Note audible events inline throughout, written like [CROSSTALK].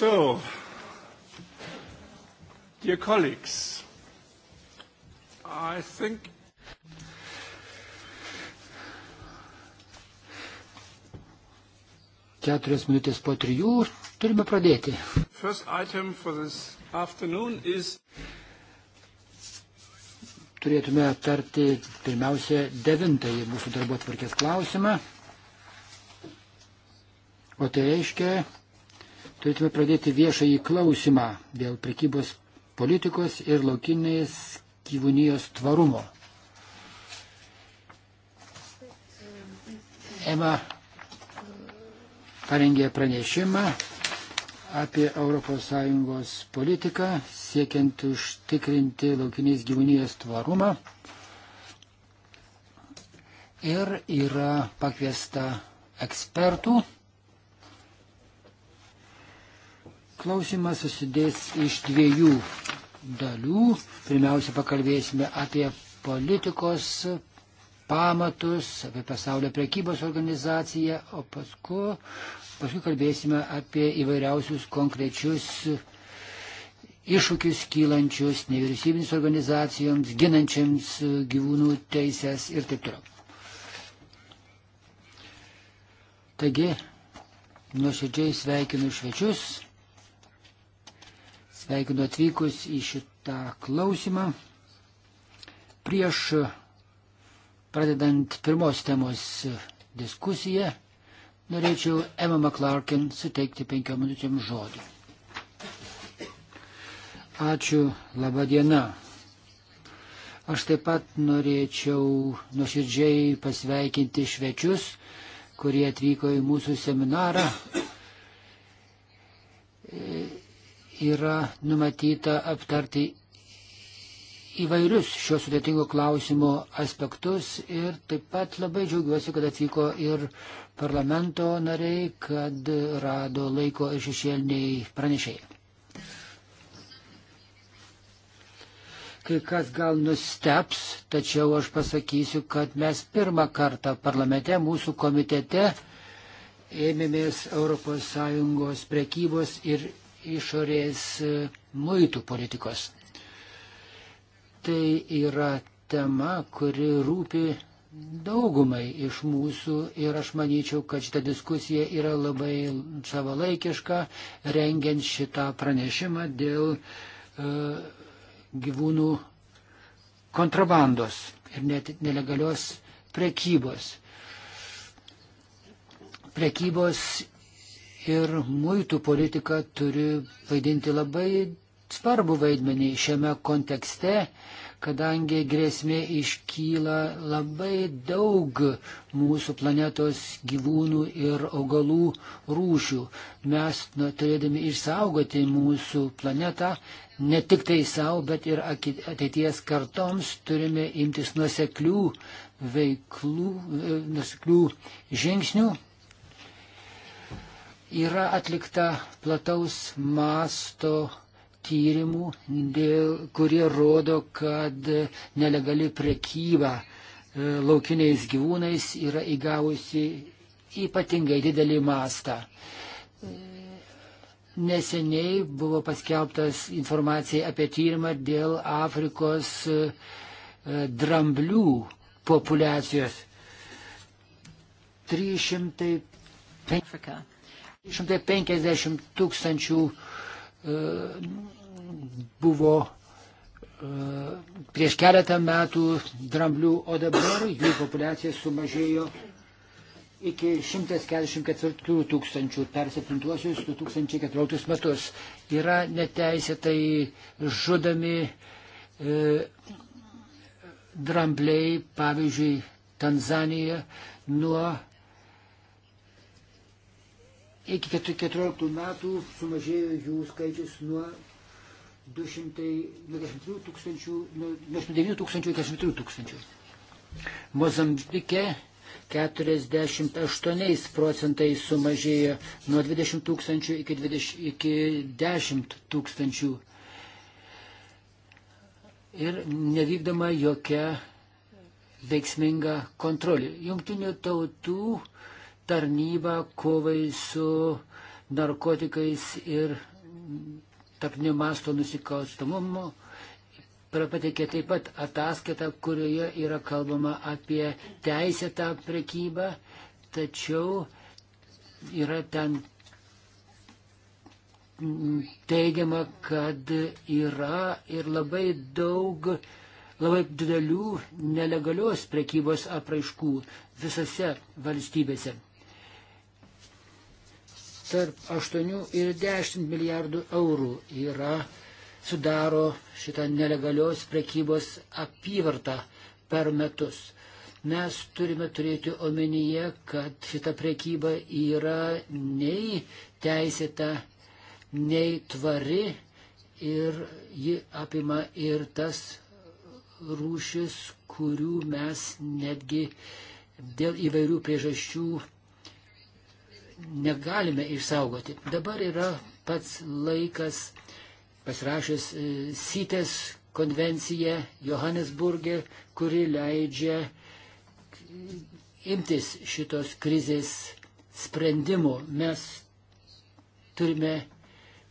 So, dear colleagues, I think Keturios minutės po trijų turime pradėti. Is... Turėtume aptarti pirmiausia devintąjį mūsų darbo tvarkės klausimą. O tai reiškia turėtume pradėti viešąjį klausimą dėl prekybos politikos ir laukinės gyvūnijos tvarumo. Ema parengė pranešimą apie ES politiką siekiant užtikrinti laukinės gyvūnijos tvarumą. Ir yra pakviesta ekspertų Klausimas susidės iš dviejų dalių. Pirmiausia, pakalbėsime apie politikos pamatus, apie pasaulio prekybos organizaciją, o paskui, paskui kalbėsime apie įvairiausius konkrečius iššūkius kylančius nevyriausybinis organizacijoms, ginančiams gyvūnų teisės ir taip toliau. Taigi, nuoširdžiai sveikinu švečius. Sveikinu atvykus į šitą klausimą. Prieš pradedant pirmos temos diskusiją, norėčiau Emma McClarkin suteikti penkiom minutėm žodį. Ačiū, laba diena. Aš taip pat norėčiau nuoširdžiai pasveikinti švečius, kurie atvyko į mūsų seminarą yra numatyta aptarti įvairius šio sudėtingo klausimo aspektus ir taip pat labai džiaugiuosi, kad atvyko ir parlamento nariai, kad rado laiko ir šešėliniai pranešėjai. Kai kas gal nusteps, tačiau aš pasakysiu, kad mes pirmą kartą parlamente, mūsų komitete, ėmėmės ES prekybos ir išorės e, muitų politikos. Tai yra tema, kuri rūpi daugumai iš mūsų ir aš manyčiau, kad šita diskusija yra labai savalaikiška, rengiant šitą pranešimą dėl e, gyvūnų kontrabandos ir net nelegalios prekybos. Prekybos ir muitų politika turi vaidinti labai svarbu vaidmenį šiame kontekste, kadangi grėsmė iškyla labai daug mūsų planetos gyvūnų ir augalų rūšių. Mes na, turėdami išsaugoti mūsų planetą, ne tik tai savo, bet ir ateities kartoms turime imtis nuoseklių veiklų, e, nuoseklių žingsnių Yra atlikta plataus masto tyrimų, dėl, kurie rodo, kad nelegali prekyba e, laukiniais gyvūnais yra įgavusi ypatingai didelį mastą. E, neseniai buvo paskelbtas informacija apie tyrimą dėl Afrikos e, dramblių populiacijos. 300. Africa. 150 tūkstančių e, buvo e, prieš keletą metų dramblių, o dabar jų populiacija sumažėjo iki 144 tūkstančių per 7-2014 metus. Yra neteisėtai žudami e, drambliai, pavyzdžiui, Tanzanija nuo iki 14 metų sumažėjo jų skaičius nuo 293 tūkstančių, nuo 9 tūkstančių iki 4 tūkstančių. Mozambike 48 procentais sumažėjo nuo 20 tūkstančių iki, 20, iki 10 tūkstančių. Ir nevykdoma jokia veiksminga kontrolė. Jungtinių tautų tarnybą kovai su narkotikais ir tarpinio masto nusikalstamumu. Pateikė taip pat ataskaitą, kurioje yra kalbama apie teisėtą prekybą, tačiau yra ten teigiama, kad yra ir labai daug, labai didelių nelegalios prekybos apraiškų visose valstybėse tarp 8 ir 10 milijardų eurų yra sudaro šitą nelegalios prekybos apyvartą per metus. Mes turime turėti omenyje, kad šita prekyba yra nei teisėta, nei tvari ir ji apima ir tas rūšis, kurių mes netgi dėl įvairių priežasčių negalime išsaugoti. Dabar yra pats laikas pasirašęs Sytės e, konvenciją Johannesburgė, kuri leidžia imtis šitos krizės sprendimų. Mes turime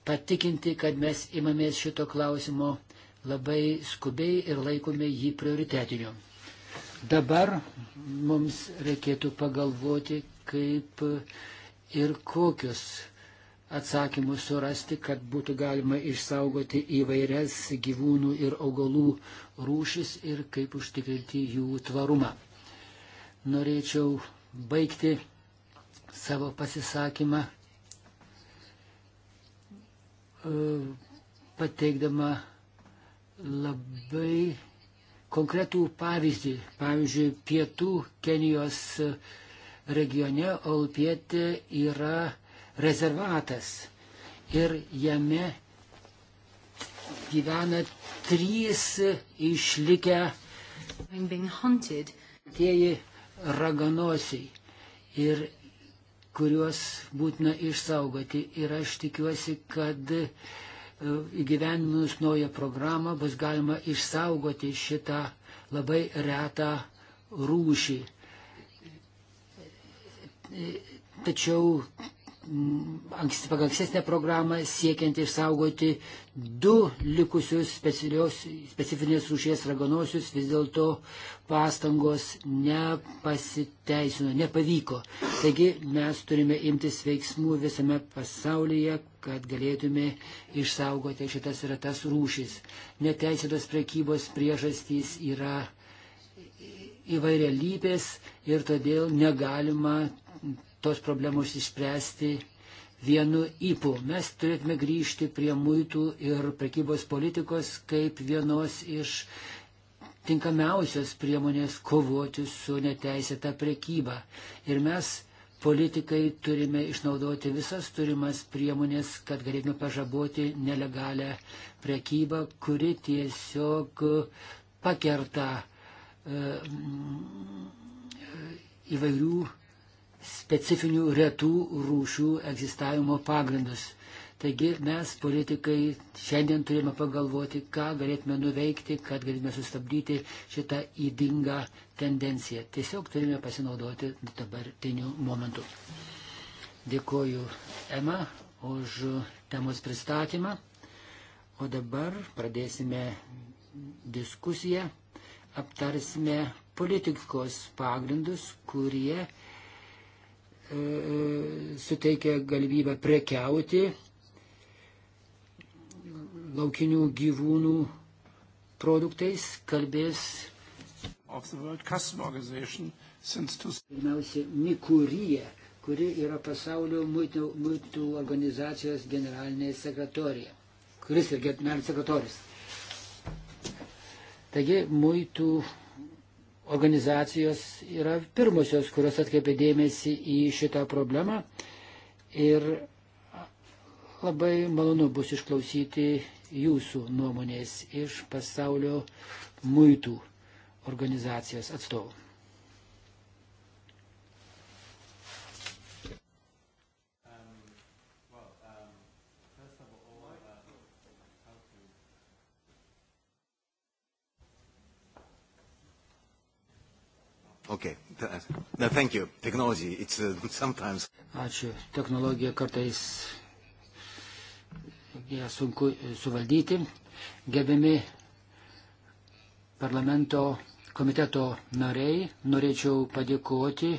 patikinti, kad mes imamės šito klausimo labai skubiai ir laikome jį prioritetiniu. Dabar mums reikėtų pagalvoti, kaip uh, ir kokius atsakymus surasti, kad būtų galima išsaugoti įvairias gyvūnų ir augalų rūšis ir kaip užtikrinti jų tvarumą. Norėčiau baigti savo pasisakymą e, pateikdama labai konkretų pavyzdį. Pavyzdžiui, pietų Kenijos uh, regione Olpietė yra rezervatas ir jame gyvena trys išlikę tieji raganosiai ir kuriuos būtina išsaugoti. Ir aš tikiuosi, kad e, įgyvendinus naują programą bus galima išsaugoti šitą labai retą rūšį tačiau mm, pagal ankstesnę programą siekiant išsaugoti du likusius specifinės rūšies raganosius, vis dėlto pastangos nepasiteisino, nepavyko. Taigi mes turime imtis veiksmų visame pasaulyje, kad galėtume išsaugoti šitas ir tas rūšis. Neteisėtos prekybos priežastys yra įvairia lypės ir todėl negalima tos problemos išspręsti vienu įpu. Mes turėtume grįžti prie muitų ir prekybos politikos kaip vienos iš tinkamiausios priemonės kovoti su neteisėta prekyba. Ir mes, politikai, turime išnaudoti visas turimas priemonės, kad galėtume pažaboti nelegalę prekybą, kuri tiesiog e, pakerta e, e įvairių specifinių retų rūšių egzistavimo pagrindus. Taigi mes, politikai, šiandien turime pagalvoti, ką galėtume nuveikti, kad galėtume sustabdyti šitą įdingą tendenciją. Tiesiog turime pasinaudoti dabartiniu momentu. Dėkoju Ema už temos pristatymą. O dabar pradėsime diskusiją, aptarsime politikos pagrindus, kurie suteikia galimybę prekiauti laukinių gyvūnų produktais, kalbės. Pirmiausia, Mikurija, kuri yra pasaulio muitų, muitų organizacijos generalinė sekretorija. Kuris ir generalinis sekretorius. Taigi, muitų organizacijos yra pirmosios, kurios atkreipė dėmesį į šitą problemą. Ir labai malonu bus išklausyti jūsų nuomonės iš pasaulio muitų organizacijos atstovų. Okay. No, thank you. Technology, it's uh, sometimes. Ačiū. Technologija kartais ją sunku e, suvaldyti. Gerbiami parlamento komiteto nariai, norėčiau padėkoti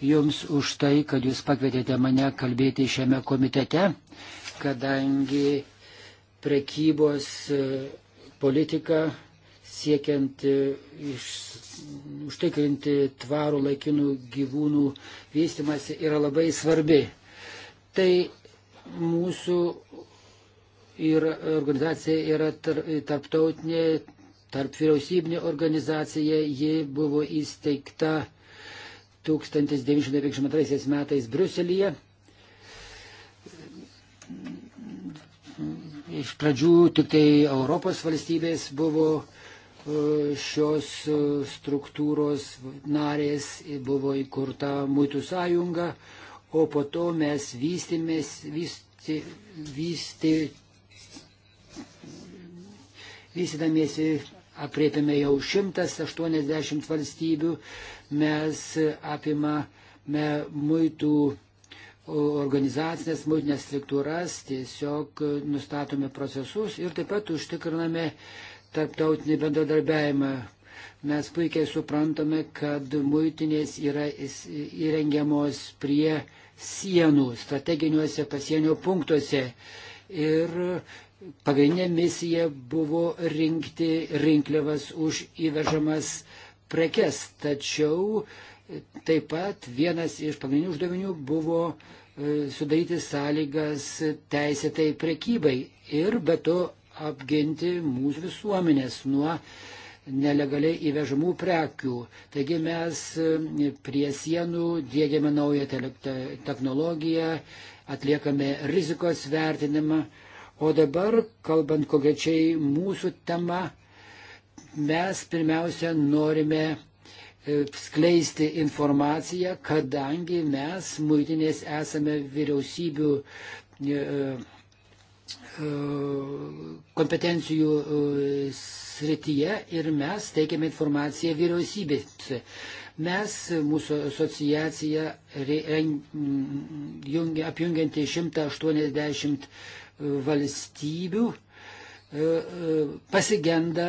Jums už tai, kad Jūs pakvietėte mane kalbėti šiame komitete, kadangi prekybos e, politika siekiant e, iš, užtikrinti tvarų laikinų gyvūnų vystimasi yra labai svarbi. Tai mūsų ir organizacija yra tar, tarptautinė, tarp vyriausybinė organizacija, ji buvo įsteigta 1952 metais Bruselėje. Iš pradžių tik tai Europos valstybės buvo šios e, struktūros narės buvo įkurta Mūtų sąjunga, o po to mes vystėmės, vystė, vystė, vystydamiesi apriepėme jau 180 valstybių, mes apimame muitų organizacinės, muitinės struktūras, tiesiog nustatome procesus ir taip pat užtikriname tarptautinį bendradarbiavimą. Mes puikiai suprantame, kad muitinės yra įrengiamos prie sienų, strateginiuose pasienio punktuose. Ir pagrindinė misija buvo rinkti rinkliavas už įvežamas prekes. Tačiau taip pat vienas iš pagrindinių uždavinių buvo e, sudaryti sąlygas teisėtai prekybai ir be to apginti mūsų visuomenės nuo nelegaliai įvežamų prekių. Taigi mes e, prie sienų dėgiame naują technologiją, atliekame rizikos vertinimą. O dabar, kalbant konkrečiai mūsų tema, mes pirmiausia norime e, skleisti informaciją, kadangi mes muitinės esame vyriausybių e, E, kompetencijų e, srityje ir mes teikiame informaciją vyriausybės. Mes, mūsų asociacija, apjungianti 180 e, valstybių, pasigenda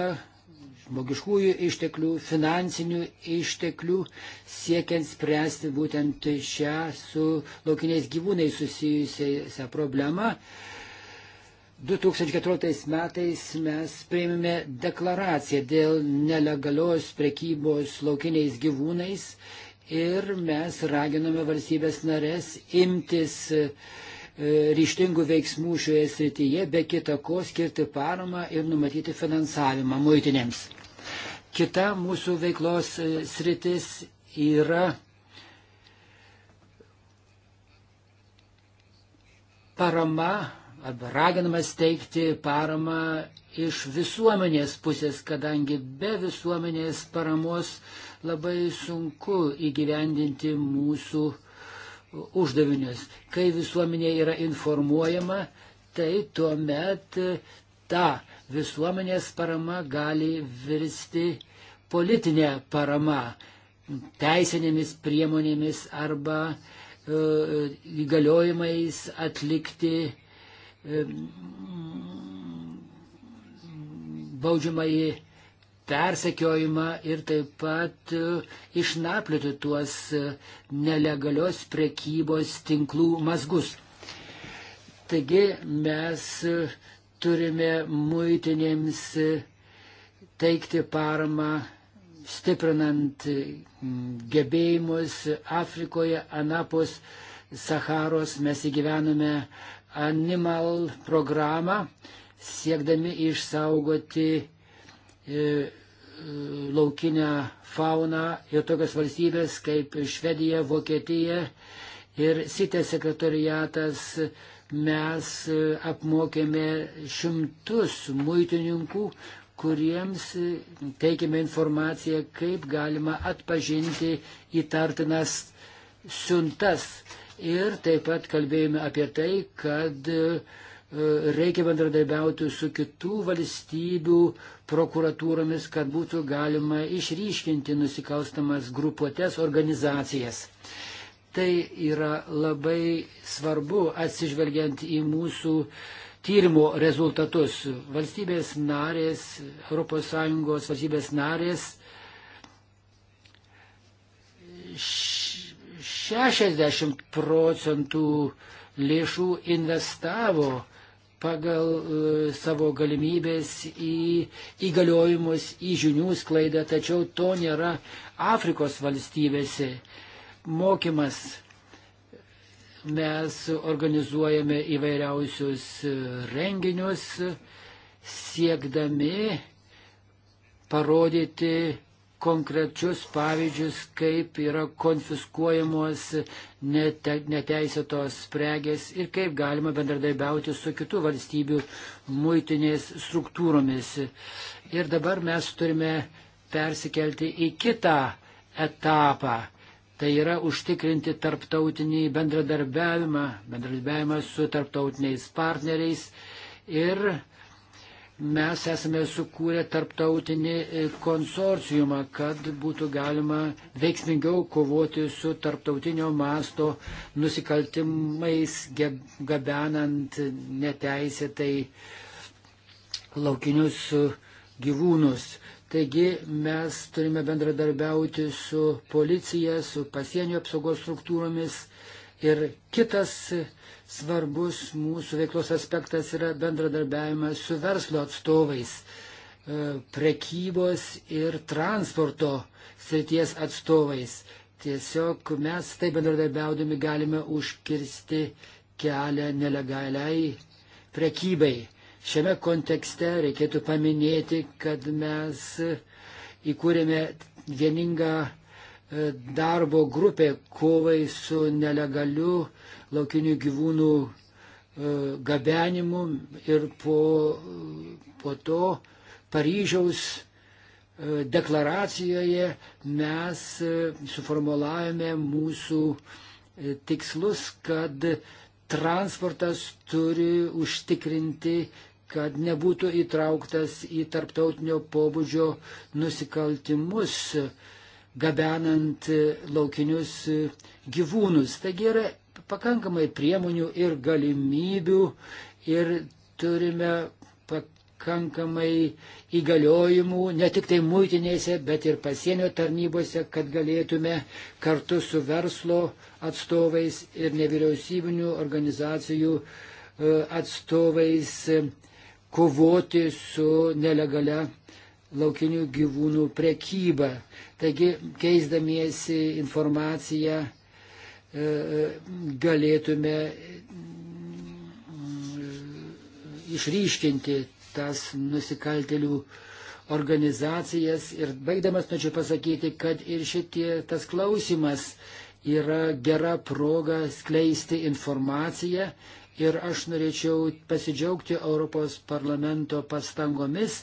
žmogiškųjų išteklių, finansinių išteklių, siekiant spręsti būtent šią su laukiniais gyvūnais susijusią problemą. E, 2014 metais mes priėmėme deklaraciją dėl nelegalios prekybos laukiniais gyvūnais ir mes raginame valstybės narės imtis e, ryštingų veiksmų šioje srityje, be kita ko skirti paramą ir numatyti finansavimą muitinėms. Kita mūsų veiklos e, sritis yra parama arba raginamas teikti paramą iš visuomenės pusės, kadangi be visuomenės paramos labai sunku įgyvendinti mūsų uždavinius. Kai visuomenė yra informuojama, tai tuomet ta visuomenės parama gali virsti politinė parama teisinėmis priemonėmis arba e, įgaliojimais atlikti baudžiamąjį persekiojimą ir taip pat e, išnaplioti tuos e, nelegalios prekybos tinklų mazgus. Taigi mes e, turime muitinėms teikti paramą, stiprinant gebėjimus Afrikoje, Anapos, Saharos, mes įgyvename Animal programą, siekdami išsaugoti e, e, laukinę fauną ir tokios valstybės kaip Švedija, Vokietija ir sitės sekretariatas mes e, apmokėme šimtus muitininkų, kuriems teikėme informaciją, kaip galima atpažinti įtartinas siuntas Ir taip pat kalbėjome apie tai, kad e, reikia bendradarbiauti su kitų valstybių prokuratūromis, kad būtų galima išryškinti nusikalstamas grupuotės organizacijas. Tai yra labai svarbu atsižvelgiant į mūsų tyrimo rezultatus. Valstybės narės, ES valstybės narės 60 procentų lėšų investavo pagal e, savo galimybės į įgaliojimus, į žinių sklaidą, tačiau to nėra Afrikos valstybėse. Mokymas mes organizuojame įvairiausius e, renginius, siekdami parodyti konkrečius pavyzdžius, kaip yra konfiskuojamos nete, neteisėtos pregės ir kaip galima bendradarbiauti su kitų valstybių muitinės struktūromis. Ir dabar mes turime persikelti į kitą etapą. Tai yra užtikrinti tarptautinį bendradarbiavimą, bendradarbiavimą su tarptautiniais partneriais ir mes esame sukūrę tarptautinį e, konsorciumą, kad būtų galima veiksmingiau kovoti su tarptautinio masto nusikaltimais, gabenant neteisėtai laukinius e, gyvūnus. Taigi mes turime bendradarbiauti su policija, su pasienio apsaugos struktūromis ir kitas svarbus mūsų veiklos aspektas yra bendradarbiavimas su verslo atstovais, e, prekybos ir transporto srities atstovais. Tiesiog mes taip bendradarbiaudami galime užkirsti kelią nelegaliai prekybai. Šiame kontekste reikėtų paminėti, kad mes įkūrėme vieningą darbo grupė kovai su nelegaliu laukinių gyvūnų e, gabenimu ir po, po to Paryžiaus e, deklaracijoje mes e, suformulavome mūsų tikslus, kad transportas turi užtikrinti kad nebūtų įtrauktas į tarptautinio pobūdžio nusikaltimus gabenant e, laukinius e, gyvūnus. Taigi yra pakankamai priemonių ir galimybių ir turime pakankamai įgaliojimų ne tik tai muitinėse, bet ir pasienio tarnybose, kad galėtume kartu su verslo atstovais ir nevyriausybinių organizacijų e, atstovais kovoti su nelegale laukinių gyvūnų prekybą. Taigi, keisdamiesi informaciją, e, e, galėtume mm, išryškinti tas nusikaltelių organizacijas. Ir baigdamas norėčiau pasakyti, kad ir šitie tas klausimas yra gera proga skleisti informaciją. Ir aš norėčiau pasidžiaugti Europos parlamento pastangomis,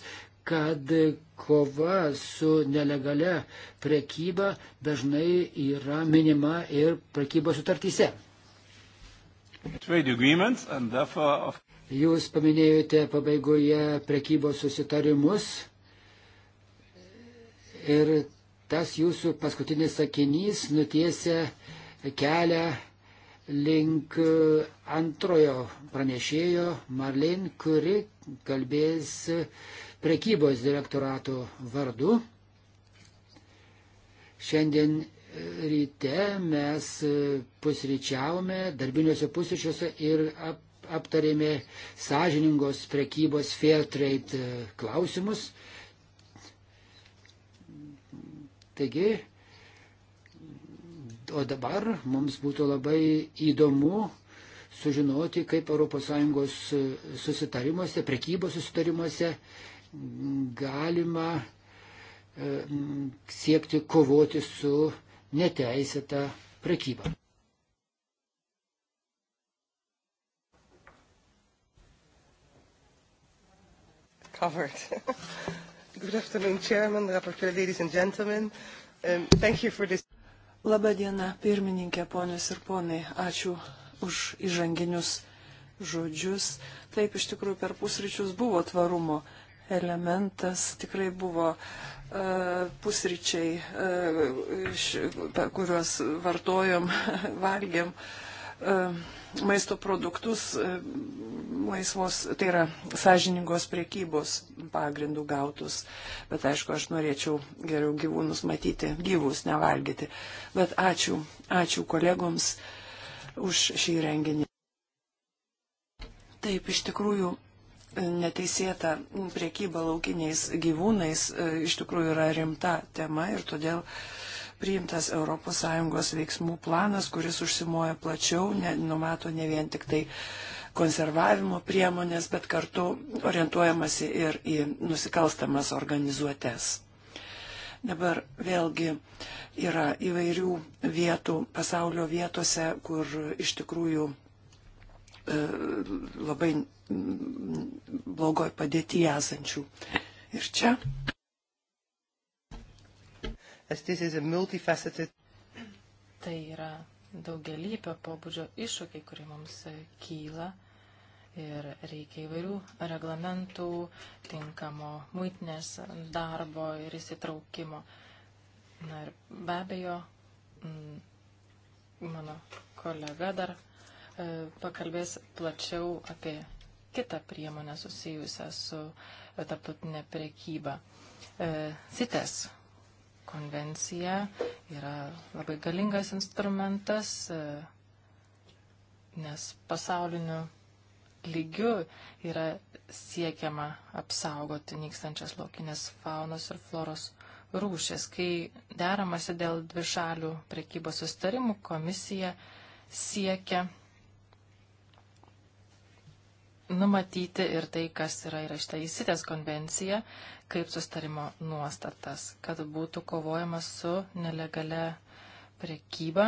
kad kova su nelegale prekyba dažnai yra minima ir prekybos sutartyse. Of... Jūs paminėjote pabaigoje prekybos susitarimus ir tas jūsų paskutinis sakinys nutiesia kelią link antrojo pranešėjo Marlin, kuri kalbės prekybos direktorato vardu. Šiandien e, ryte mes e, pusryčiavome darbiniuose pusryčiuose ir ap, aptarėme sąžiningos prekybos fair trade e, klausimus. Taigi, o dabar mums būtų labai įdomu sužinoti, kaip ES susitarimuose, prekybos susitarimuose galima e, siekti kovoti su neteisėta prekyba. covered. [LAUGHS] Good afternoon, Chairman, Rapporteur, ladies and gentlemen. Um, thank you for this. Labą dieną, pirmininkė, ponios ir ponai. Ačiū už įžanginius žodžius. Taip, iš tikrųjų, per pusryčius buvo tvarumo elementas tikrai buvo e, pusryčiai, e, kuriuos vartojom, [LAUGHS] valgėm e, maisto produktus laisvos, tai yra sąžiningos priekybos pagrindų gautus. Bet aišku, aš norėčiau geriau gyvūnus matyti, gyvus nevalgyti. Bet ačiū, ačiū kolegoms už šį renginį. Taip, iš tikrųjų, neteisėta priekyba laukiniais gyvūnais e, iš tikrųjų yra rimta tema ir todėl priimtas ES veiksmų planas, kuris užsimoja plačiau, ne, numato ne vien tik tai konservavimo priemonės, bet kartu orientuojamasi ir į nusikalstamas organizuotės. Dabar vėlgi yra įvairių vietų, pasaulio vietose, kur iš tikrųjų E, labai blogoje padėtyje esančių. Ir čia. Tai yra daugelįpio pobūdžio iššūkiai, kurie mums kyla ir reikia įvairių reglamentų, tinkamo muitinės darbo ir įsitraukimo. Na ir be abejo, mano kolega dar E, pakalbės plačiau apie kitą priemonę susijusią su tarptautinė prekyba. E, CITES konvencija yra labai galingas instrumentas, e, nes pasauliniu lygiu yra siekiama apsaugoti nykstančias laukinės faunos ir floros rūšis. Kai deramasi dėl dvišalių prekybos sustarimų, komisija siekia numatyti ir tai, kas yra įrašta į sitės konvenciją, kaip sustarimo nuostatas, kad būtų kovojama su nelegale prekyba,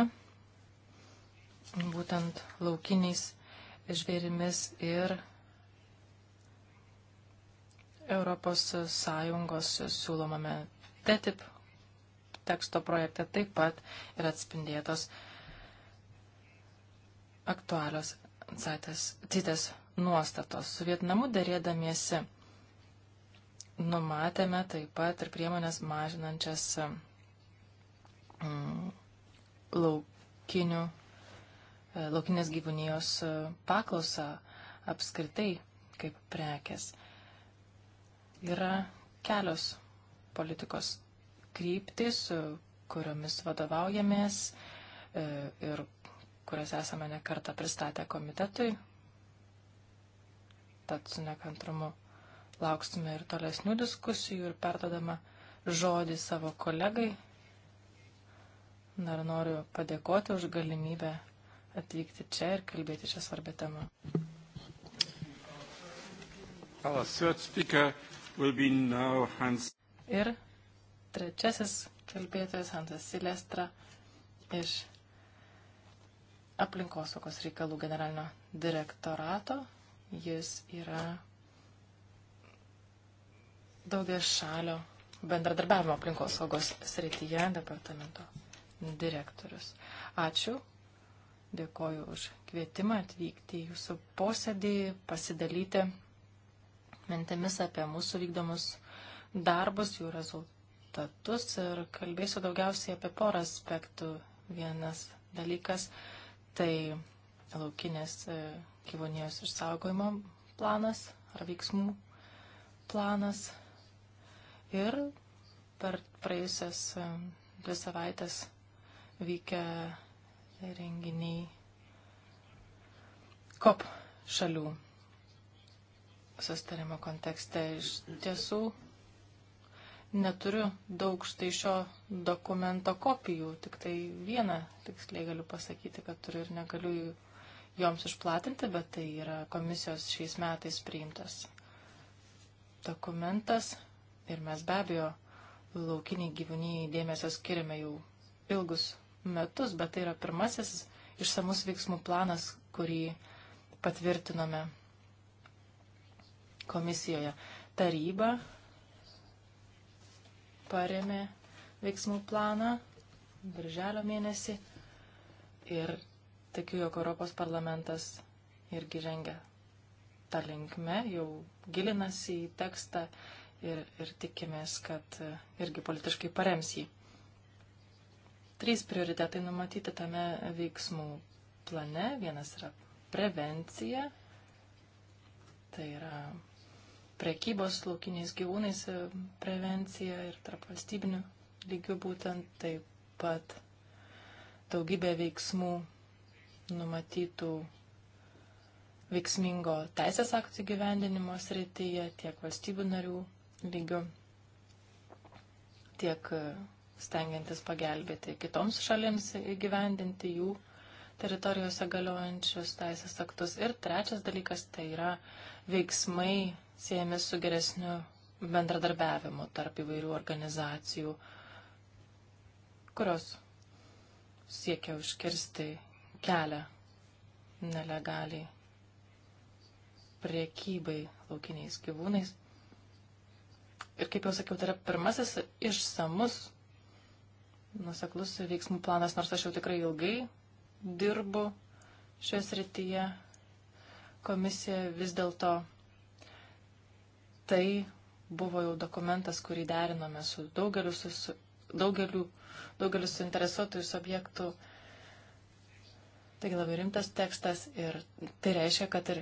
būtent laukiniais žvėrimis ir Europos Sąjungos siūlomame TTIP teksto projekte taip pat yra atspindėtos aktualios CITES nuostatos. Su Vietnamu dėrėdamiesi numatėme taip pat ir priemonės mažinančias mm, laukinių, e, laukinės gyvūnijos e, paklausą apskritai kaip prekės. Yra kelios politikos kryptis, e, kuriomis vadovaujamės ir kurias esame nekartą pristatę komitetui, tad su nekantrumu lauksime ir tolesnių diskusijų ir perdodama žodį savo kolegai. Dar noriu padėkoti už galimybę atvykti čia ir kalbėti šią svarbę temą. Ir trečiasis kalbėtojas Hansas Silestra iš aplinkosaugos reikalų generalinio direktorato Jis yra daugia šalio bendradarbiavimo aplinkos saugos srityje departamento direktorius. Ačiū. Dėkoju už kvietimą atvykti į jūsų posėdį, pasidalyti mintimis apie mūsų vykdomus darbus, jų rezultatus ir kalbėsiu daugiausiai apie porą aspektų. Vienas dalykas tai laukinės e, gyvonijos išsaugojimo planas ar veiksmų planas. Ir per praėjusias dvi savaitės vykę renginiai COP šalių sustarimo kontekste. Iš tiesų neturiu daug štai šio dokumento kopijų, tik tai vieną tiksliai galiu pasakyti, kad turiu ir negaliu jų joms išplatinti, bet tai yra komisijos šiais metais priimtas dokumentas ir mes be abejo laukiniai gyvūniai dėmesio skiriame jau ilgus metus, bet tai yra pirmasis išsamus veiksmų planas, kurį patvirtinome komisijoje. Taryba paremė veiksmų planą birželio mėnesį ir Tikiu, jog Europos parlamentas irgi rengia tą linkmę, jau gilinasi į tekstą ir, ir tikimės, kad e, irgi politiškai parems jį. Trys prioritetai numatyti tame veiksmų plane. Vienas yra prevencija, tai yra prekybos laukiniais gyvūnais e, prevencija ir tarp valstybinių lygių būtent taip pat daugybė veiksmų numatytų veiksmingo teisės aktų gyvendinimo srityje tiek valstybių narių lygių, tiek e, stengiantis pagelbėti kitoms šalims įgyvendinti jų teritorijose galiojančius teisės aktus. Ir trečias dalykas tai yra veiksmai siejami su geresniu bendradarbiavimu tarp įvairių organizacijų, kurios siekia užkirsti kelią nelegaliai priekybai laukiniais gyvūnais. Ir kaip jau sakiau, tai yra pirmasis išsamus nuseklus veiksmų planas, nors aš jau tikrai ilgai dirbu šioje srityje. Komisija vis dėlto tai buvo jau dokumentas, kurį derinome su daugeliu, su, su daugeliu, daugeliu suinteresuotųjų subjektų. Su Taigi labai rimtas tekstas ir tai reiškia, kad ir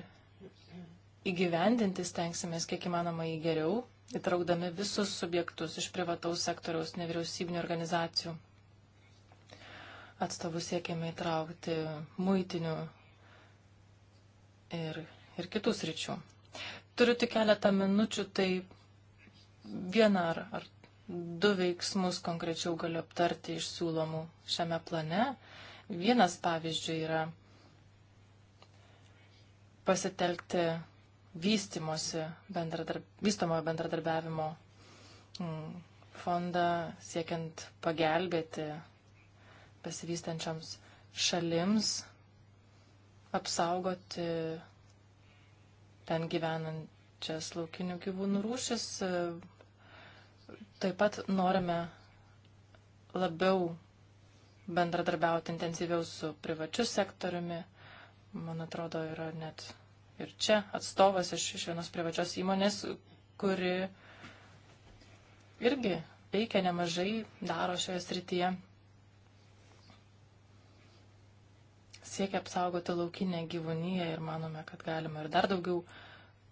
įgyvendinti stengsimės kiek įmanoma į geriau, įtraukdami visus subjektus iš privataus sektoriaus nevyriausybinio organizacijų. Atstovus siekėme įtraukti muitinių ir, ir kitus ryčių. Turiu tik keletą minučių, tai vieną ar, ar du veiksmus konkrečiau galiu aptarti iš siūlomų šiame plane. Vienas pavyzdžių yra pasitelkti vystimosi bendradarb, vystomojo bendradarbiavimo mm, fondą siekiant pagelbėti besivystančiams šalims apsaugoti ten gyvenančias laukinių gyvūnų rūšis. Taip pat norime labiau bendradarbiauti intensyviau su privačiu sektoriumi. Man atrodo, yra net ir čia atstovas iš, iš vienos privačios įmonės, kuri irgi veikia nemažai, daro šioje srityje. Siekia apsaugoti laukinę gyvūniją ir manome, kad galima ir dar daugiau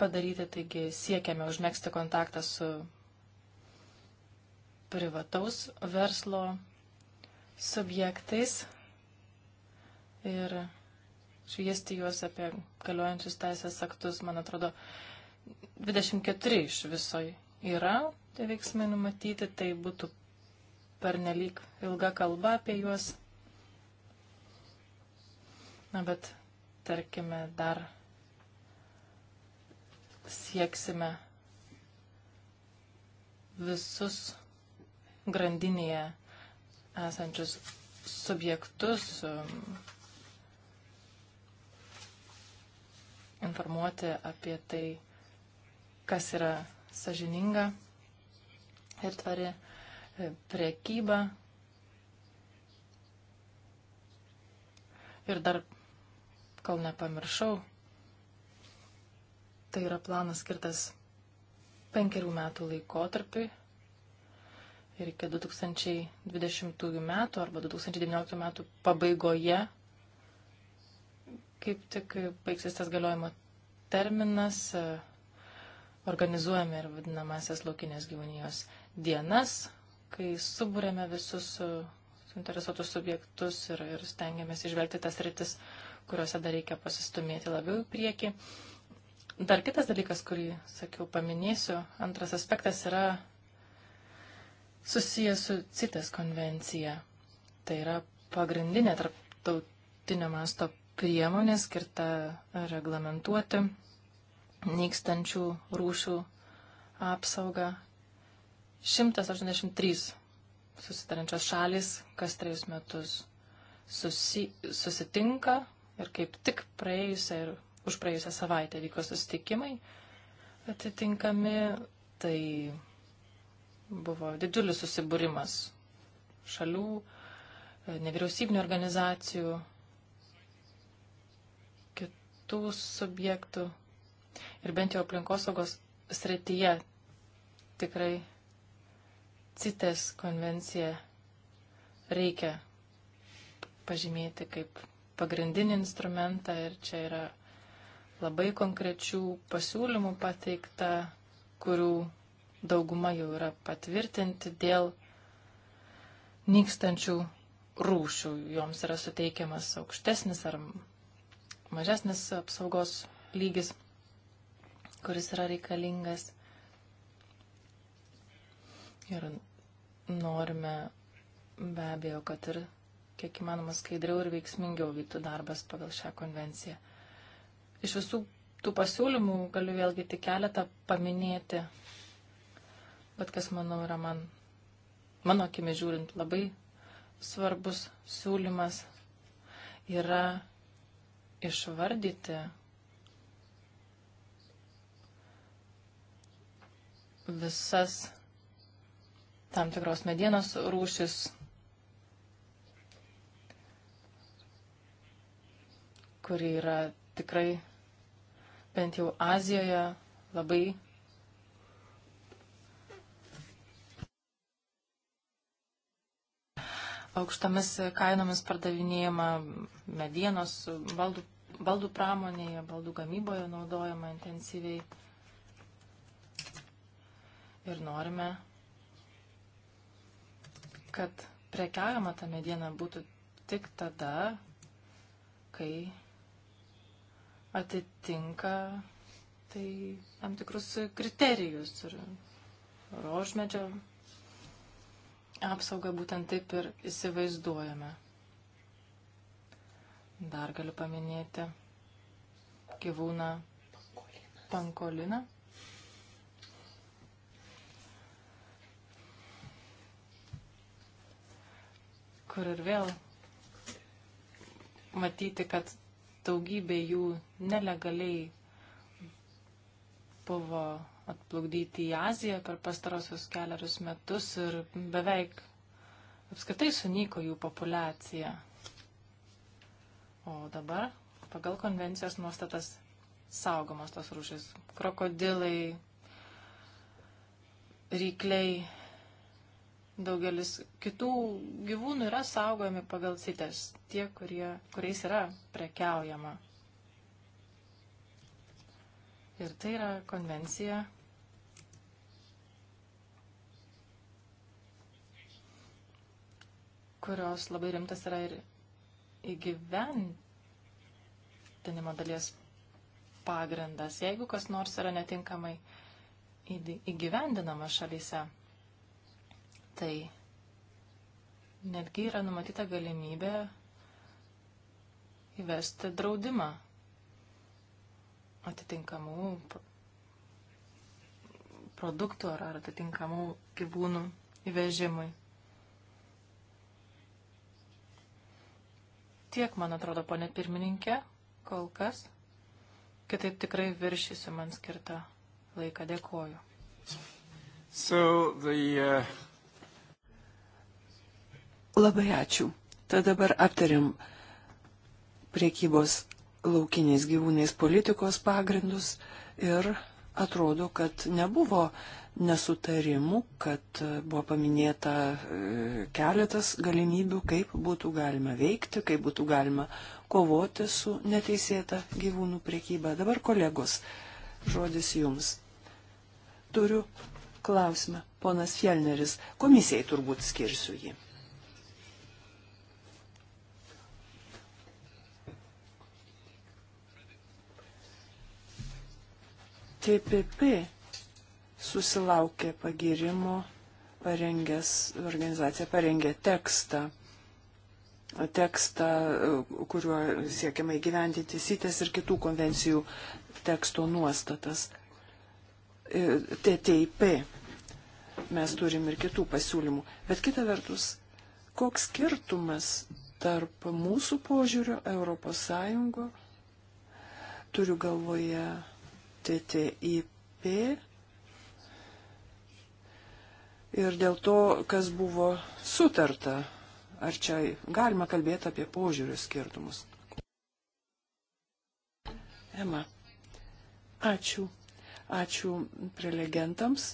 padaryti, taigi siekiame užmėgsti kontaktą su privataus verslo subjektais ir šviesti juos apie galiojančius teisės aktus, man atrodo, 24 iš viso yra tie veiksmai numatyti, tai būtų pernelyg ilga kalba apie juos. Na, bet tarkime, dar sieksime visus grandinėje esančius subjektus um, informuoti apie tai, kas yra sažininga ir tvari e, prekyba. Ir dar, kol nepamiršau, tai yra planas skirtas penkerių metų laikotarpiui ir iki 2020 metų arba 2019 metų pabaigoje kaip tik baigsis tas galiojimo terminas, organizuojame ir vadinamasias laukinės gyvūnijos dienas, kai subūrėme visus suinteresuotus subjektus ir, ir stengiamės išvelgti tas rytis, kuriuose dar reikia pasistumėti labiau į priekį. Dar kitas dalykas, kurį, sakiau, paminėsiu, antras aspektas yra susijęs su CITES konvencija. Tai yra pagrindinė tarptautinio masto priemonė skirta reglamentuoti nykstančių rūšių apsaugą. 183 susitarančios šalis kas trejus metus susi, susitinka ir kaip tik praėjusią ir už praėjusią savaitę vyko susitikimai atitinkami. Tai Buvo didžiulis susibūrimas šalių, e, nevyriausybinio organizacijų, kitų subjektų. Ir bent jau aplinkosaugos srityje tikrai CITES konvenciją reikia pažymėti kaip pagrindinį instrumentą ir čia yra labai konkrečių pasiūlymų pateikta, kurių dauguma jau yra patvirtinti dėl nykstančių rūšių. Joms yra suteikiamas aukštesnis ar mažesnis apsaugos lygis, kuris yra reikalingas. Ir norime be abejo, kad ir kiek įmanoma skaidriau ir veiksmingiau vyktų darbas pagal šią konvenciją. Iš visų tų pasiūlymų galiu vėlgi tik keletą paminėti, bet kas, manau, yra man, mano akimi žiūrint, labai svarbus siūlymas yra išvardyti visas tam tikros medienos rūšis, kuri yra tikrai bent jau Azijoje labai aukštomis kainomis pardavinėjama medienos baldų, baldų pramonėje, baldų gamyboje naudojama intensyviai. Ir norime, kad prekiaujama ta mediena būtų tik tada, kai atitinka tai tam tikrus kriterijus ir rožmedžio apsaugą būtent taip ir įsivaizduojame. Dar galiu paminėti gyvūną pankoliną. Kur ir vėl matyti, kad daugybė jų nelegaliai buvo atplaukdyti į Aziją per pastarosius keliarius metus ir beveik apskritai sunyko jų populiacija. O dabar pagal konvencijos nuostatas saugomos tos rūšis. Krokodilai, rykliai, daugelis kitų gyvūnų yra saugojami pagal sitės, tie, kurie, kuriais yra prekiaujama. Ir tai yra konvencija, kurios labai rimtas yra ir įgyventinimo dalies pagrindas. Jeigu kas nors yra netinkamai įgyvendinama šalyse, tai netgi yra numatyta galimybė įvesti draudimą atitinkamų produktų ar atitinkamų gyvūnų įvežimui. Tiek, man atrodo, ponė pirmininkė, kol kas. Kitaip tikrai viršysiu man skirtą laiką. Dėkoju. So the, uh... Labai ačiū. Tad dabar aptariam priekybos laukiniais gyvūnais politikos pagrindus ir atrodo, kad nebuvo nesutarimų, kad buvo paminėta e, keletas galimybių, kaip būtų galima veikti, kaip būtų galima kovoti su neteisėta gyvūnų priekyba. Dabar kolegos, žodis jums. Turiu klausimą, ponas Fjellneris, komisijai turbūt skirsiu jį. TPP susilaukė pagirimo, parengęs, organizacija parengė tekstą, tekstą, kuriuo siekiama įgyvendinti sitės ir kitų konvencijų teksto nuostatas. E, TTIP. Mes turim ir kitų pasiūlymų. Bet kita vertus, koks skirtumas tarp mūsų požiūrio Europos Sąjungo, turiu galvoje TTIP ir dėl to, kas buvo sutarta. Ar čia galima kalbėti apie požiūrių skirtumus? Ema, ačiū. Ačiū prelegentams.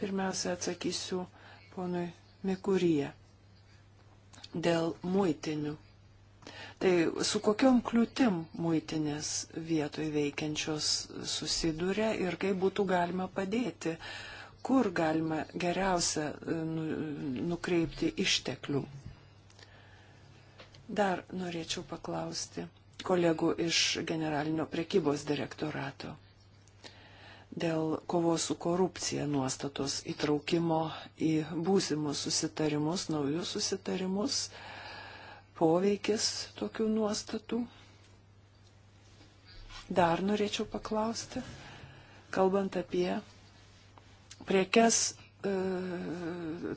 Pirmiausia, atsakysiu ponui Mikuryje dėl muitinių Tai su kokiom kliūtim muitinės vietoj veikiančios susiduria ir kaip būtų galima padėti, kur galima geriausia e, nu, nukreipti išteklių. Dar norėčiau paklausti kolegų iš generalinio prekybos direktorato dėl kovos su korupcija nuostatos įtraukimo į būsimus susitarimus, naujus susitarimus. Uh, poveikis tokių nuostatų? Dar norėčiau paklausti, kalbant apie priekes e,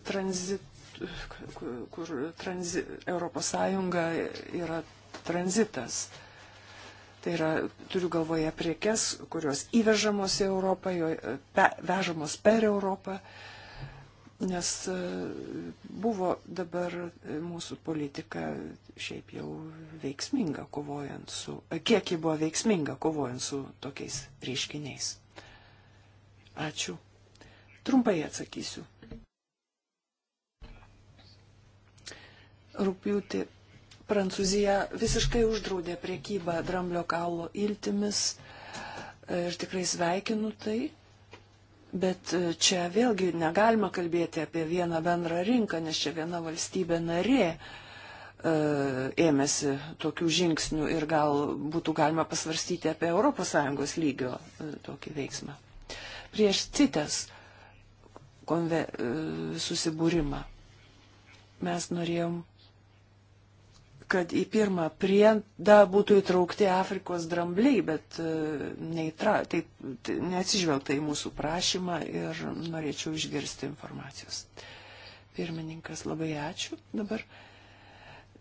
tranzit, kur tranzi, Europos Sąjunga yra tranzitas. Tai yra, turiu galvoje priekes, kurios įvežamos į Europą, jo, e, pe, vežamos per Europą. E, nes e, buvo dabar e, mūsų politika šiaip jau veiksminga kovojant su, e, kiek ji buvo veiksminga kovojant su tokiais reiškiniais. Ačiū. Trumpai atsakysiu. Rūpjūti Prancūzija visiškai uždraudė priekybą dramblio kaulo iltimis ir tikrai sveikinu tai Bet e, čia vėlgi negalima kalbėti apie vieną bendrą rinką, nes čia viena valstybė narė e, ėmėsi tokių žingsnių ir gal būtų galima pasvarstyti apie ES lygio e, tokį veiksmą. Prieš CITES konve, susibūrimą mes norėjom kad į pirmą priedą būtų įtraukti Afrikos drambliai, bet e, neįtra, tai, tai neatsižvelgta į mūsų prašymą ir norėčiau išgirsti informacijos. Pirmininkas, labai ačiū dabar.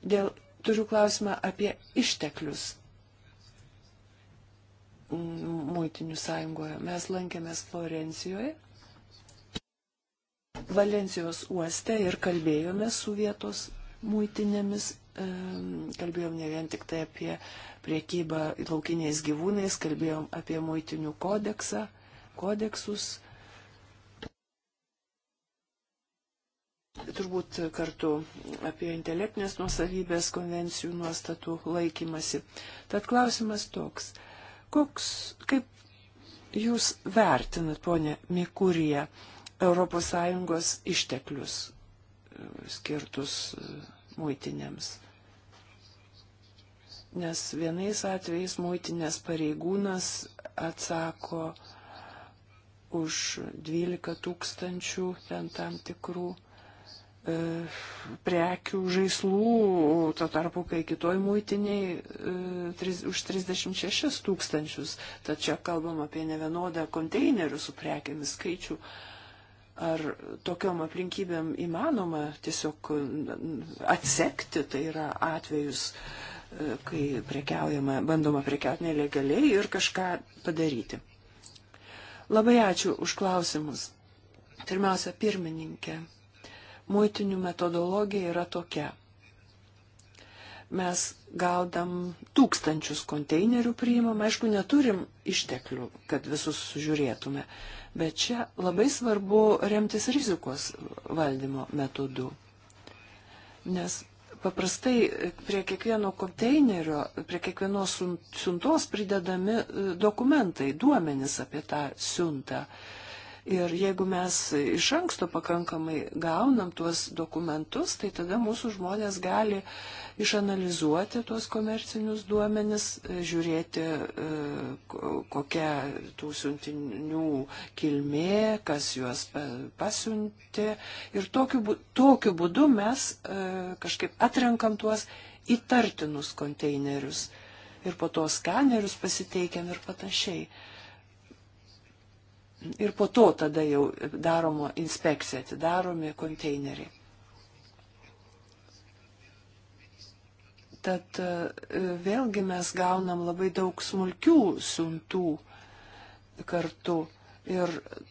Dėl, turiu klausimą apie išteklius muitinių sąjungoje. Mes lankėmės Florencijoje, Valencijos uoste ir kalbėjome su vietos muitinėmis kalbėjom ne vien tik tai apie priekybą laukiniais gyvūnais, kalbėjom apie muitinių kodeksą, kodeksus. Turbūt kartu apie intelektinės nuosavybės konvencijų nuostatų laikymasi. Tad klausimas toks. Koks, kaip jūs vertinat, ponė Mikurija, ES išteklius skirtus muitinėms. Nes vienais atvejais muitinės pareigūnas atsako už 12 tūkstančių ten tam tikrų e, prekių, žaislų, tuo tarpu, kai kitoj muitiniai e, tris, už 36 tūkstančius. Tačiau kalbam apie nevienodą konteinerių su prekėmis skaičių. E, ar tokiom aplinkybėm įmanoma tiesiog atsekti, tai yra atvejus, e, kai prekiaujama, bandoma prekiauti nelegaliai ir kažką padaryti. Labai ačiū už klausimus. Pirmiausia, pirmininkė. Muitinių metodologija yra tokia. Mes gaudam tūkstančius konteinerių priimam, aišku, neturim išteklių, kad visus sužiūrėtume. Uh, Bet čia labai svarbu remtis rizikos valdymo metodu. Nes paprastai prie kiekvieno konteinerio, prie kiekvienos siuntos pridedami e, dokumentai, duomenys apie tą siuntą. Ir jeigu mes iš anksto pakankamai gaunam tuos dokumentus, tai tada mūsų žmonės gali išanalizuoti tuos komercinius duomenis, e, žiūrėti, e, kokia tų siuntinių kilmė, kas juos pasiuntė. Ir tokiu, tokiu būdu mes e, kažkaip atrenkam tuos įtartinus konteinerius. Ir po to skanerius pasiteikiam ir panašiai ir po to tada jau daroma inspekcija, atidaromi konteineriai. Tad e, vėlgi mes gaunam labai daug smulkių siuntų kartu. Ir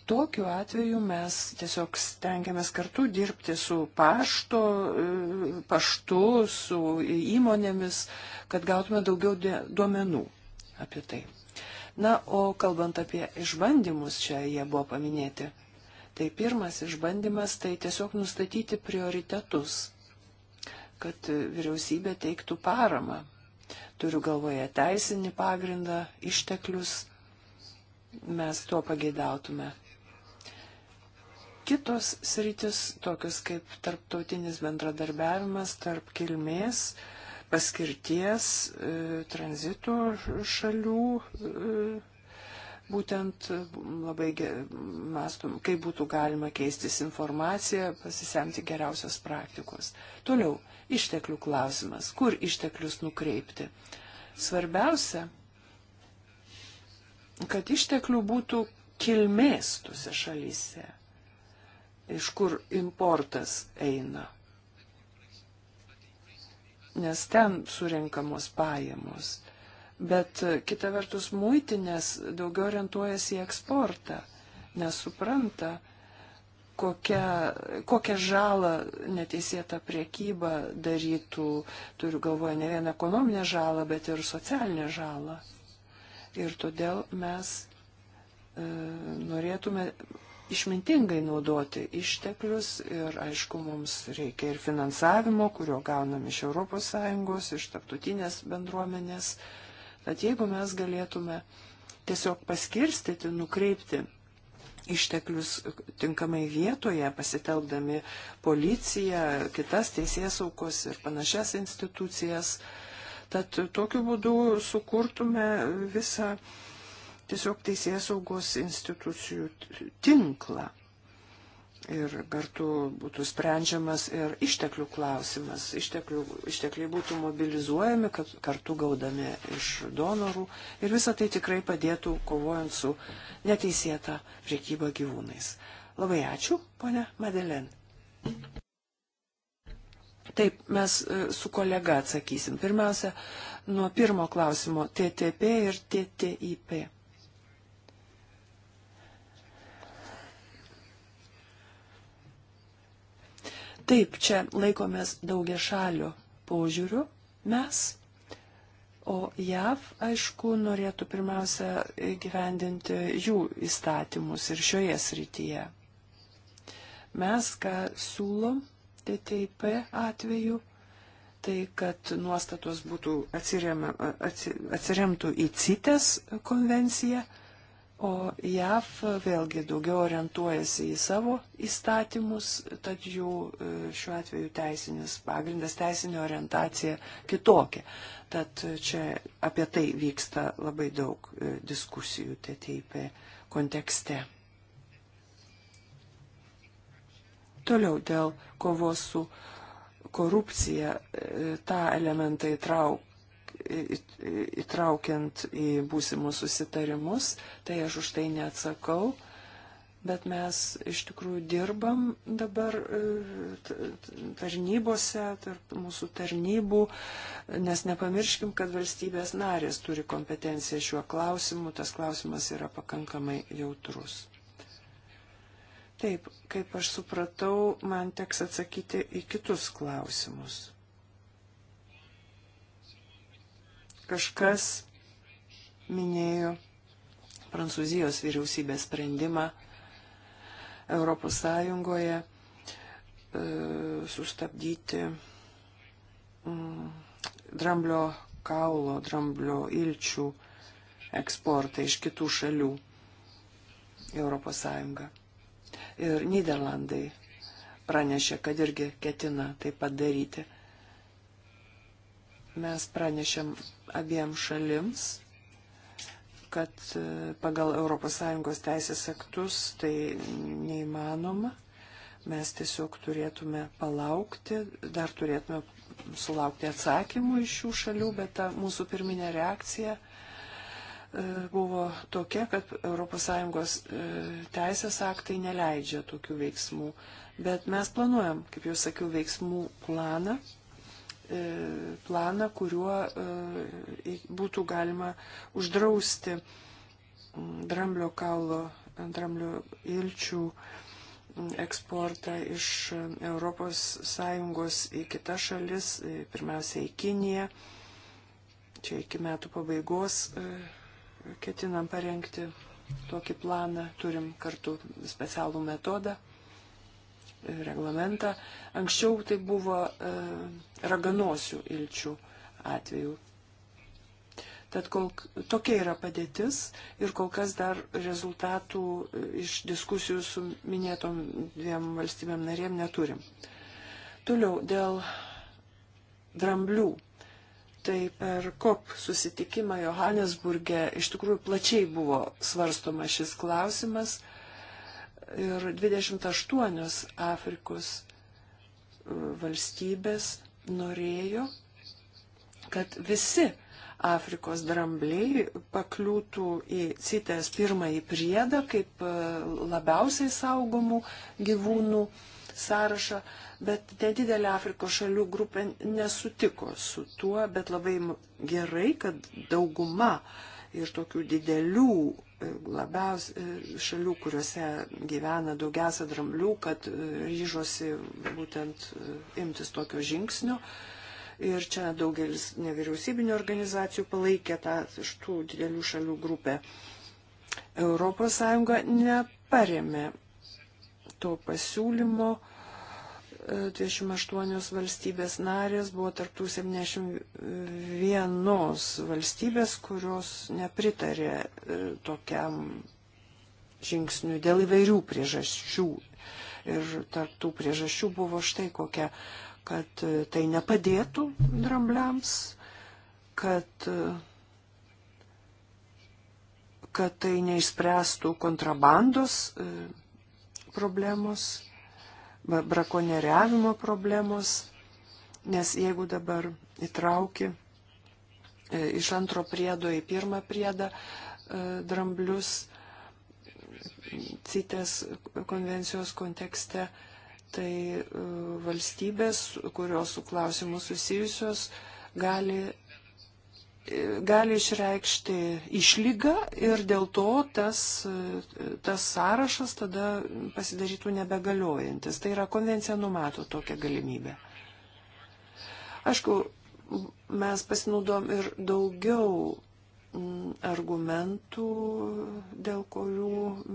tokiu atveju mes tiesiog stengiamės kartu dirbti su pašto, e, paštu, su įmonėmis, kad gautume daugiau duomenų apie tai. Na, o kalbant apie išbandymus, čia jie buvo paminėti. Tai pirmas išbandymas tai tiesiog nustatyti prioritetus, kad vyriausybė teiktų paramą. Turiu galvoje teisinį pagrindą, išteklius. Mes tuo pageidautume. Kitos sritis, tokios kaip tarptautinis bendradarbiavimas tarp kilmės, uh, paskirties e, tranzito šalių e, būtent e, labai mastom, kaip būtų galima keistis informaciją, pasisemti geriausios praktikos. Toliau, išteklių klausimas. Kur išteklius nukreipti? Svarbiausia, kad išteklių būtų kilmės tose šalyse, iš kur importas eina nes ten surinkamos pajamos. Bet e, kita vertus, muitinės daugiau orientuojasi į eksportą, nesupranta, kokią, kokią žalą neteisėta priekyba darytų, turiu galvoje ne vien ekonominę žalą, bet ir socialinę žalą. Ir todėl mes e, norėtume išmintingai naudoti išteklius ir, aišku, mums reikia ir finansavimo, kurio gaunam iš ES, iš tarptautinės bendruomenės. Tad jeigu mes galėtume tiesiog paskirstyti, nukreipti išteklius tinkamai vietoje, pasitelkdami policiją, kitas teisės aukos ir panašias institucijas. Tad tokiu būdu sukurtume visą tiesiog teisės saugos institucijų tinklą. Ir kartu būtų sprendžiamas ir išteklių klausimas. Išteklių, ištekliai būtų mobilizuojami, kad kartu gaudami iš donorų. Ir visa tai tikrai padėtų kovojant su neteisėta priekyba gyvūnais. Labai ačiū, ponia Madelen. Taip, mes e, su kolega atsakysim. Pirmiausia, nuo pirmo klausimo TTP ir TTIP. Taip, čia laikomės daugia šalių požiūrių mes, o JAV, aišku, norėtų pirmiausia gyvendinti jų įstatymus ir šioje srityje. Mes, ką siūlom TTIP atveju, tai kad nuostatos būtų atsiremtų į CITES konvenciją O JAV vėlgi daugiau orientuojasi į savo įstatymus, tad jų e, šiuo atveju teisinis pagrindas, teisinė orientacija kitokia. Tad čia apie tai vyksta labai daug e, diskusijų TTIP kontekste. Toliau dėl kovos su korupcija e, tą elementą įtrauk įtraukiant į būsimus susitarimus, tai aš už tai neatsakau. Bet mes iš tikrųjų dirbam dabar e, tarnybose, tarp mūsų tarnybų, nes nepamirškim, kad valstybės narės turi kompetenciją šiuo klausimu, tas klausimas yra pakankamai jautrus. Taip, kaip aš supratau, man teks atsakyti į kitus klausimus. Kažkas minėjo Prancūzijos vyriausybės sprendimą Europos Sąjungoje e, sustabdyti mm, dramblio kaulo, dramblio ilčių eksportą iš kitų šalių į Europos Sąjungą. Ir Niderlandai pranešė, kad irgi ketina tai padaryti mes pranešėm abiem šalims, kad e, pagal ES teisės aktus tai neįmanoma. Mes tiesiog turėtume palaukti, dar turėtume sulaukti atsakymų iš šių šalių, bet ta mūsų pirminė reakcija e, buvo tokia, kad ES e, teisės aktai neleidžia tokių veiksmų. Bet mes planuojam, kaip jau sakiau, veiksmų planą E, planą, kuriuo e, būtų galima uždrausti dramblio kaulo, dramblio ilčių eksportą iš ES į kitas šalis, e, pirmiausia į Kiniją. Čia iki metų pabaigos ketinam parengti tokį planą, turim kartu specialų metodą, reglamentą. Anksčiau tai buvo raganosių ilčių atveju. Tad kol, tokia yra padėtis ir kol kas dar rezultatų e, iš diskusijų su minėtom dviem valstybėm narėm neturim. Toliau dėl dramblių. Tai per COP susitikimą Johannesburgė iš tikrųjų plačiai buvo svarstoma šis klausimas ir 28 Afrikos e, valstybės norėjo, kad visi Afrikos drambliai pakliūtų į CITES pirmąjį priedą kaip e, labiausiai saugomų gyvūnų sąrašą, bet nedidelė Afrikos šalių grupė nesutiko su tuo, bet labai gerai, kad dauguma ir tokių didelių labiausiai šalių, kuriuose gyvena daugiausia dramblių, kad e, ryžosi būtent e, imtis tokio žingsnio. Ir čia daugelis nevyriausybinio organizacijų palaikė tą iš tų didelių šalių grupę. ES neparemė to pasiūlymo 28 valstybės narės buvo tarptų 71 valstybės, kurios nepritarė e, tokiam žingsniui dėl įvairių priežasčių. Ir tarptų priežasčių buvo štai kokia, kad e, tai nepadėtų drambliams, kad e, kad tai neišspręstų kontrabandos problemos brakonieriavimo problemos, nes jeigu dabar įtrauki e, iš antro priedo į pirmą priedą e, dramblius CITES konvencijos kontekste, tai e, valstybės, kurios su klausimu susijusios, gali gali išreikšti išlygą ir dėl to tas, tas sąrašas tada pasidarytų nebegaliojantis. Tai yra konvencija numato tokią galimybę. Aišku, mes pasinaudom ir daugiau mm, argumentų, dėl kurių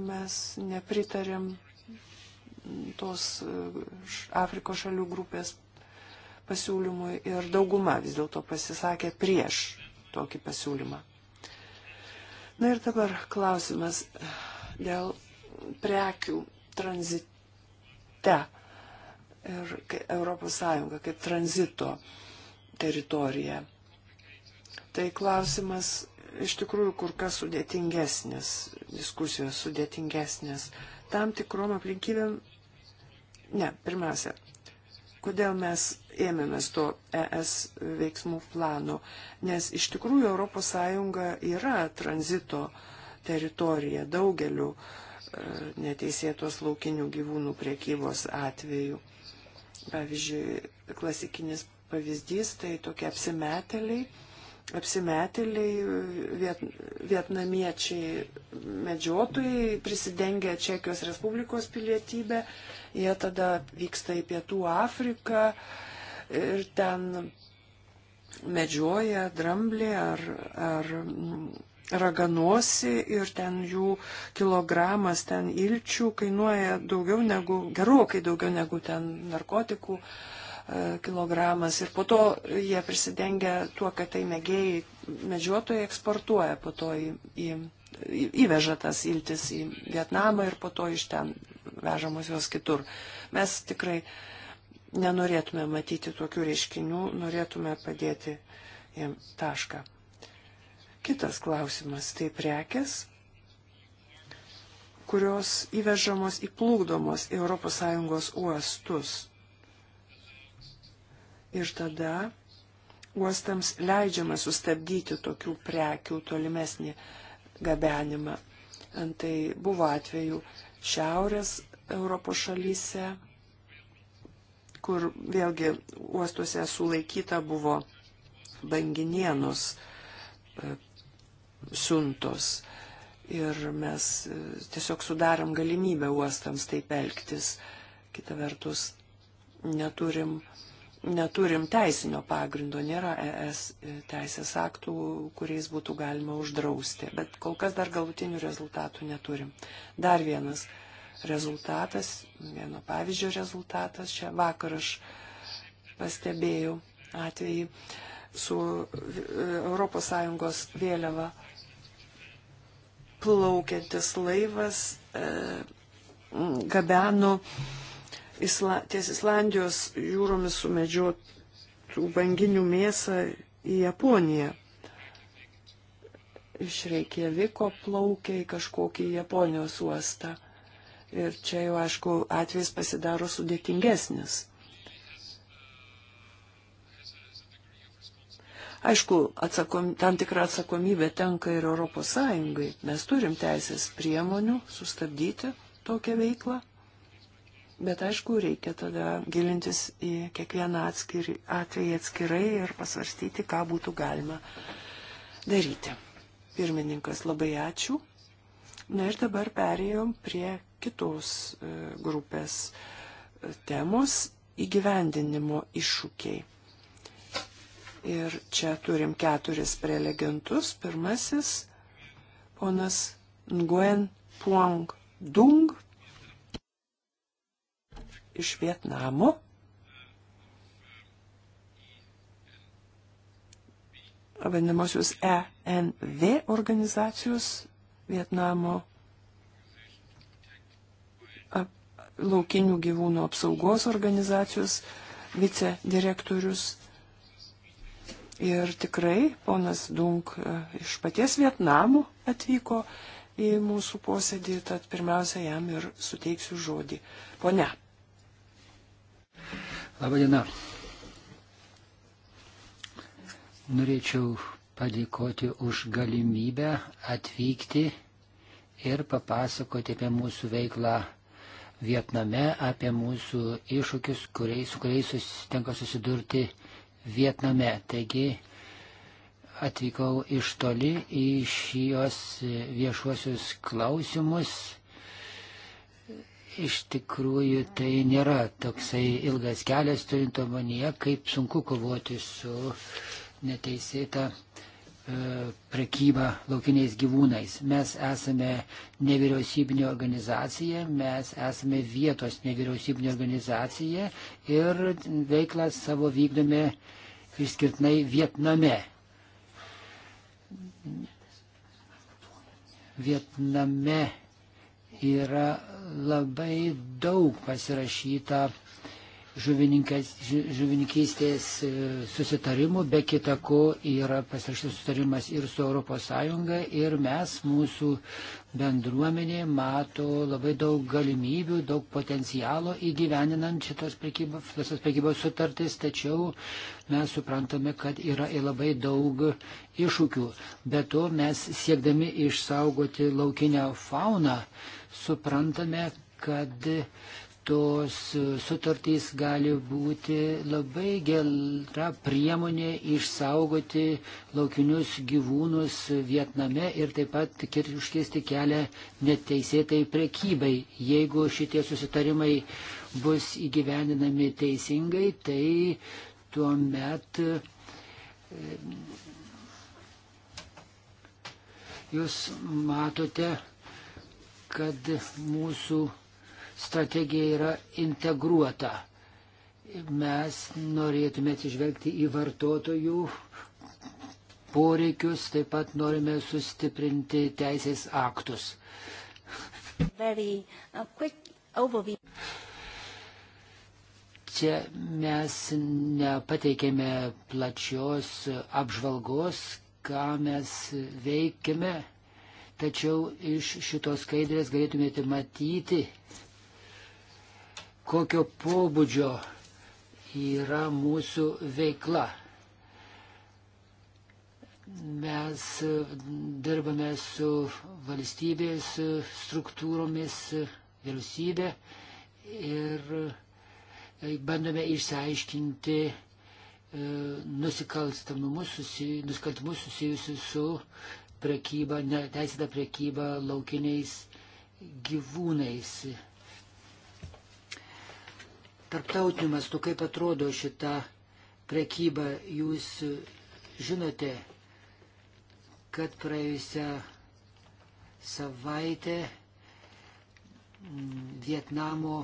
mes nepritarėm tos mm, Afrikos šalių grupės pasiūlymui ir dauguma vis dėlto pasisakė prieš tokį pasiūlymą. Na ir dabar klausimas dėl prekių tranzite ir ES kaip tranzito teritorija. Tai klausimas iš tikrųjų kur kas sudėtingesnis, diskusijos sudėtingesnės. Tam tikrom aplinkybėm, ne, pirmiausia, kodėl mes ėmėmės to ES veiksmų plano, nes iš tikrųjų ES yra tranzito teritorija daugeliu e, neteisėtos laukinių gyvūnų priekybos atveju. Pavyzdžiui, klasikinis pavyzdys tai tokie apsimetėliai, apsimetėliai viet, vietnamiečiai medžiotojai prisidengia Čekijos Respublikos pilietybę, jie tada vyksta į Pietų Afriką, ir ten medžioja dramblį ar, ar raganosi ir ten jų kilogramas ten ilčių kainuoja daugiau negu, gerokai daugiau negu ten narkotikų e, kilogramas ir po to jie prisidengia tuo, kad tai mėgėjai, medžiotojai eksportuoja po to į, į, įveža tas iltis į Vietnamą ir po to iš ten vežamos jos kitur. Mes tikrai uh, nenorėtume matyti tokių reiškinių, norėtume padėti jam tašką. Kitas klausimas - tai prekes, kurios įvežamos įplūkdomos į ES uostus. Ir tada uostams leidžiama sustabdyti tokių prekių tolimesnį gabenimą. Antai buvo atveju Šiaurės Europos šalyse, kur vėlgi uostuose sulaikyta buvo banginienos e, siuntos. Ir mes e, tiesiog sudarom galimybę uostams taip elgtis. Kita vertus, neturim, neturim teisinio pagrindo, nėra ES teisės aktų, kuriais būtų galima uždrausti. Bet kol kas dar galutinių rezultatų neturim. Dar vienas rezultatas, vieno pavyzdžio rezultatas. Čia vakar aš pastebėjau atvejį su ES vėliava plaukiantis laivas e, gabeno isla, ties Islandijos jūromis sumedžiotų banginių mėsą į Japoniją. Iš Reikjaviko plaukė į kažkokį Japonijos uostą. Ir čia jau, aišku, atvejs pasidaro sudėtingesnis. Aišku, atsakom, tam tikra atsakomybė tenka ir Europos Sąjungai. Mes turim teisės priemonių sustabdyti tokią veiklą, bet aišku, reikia tada gilintis į kiekvieną atskirį, atvejį atskirai ir pasvarstyti, ką būtų galima daryti. Pirmininkas, labai ačiū. Na ir dabar perėjom prie kitos e, grupės e, temos įgyvendinimo iššūkiai. Ir čia turim keturis prelegentus. Pirmasis - ponas Nguyen Puang Dung iš Vietnamo. vadinamosios ENV organizacijos Vietnamo laukinių gyvūnų apsaugos organizacijos vicedirektorius. Ir tikrai ponas Dunk e, iš paties Vietnamo atvyko į mūsų posėdį, tad pirmiausia jam ir suteiksiu žodį. Pone. Labadiena. Norėčiau padėkoti už galimybę atvykti ir papasakoti apie mūsų veiklą Vietname, apie mūsų iššūkius, kuriais, su kuriais tenka susidurti Vietname. Taigi atvykau iš toli į šios viešuosius klausimus. Iš tikrųjų tai nėra toksai ilgas kelias, turint omenyje, kaip sunku kovoti su uh, neteisėtą e, prekybą laukiniais gyvūnais. Mes esame nevyriausybinė organizacija, mes esame vietos nevyriausybinė organizacija ir veiklą savo vykdome išskirtinai Vietname. Vietname yra labai daug pasirašyta žuvininkystės e, susitarimų, be kita ko yra pasirašytas susitarimas ir su ES ir mes, mūsų bendruomenė, mato labai daug galimybių, daug potencialo įgyveninant šitas prekybos, visas prekybos sutartis, tačiau mes suprantame, kad yra ir labai daug iššūkių. Be to mes siekdami išsaugoti laukinę fauną, suprantame, kad tos sutartys gali būti labai gera priemonė išsaugoti laukinius gyvūnus Vietname ir taip pat užkirsti kelią neteisėtai prekybai. Jeigu šitie susitarimai bus įgyvendinami teisingai, tai tuomet. Jūs matote, kad mūsų strategija yra integruota. Mes norėtume atsižvelgti į vartotojų poreikius, taip pat norime sustiprinti teisės aktus. Very, uh, čia mes nepateikėme plačios apžvalgos, ką mes veikiame, tačiau iš šitos skaidrės galėtumėte matyti, kokio pobūdžio yra mūsų veikla. Mes dirbame su valstybės struktūromis, vyriausybė ir bandome išsiaiškinti e, nusikalstamumus susi, susijusius su prekyba, neteisėta prekyba laukiniais gyvūnais. Tarptautiniu mastu, kaip atrodo šita prekyba, jūs žinote, kad praėjusią savaitę Vietnamo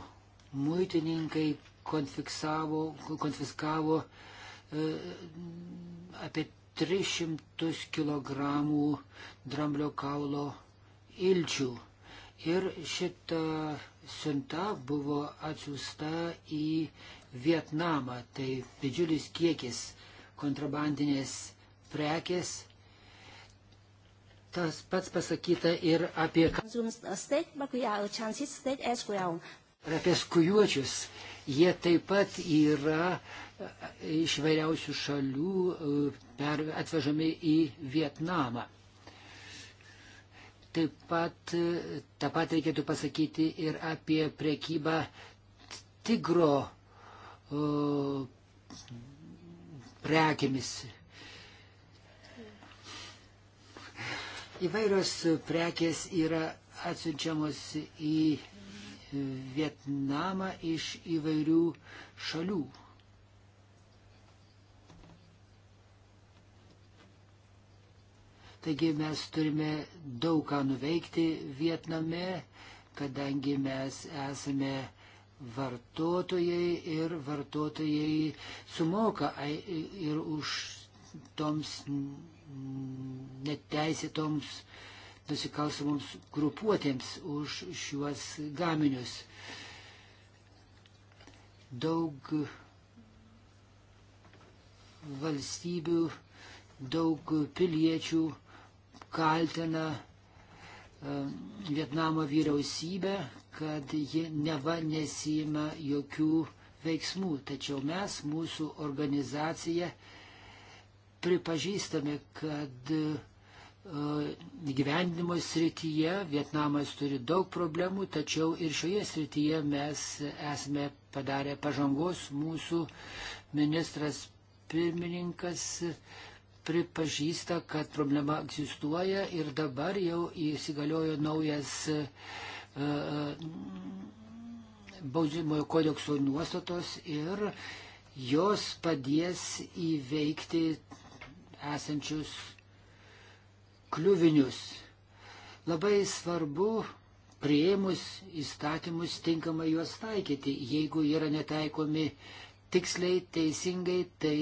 muitininkai konfiskavo e, apie 300 kg dramblio kaulo ilčių. Ir šita siunta buvo atsiųsta į Vietnamą. Tai didžiulis kiekis kontrabandinės prekės. Tas pats pasakyta ir apie, ir apie skujuočius. Jie taip pat yra e, e, iš vairiausių šalių e, per, atvežami į Vietnamą. Taip pat tą pat reikėtų pasakyti ir apie prekybą tigro o, prekiamis. Įvairios prekės yra atsiunčiamos į Vietnamą iš įvairių šalių. Taigi mes turime daug ką nuveikti Vietname, kadangi mes esame vartotojai ir vartotojai sumoka ir už toms neteisėtoms nusikalstamoms grupuotėms už šiuos gaminius. Daug valstybių, daug piliečių kaltina um, Vietnamo vyriausybę, kad ji neva nesima jokių veiksmų. Tačiau mes, mūsų organizacija, pripažįstame, kad uh, gyvendimo srityje Vietnamas turi daug problemų, tačiau ir šioje srityje mes esame padarę pažangos. Mūsų ministras pirmininkas pripažįsta, kad problema egzistuoja ir dabar jau įsigaliojo naujas e, e, baudžiamojo kodekso nuostatos ir jos padės įveikti esančius kliuvinius. Labai svarbu prieimus įstatymus tinkamai juos taikyti, jeigu yra netaikomi tiksliai, teisingai, tai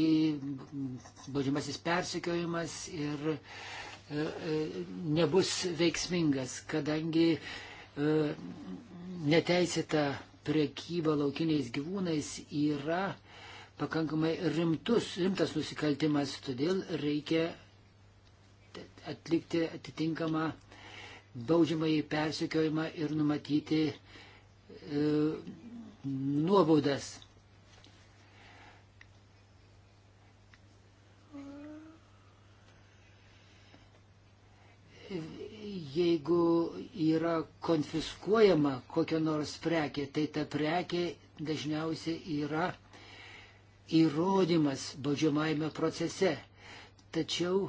baudžiamasis persikiojimas ir e, e, nebus veiksmingas, kadangi e, neteisėta priekyba laukiniais gyvūnais yra pakankamai rimtus, rimtas nusikaltimas, todėl reikia atlikti atitinkamą baudžiamąjį persikiojimą ir numatyti e, nuobaudas. jeigu yra konfiskuojama kokia nors prekė, tai ta prekė dažniausiai yra įrodymas baudžiamajame procese. Tačiau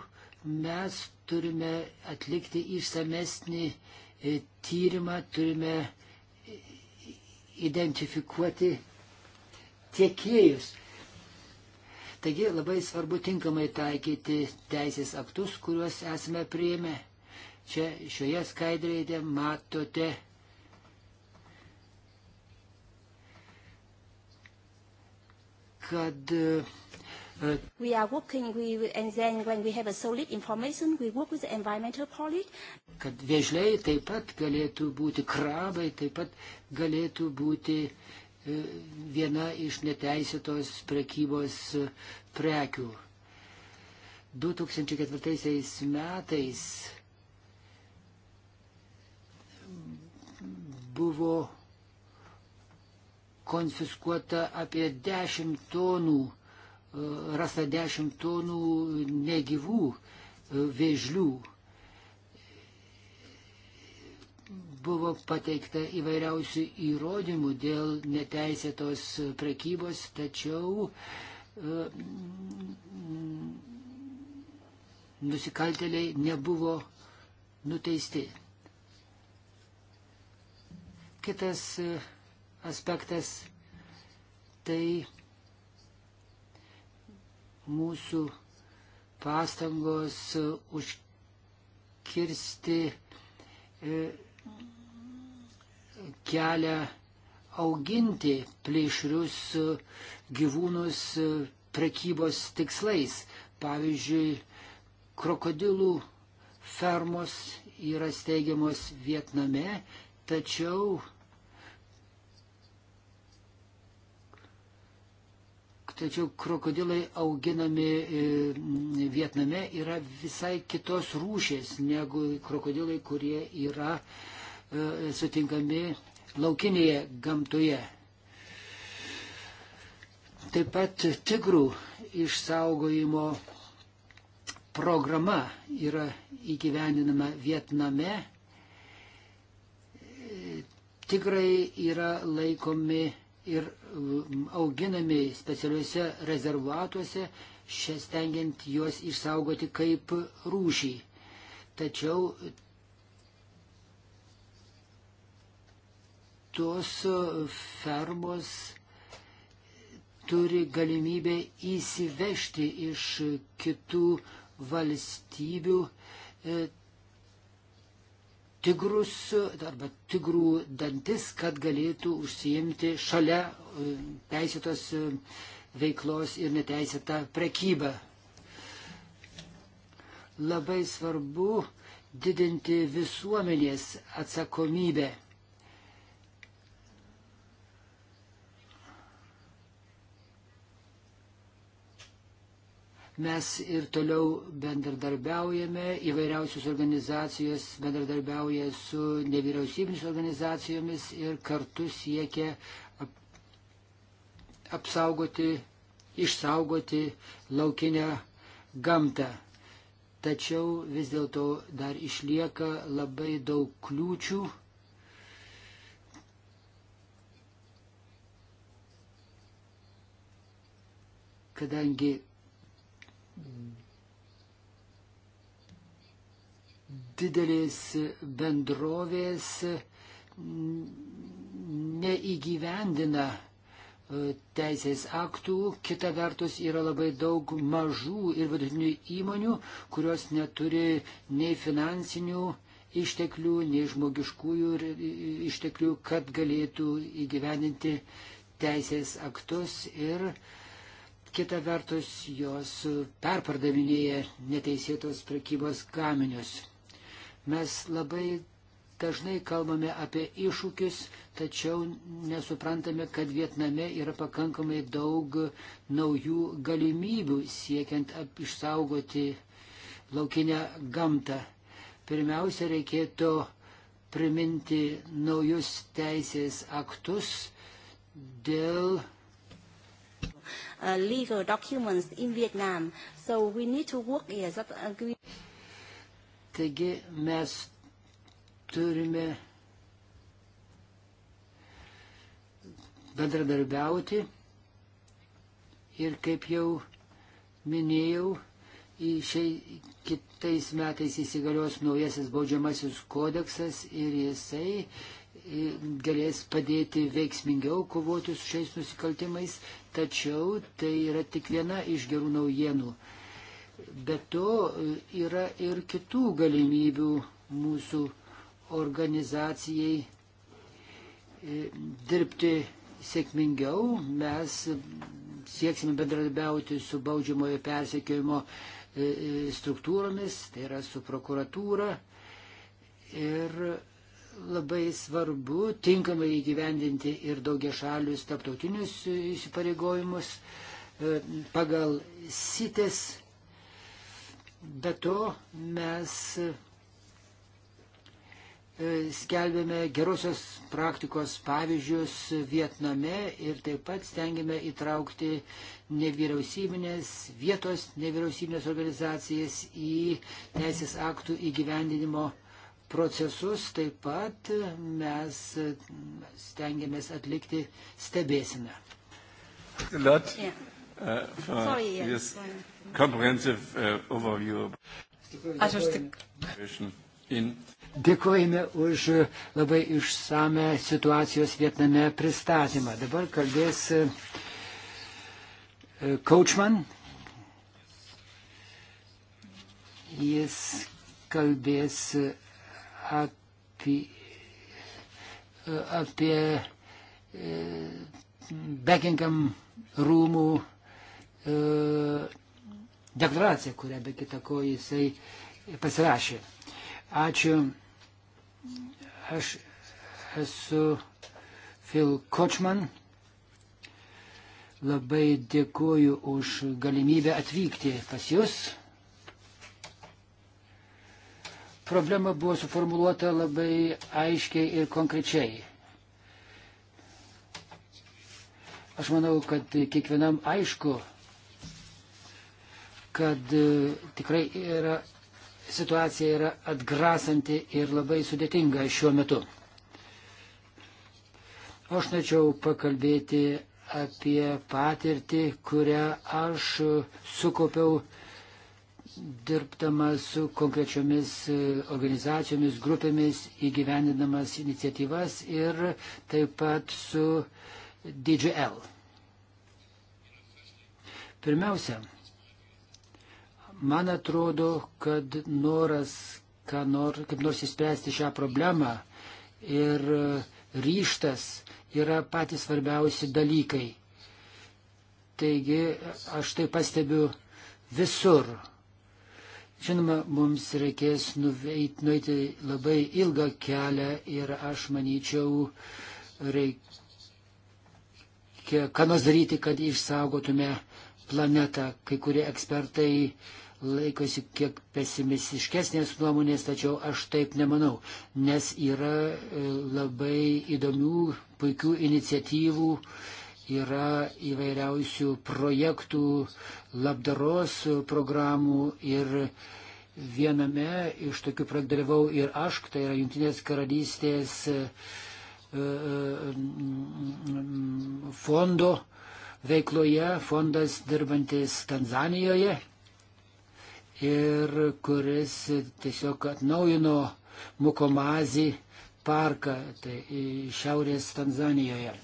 mes turime atlikti išsamesnį e, tyrimą, turime identifikuoti tiekėjus. Taigi labai svarbu tinkamai taikyti teisės aktus, kuriuos esame prieimę Čia šioje skaidrėje matote kad e, We are working with, and then when we have a solid information, we work with the environmental policy. Kad vėžliai taip pat galėtų būti, krabai taip pat galėtų būti e, viena iš neteisėtos prekybos e, prekių. 2004 metais buvo konfiskuota apie 10 tonų, e, rasta 10 tonų negyvų e, vėžlių. Buvo pateikta įvairiausių įrodymų dėl neteisėtos prekybos, tačiau e, nusikalteliai nebuvo nuteisti. Kitas e, aspektas tai mūsų pastangos e, užkirsti e, kelią auginti plėšrius gyvūnus prekybos tikslais. Pavyzdžiui, krokodilų fermos yra steigiamos Vietname, tačiau Tačiau krokodilai auginami e, Vietname yra visai kitos rūšės negu krokodilai, kurie yra e, sutinkami laukinėje gamtoje. Taip pat tigrų išsaugojimo programa yra įgyveninama Vietname. E, tigrai yra laikomi ir mm, auginami specialiuose rezervatuose, šias tengiant juos išsaugoti kaip rūšį. Tačiau tos fermos turi galimybę įsivežti iš kitų valstybių e, tigrus arba tigrų dantis, kad galėtų užsiimti šalia e, teisėtos e, veiklos ir neteisėtą prekybą. Labai svarbu didinti visuomenės atsakomybę Mes ir toliau bendradarbiaujame, įvairiausios organizacijos bendradarbiauja su nevyriausybinis organizacijomis ir kartu siekia apsaugoti, išsaugoti laukinę gamtą. Tačiau vis dėlto dar išlieka labai daug kliūčių kadangi didelės bendrovės neįgyvendina e, teisės aktų, kita vertus yra labai daug mažų ir vidutinių įmonių, kurios neturi nei finansinių išteklių, nei žmogiškųjų išteklių, kad galėtų įgyveninti teisės aktus ir kita vertus jos perpardavinėja neteisėtos prekybos gaminius. Mes labai dažnai kalbame apie iššūkius, tačiau nesuprantame, kad Vietname yra pakankamai daug naujų galimybių siekiant išsaugoti laukinę gamtą. Pirmiausia, reikėtų priminti naujus teisės aktus dėl uh, legal documents in Vietnam. So we need to work as an agreement. Taigi mes turime bendradarbiauti ir kaip jau minėjau, šiai kitais metais įsigalios naujasis baudžiamasis kodeksas ir jisai galės padėti veiksmingiau kovoti su šiais nusikaltimais, tačiau tai yra tik viena iš gerų naujienų. Be to e, yra ir kitų galimybių mūsų organizacijai e, dirbti sėkmingiau. Mes sieksime bendradarbiauti su baudžiamojo persekiojimo e, struktūromis, tai yra su prokuratūra. Ir labai svarbu tinkamai įgyvendinti ir daugia šalius tarptautinius įsipareigojimus e, pagal sitės. Be to mes e, skelbėme gerosios praktikos pavyzdžius Vietname ir taip pat stengiame įtraukti nevyriausybinės, vietos nevyriausybinės organizacijas į teisės aktų įgyvendinimo uh, procesus taip pat mes stengiamės atlikti stebėsiną. Yeah. Uh, Sorry, yes. yes. Comprehensive uh, overview. Aš už tik. Dėkojame už labai išsame situacijos Vietname pristatymą. Dabar kalbės uh, Coachman. Jis kalbės apie, apie Beckingham rūmų e, deklaraciją, kurią be kita ko jisai pasirašė. Ačiū. Aš esu Phil Kochman. Labai dėkuoju už galimybę atvykti pas Jūs problema buvo suformuoluota labai aiškiai ir konkrečiai. Aš manau, kad kiekvienam aišku, kad e, tikrai yra, situacija yra atgrasanti ir labai sudėtinga šiuo metu. Aš norėčiau pakalbėti apie patirtį, kurią aš sukaupiau dirbdamas su konkrečiomis e, organizacijomis, grupėmis, įgyvendinamas iniciatyvas ir taip pat su DGL. Pirmiausia, man atrodo, kad noras, ką nor, kaip nors įspręsti šią problemą ir ryštas yra patys svarbiausi dalykai. Taigi aš tai pastebiu visur Žinoma, mums reikės nuveit, nueiti labai ilgą kelią ir aš manyčiau, reikia ką nors daryti, kad išsaugotume planetą. Kai kurie ekspertai laikosi kiek pesimistiškesnės nuomonės, tačiau aš taip nemanau, nes yra e, labai įdomių, puikių iniciatyvų yra įvairiausių projektų, labdaros programų ir viename iš tokių projektų dalyvau ir aš, tai yra Junktinės karalystės e, e, mm, fondo veikloje, fondas dirbantis Tanzanijoje ir kuris tiesiog atnaujino Mukomazį parką tai, e, šiaurės Tanzanijoje.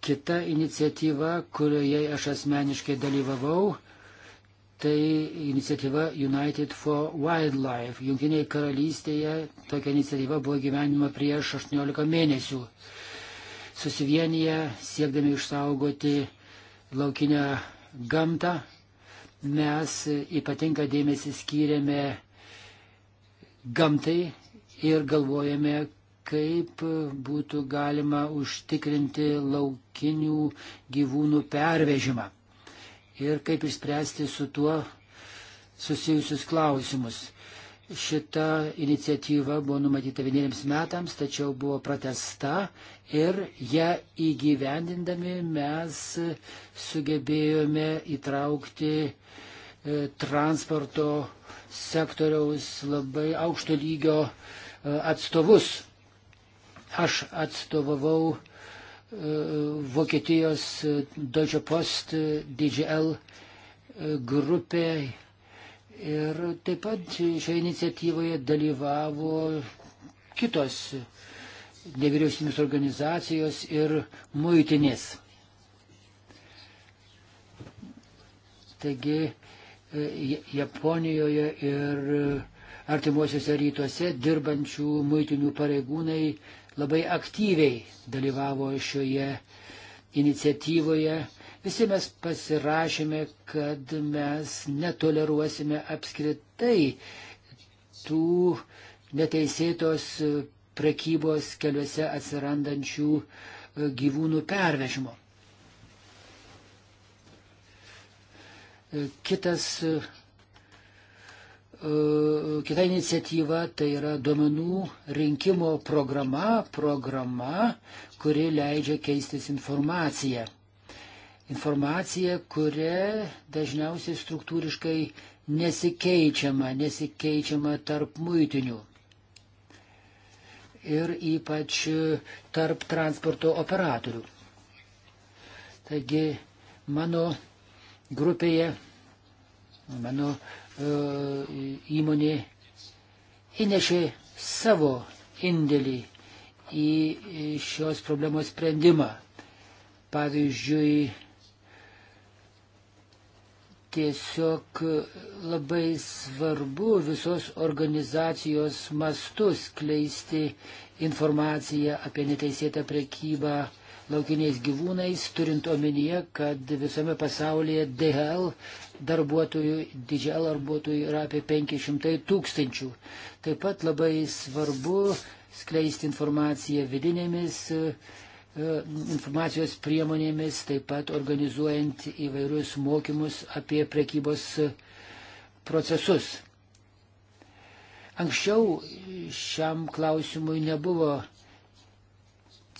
Kita iniciatyva, kurioje aš asmeniškai dalyvavau, tai iniciatyva United for Wildlife. Junkinėje karalystėje tokia iniciatyva buvo gyvenima prieš 18 mėnesių. Susivienyje, siekdami išsaugoti laukinę gamtą, mes ypatingą dėmesį skyrėme gamtai ir galvojame, kaip būtų galima užtikrinti laukinių gyvūnų pervežimą ir kaip išspręsti su tuo susijusius klausimus. Šita iniciatyva buvo numatyta vieneriems metams, tačiau buvo pratesta ir ją įgyvendindami mes sugebėjome įtraukti e, transporto sektoriaus labai aukšto lygio e, atstovus Aš atstovavau e, Vokietijos e, Deutsche Post e, DGL grupė ir taip pat šioje iniciatyvoje dalyvavo kitos nevyriausybinės organizacijos ir muitinės. Taigi Japonijoje ir artimuosiuose rytuose dirbančių muitinių pareigūnai labai aktyviai dalyvavo šioje iniciatyvoje. Visi mes pasirašėme, kad mes netoleruosime apskritai tų neteisėtos prekybos keliuose atsirandančių e, gyvūnų pervežimo. E, kitas kita iniciatyva tai yra duomenų rinkimo programa, programa, kuri leidžia keistis informaciją. Informacija, kuria dažniausiai struktūriškai nesikeičiama, nesikeičiama tarp muitinių. Ir ypač tarp transporto operatorių. Taigi mano grupėje, mano uh, E, įmonė įnešė savo indėlį į šios problemos sprendimą. Pavyzdžiui, tiesiog labai svarbu visos organizacijos mastus kleisti informaciją apie neteisėtą prekybą laukiniais gyvūnais, turint omenyje, kad visame pasaulyje DHL darbuotojų, DHL darbuotojų yra apie 500 tūkstančių. Taip pat labai svarbu skleisti informaciją vidinėmis e, informacijos priemonėmis, taip pat organizuojant įvairius mokymus apie prekybos procesus. Anksčiau šiam klausimui nebuvo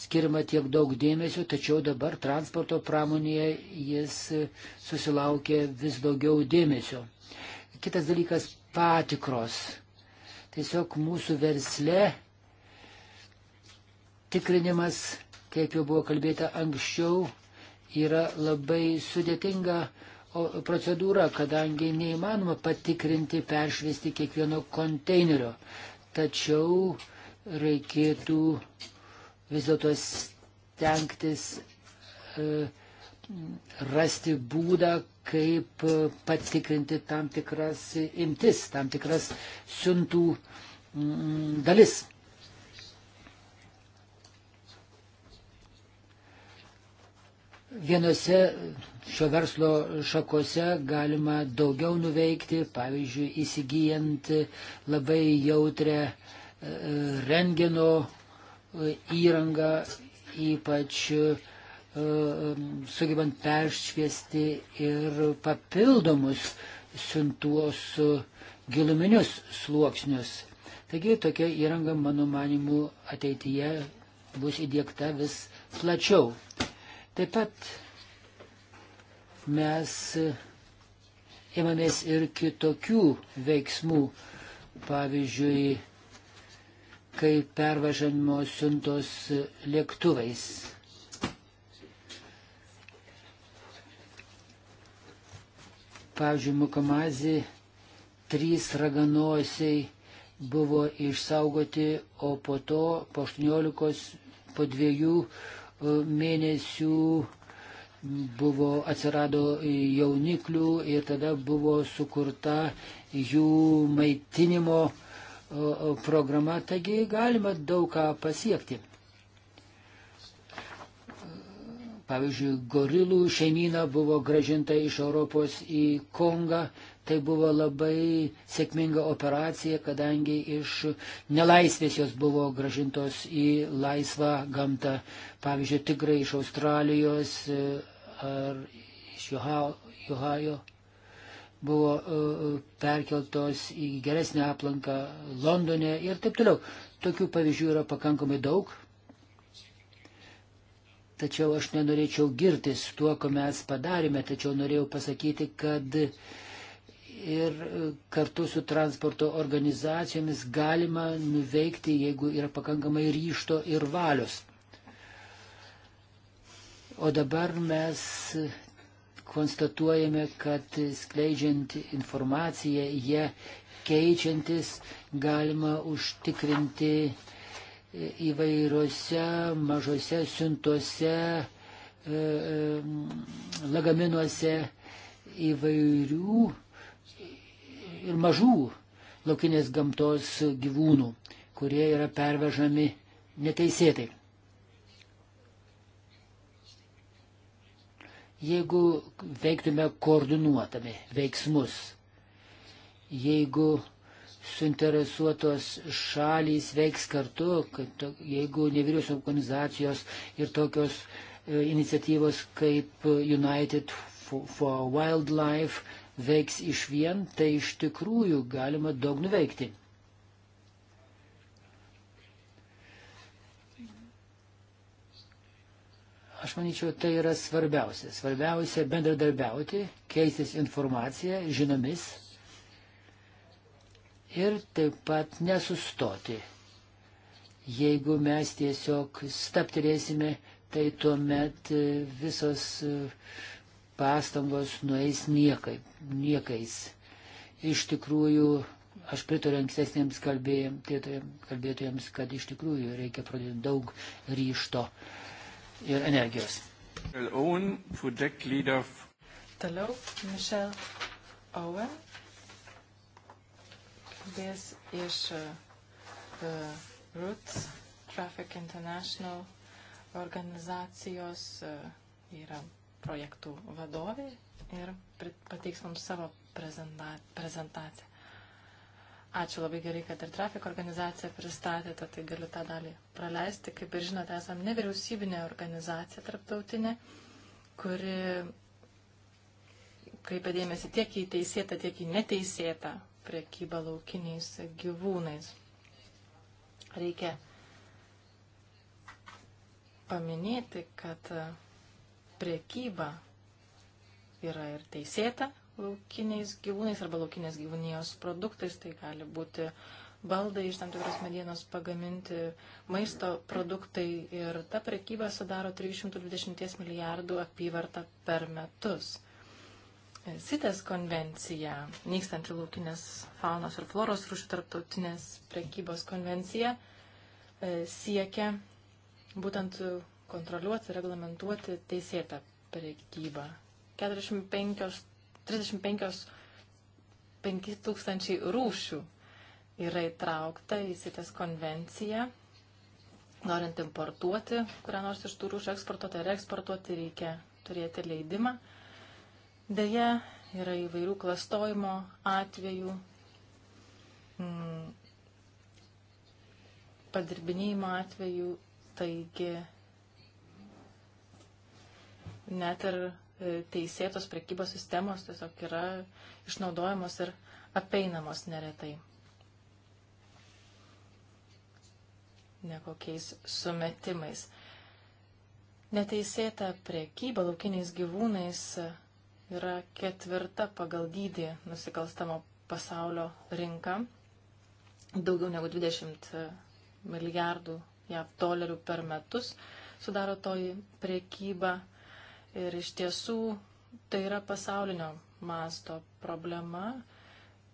skirima tiek daug dėmesio, tačiau dabar transporto pramonėje jis susilaukė vis daugiau dėmesio. Kitas dalykas - patikros. Tiesiog mūsų versle tikrinimas, kaip jau buvo kalbėta anksčiau, yra labai sudėtinga procedūra, kadangi neįmanoma patikrinti, peršviesti kiekvieno konteinerio. Tačiau reikėtų vis dėlto stengtis e, rasti būdą, kaip e, patikrinti tam tikras imtis, tam tikras siuntų mm, dalis. Vienose šio verslo šakose galima daugiau nuveikti, pavyzdžiui, įsigijant labai jautrę e, rengeno įrangą, ypač e, sugebant peršviesti ir papildomus siuntuos e, giluminius sluoksnius. Taigi tokia įranga, mano manimu, ateityje bus įdėkta vis plačiau. Taip pat mes imamės ir kitokių veiksmų. Pavyzdžiui, kaip pervažanimo siuntos lėktuvais. Pavyzdžiui, Mukamazi trys raganosiai buvo išsaugoti, o po to po 18, po dviejų e, mėnesių buvo atsirado jauniklių ir tada buvo sukurta jų maitinimo uh, programa, taigi galima daug ką pasiekti. Pavyzdžiui, gorilų šeimyna buvo gražinta iš Europos į Kongą. Tai buvo labai sėkminga operacija, kadangi iš nelaisvės jos buvo gražintos į laisvą gamtą. Pavyzdžiui, tigrai iš Australijos e, ar iš Johajo buvo e, e, perkeltos į geresnę aplanką Londone ir taip toliau. Tokių pavyzdžių yra pakankamai daug. Tačiau aš nenorėčiau girtis tuo, ko mes padarėme, tačiau norėjau pasakyti, kad ir kartu su transporto organizacijomis galima nuveikti, jeigu yra pakankamai ryšto ir valios. O dabar mes konstatuojame, kad skleidžiant informaciją, jie keičiantis galima užtikrinti įvairiose mažose siuntose, e, e, lagaminuose įvairių ir mažų laukinės gamtos gyvūnų, kurie yra pervežami neteisėtai. jeigu veiktume koordinuotami veiksmus, jeigu suinteresuotos šalys veiks kartu, kad, jeigu nevyriausio organizacijos ir tokios e, iniciatyvos kaip United for Wildlife veiks iš vien, tai iš tikrųjų galima daug nuveikti. Aš manyčiau, tai yra svarbiausia. Svarbiausia bendradarbiauti, keistis informaciją, žinomis ir taip pat nesustoti. Jeigu mes tiesiog staptirėsime, tai tuomet e, visos e, pastangos nueis niekai, niekais. Iš tikrųjų, aš pritariu ankstesniems kalbėtojams, kad iš tikrųjų reikia pradėti daug ryšto ir energijos. Owen, Toliau Michelle Owen kalbės iš uh, The Roots Traffic International organizacijos, uh, yra projektų vadovė ir pateiks mums savo prezentaciją. Ačiū labai gerai, kad ir trafiko organizacija pristatėte, tai galiu tą dalį praleisti. Kaip ir žinote, esam nevyriausybinė organizacija tarptautinė, kuri kreipia dėmesį tiek į teisėtą, tiek į neteisėtą priekybą laukiniais gyvūnais. Reikia paminėti, kad priekyba yra ir teisėta, laukiniais gyvūnais arba laukinės gyvūnijos produktais. Tai gali būti baldai iš tam tikros medienos pagaminti, maisto produktai ir ta prekyba sudaro 320 milijardų apyvartą per metus. Sitės konvencija, nykstanti laukinės faunos ir floros rūšių tarptautinės prekybos konvencija, e, siekia būtent kontroliuoti, reglamentuoti teisėtą prekybą. 45 35 tūkstančiai rūšių yra įtraukta į sitės konvenciją. Norint importuoti kurią nors iš tų rūšių eksportuoti ar eksportuoti, reikia turėti leidimą. Deja, yra įvairių klastojimo atvejų, mm, padirbinėjimo atvejų, taigi net ir E, teisėtos prekybos sistemos tiesiog yra išnaudojamos ir apeinamos neretai. Nekokiais sumetimais. Neteisėta prekyba laukiniais gyvūnais yra ketvirta pagal dydį nusikalstamo pasaulio rinka. Daugiau negu 20 milijardų JAV dolerių per metus sudaro toji prekyba Ir iš tiesų tai yra pasaulinio masto problema,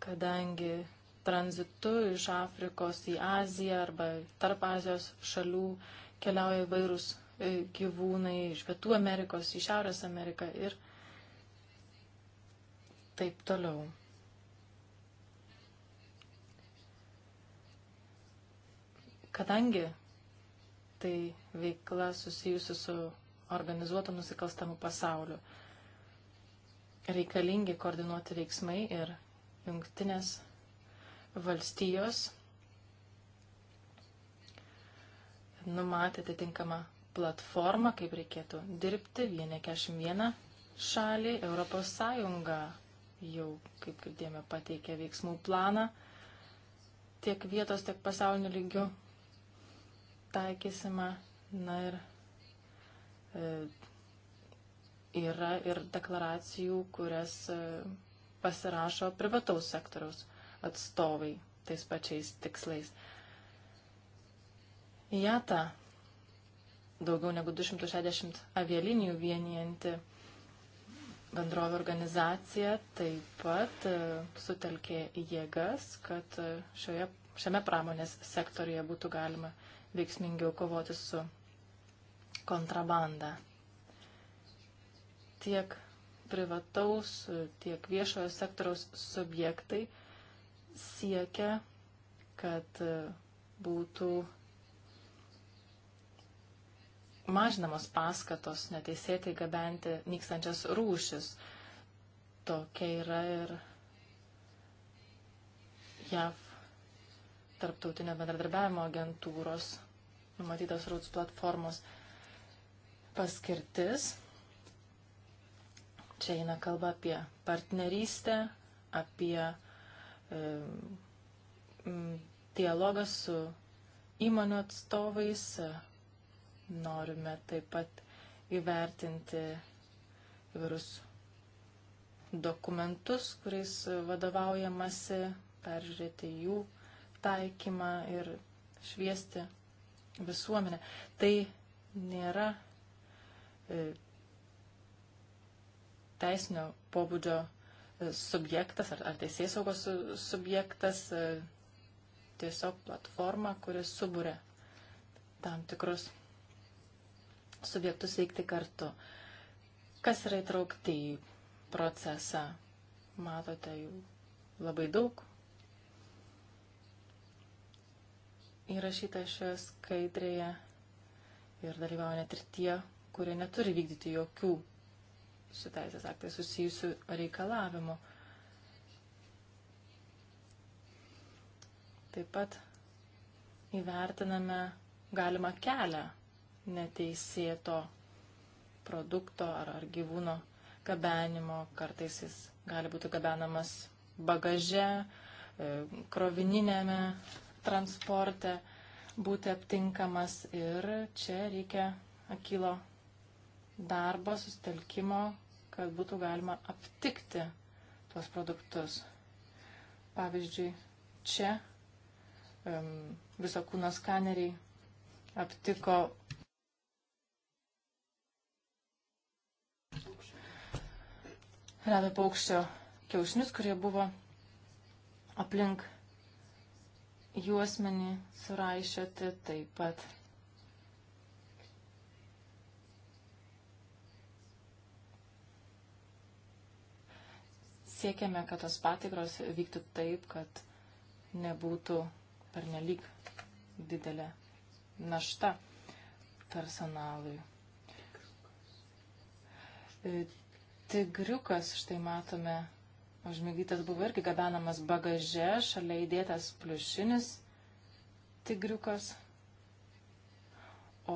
kadangi tranzitu iš Afrikos į Aziją arba tarp Azijos šalių keliauja įvairūs e, gyvūnai iš Pietų Amerikos, į Šiaurės Ameriką ir taip toliau. Kadangi tai veikla susijusi su organizuotų nusikalstamų pasaulių. Reikalingi koordinuoti veiksmai ir jungtinės valstijos numatė atitinkamą platformą, kaip reikėtų dirbti. Vienė 41 šalį Europos Sąjunga jau, kaip girdėjome, pateikė veiksmų planą tiek vietos, tiek pasaulinių lygių taikysima. Na ir E, yra ir deklaracijų, kurias e, pasirašo privataus sektoriaus atstovai tais pačiais tikslais. JATA daugiau negu 260 avialinijų vienijanti bendrovė organizacija taip pat e, sutelkė jėgas, kad šioje, šiame pramonės sektoriuje būtų galima veiksmingiau kovoti su kontrabandą. Tiek privataus, tiek viešojo sektoriaus subjektai siekia, kad būtų mažinamos paskatos neteisėtai gabenti nykstančias rūšis. Tokia yra ir JAV tarptautinio bendradarbiavimo agentūros numatytos RUTS platformos paskirtis. Čia eina kalba apie partnerystę, apie e, dialogą su įmonių atstovais. Norime taip pat įvertinti įvairius dokumentus, kuriais vadovaujamasi, peržiūrėti jų taikymą ir šviesti visuomenę. Tai nėra E, teisinio pobūdžio e, subjektas ar, ar teisės saugos subjektas, e, tiesiog platforma, kuris subūrė tam tikrus subjektus veikti kartu. Kas yra įtraukti į procesą? Matote jų labai daug. Įrašyta šioje skaidrėje ir dalyvauja net ir tie, kurie neturi vykdyti jokių su teisės aktai susijusių reikalavimų. Taip pat įvertiname galimą kelią neteisėto produkto ar, ar gyvūno gabenimo. Kartais jis gali būti gabenamas bagaže, e, krovininėme transporte, būti aptinkamas ir čia reikia akilo darbo, sustelkimo, kad būtų galima aptikti tuos produktus. Pavyzdžiui, čia um, viso kūno skaneriai aptiko rado paukščio kiaušinius, kurie buvo aplink juosmenį suraišyti taip pat siekiame, kad tos patikros vyktų taip, kad nebūtų pernelyg didelė našta personalui. E, tigriukas, štai matome, užmygytas buvo irgi gabenamas bagaže, šalia įdėtas pliušinis tigriukas,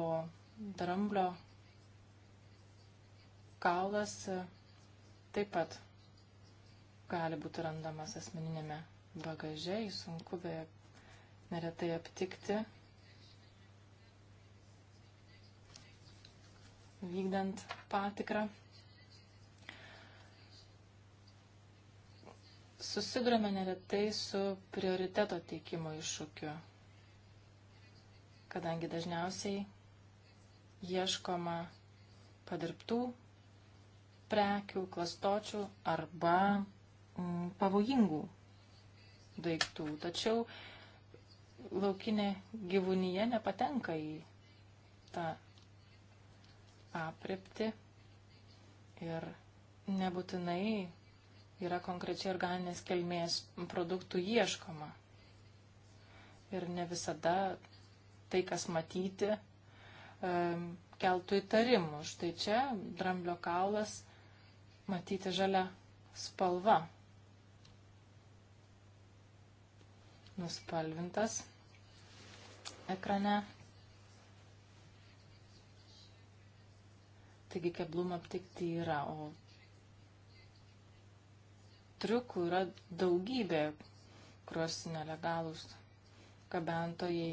o dramblio kaulas e, taip pat gali būti randamas asmeninėme bagaže, jį sunku beje neretai aptikti. Vykdant patikrą, susidurime neretai su prioriteto teikimo iššūkiu, kadangi dažniausiai ieškoma padirbtų prekių, klastočių arba Mm, pavojingų daiktų. Tačiau laukinė gyvūnyje nepatenka į tą aprepti ir nebūtinai yra konkrečiai organinės kelmės produktų ieškoma. Ir ne visada tai, kas matyti, keltų įtarimų. Štai čia dramblio kaulas matyti žalia spalva. nuspalvintas ekrane. Taigi keblumą aptikti yra, o triukų yra daugybė, kuriuos nelegalus gabentojai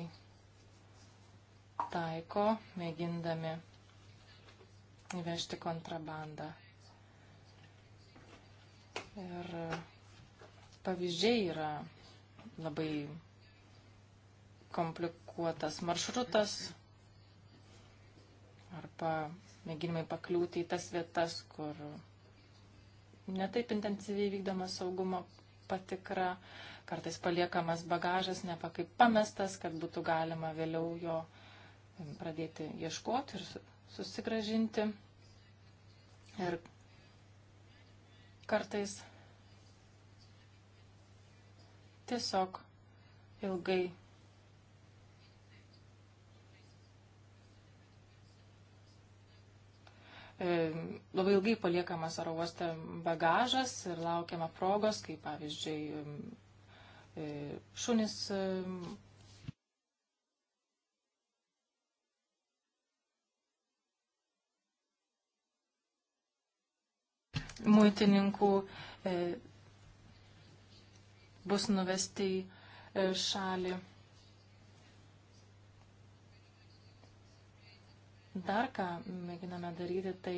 taiko, mėgindami įvežti kontrabandą. Ir pavyzdžiai yra labai komplikuotas maršrutas arba mėginimai pakliūti į tas vietas, kur netaip intensyviai vykdoma saugumo patikra, kartais paliekamas bagažas ne pa kaip pamestas, kad būtų galima vėliau jo pradėti ieškoti ir susigražinti. Ir kartais tiesiog ilgai e, labai ilgai paliekamas oro uoste bagažas ir laukiama progos, kaip pavyzdžiui e, šunis. E, muitininkų bus nuvesti į e, šalį. Dar ką mėginame daryti, tai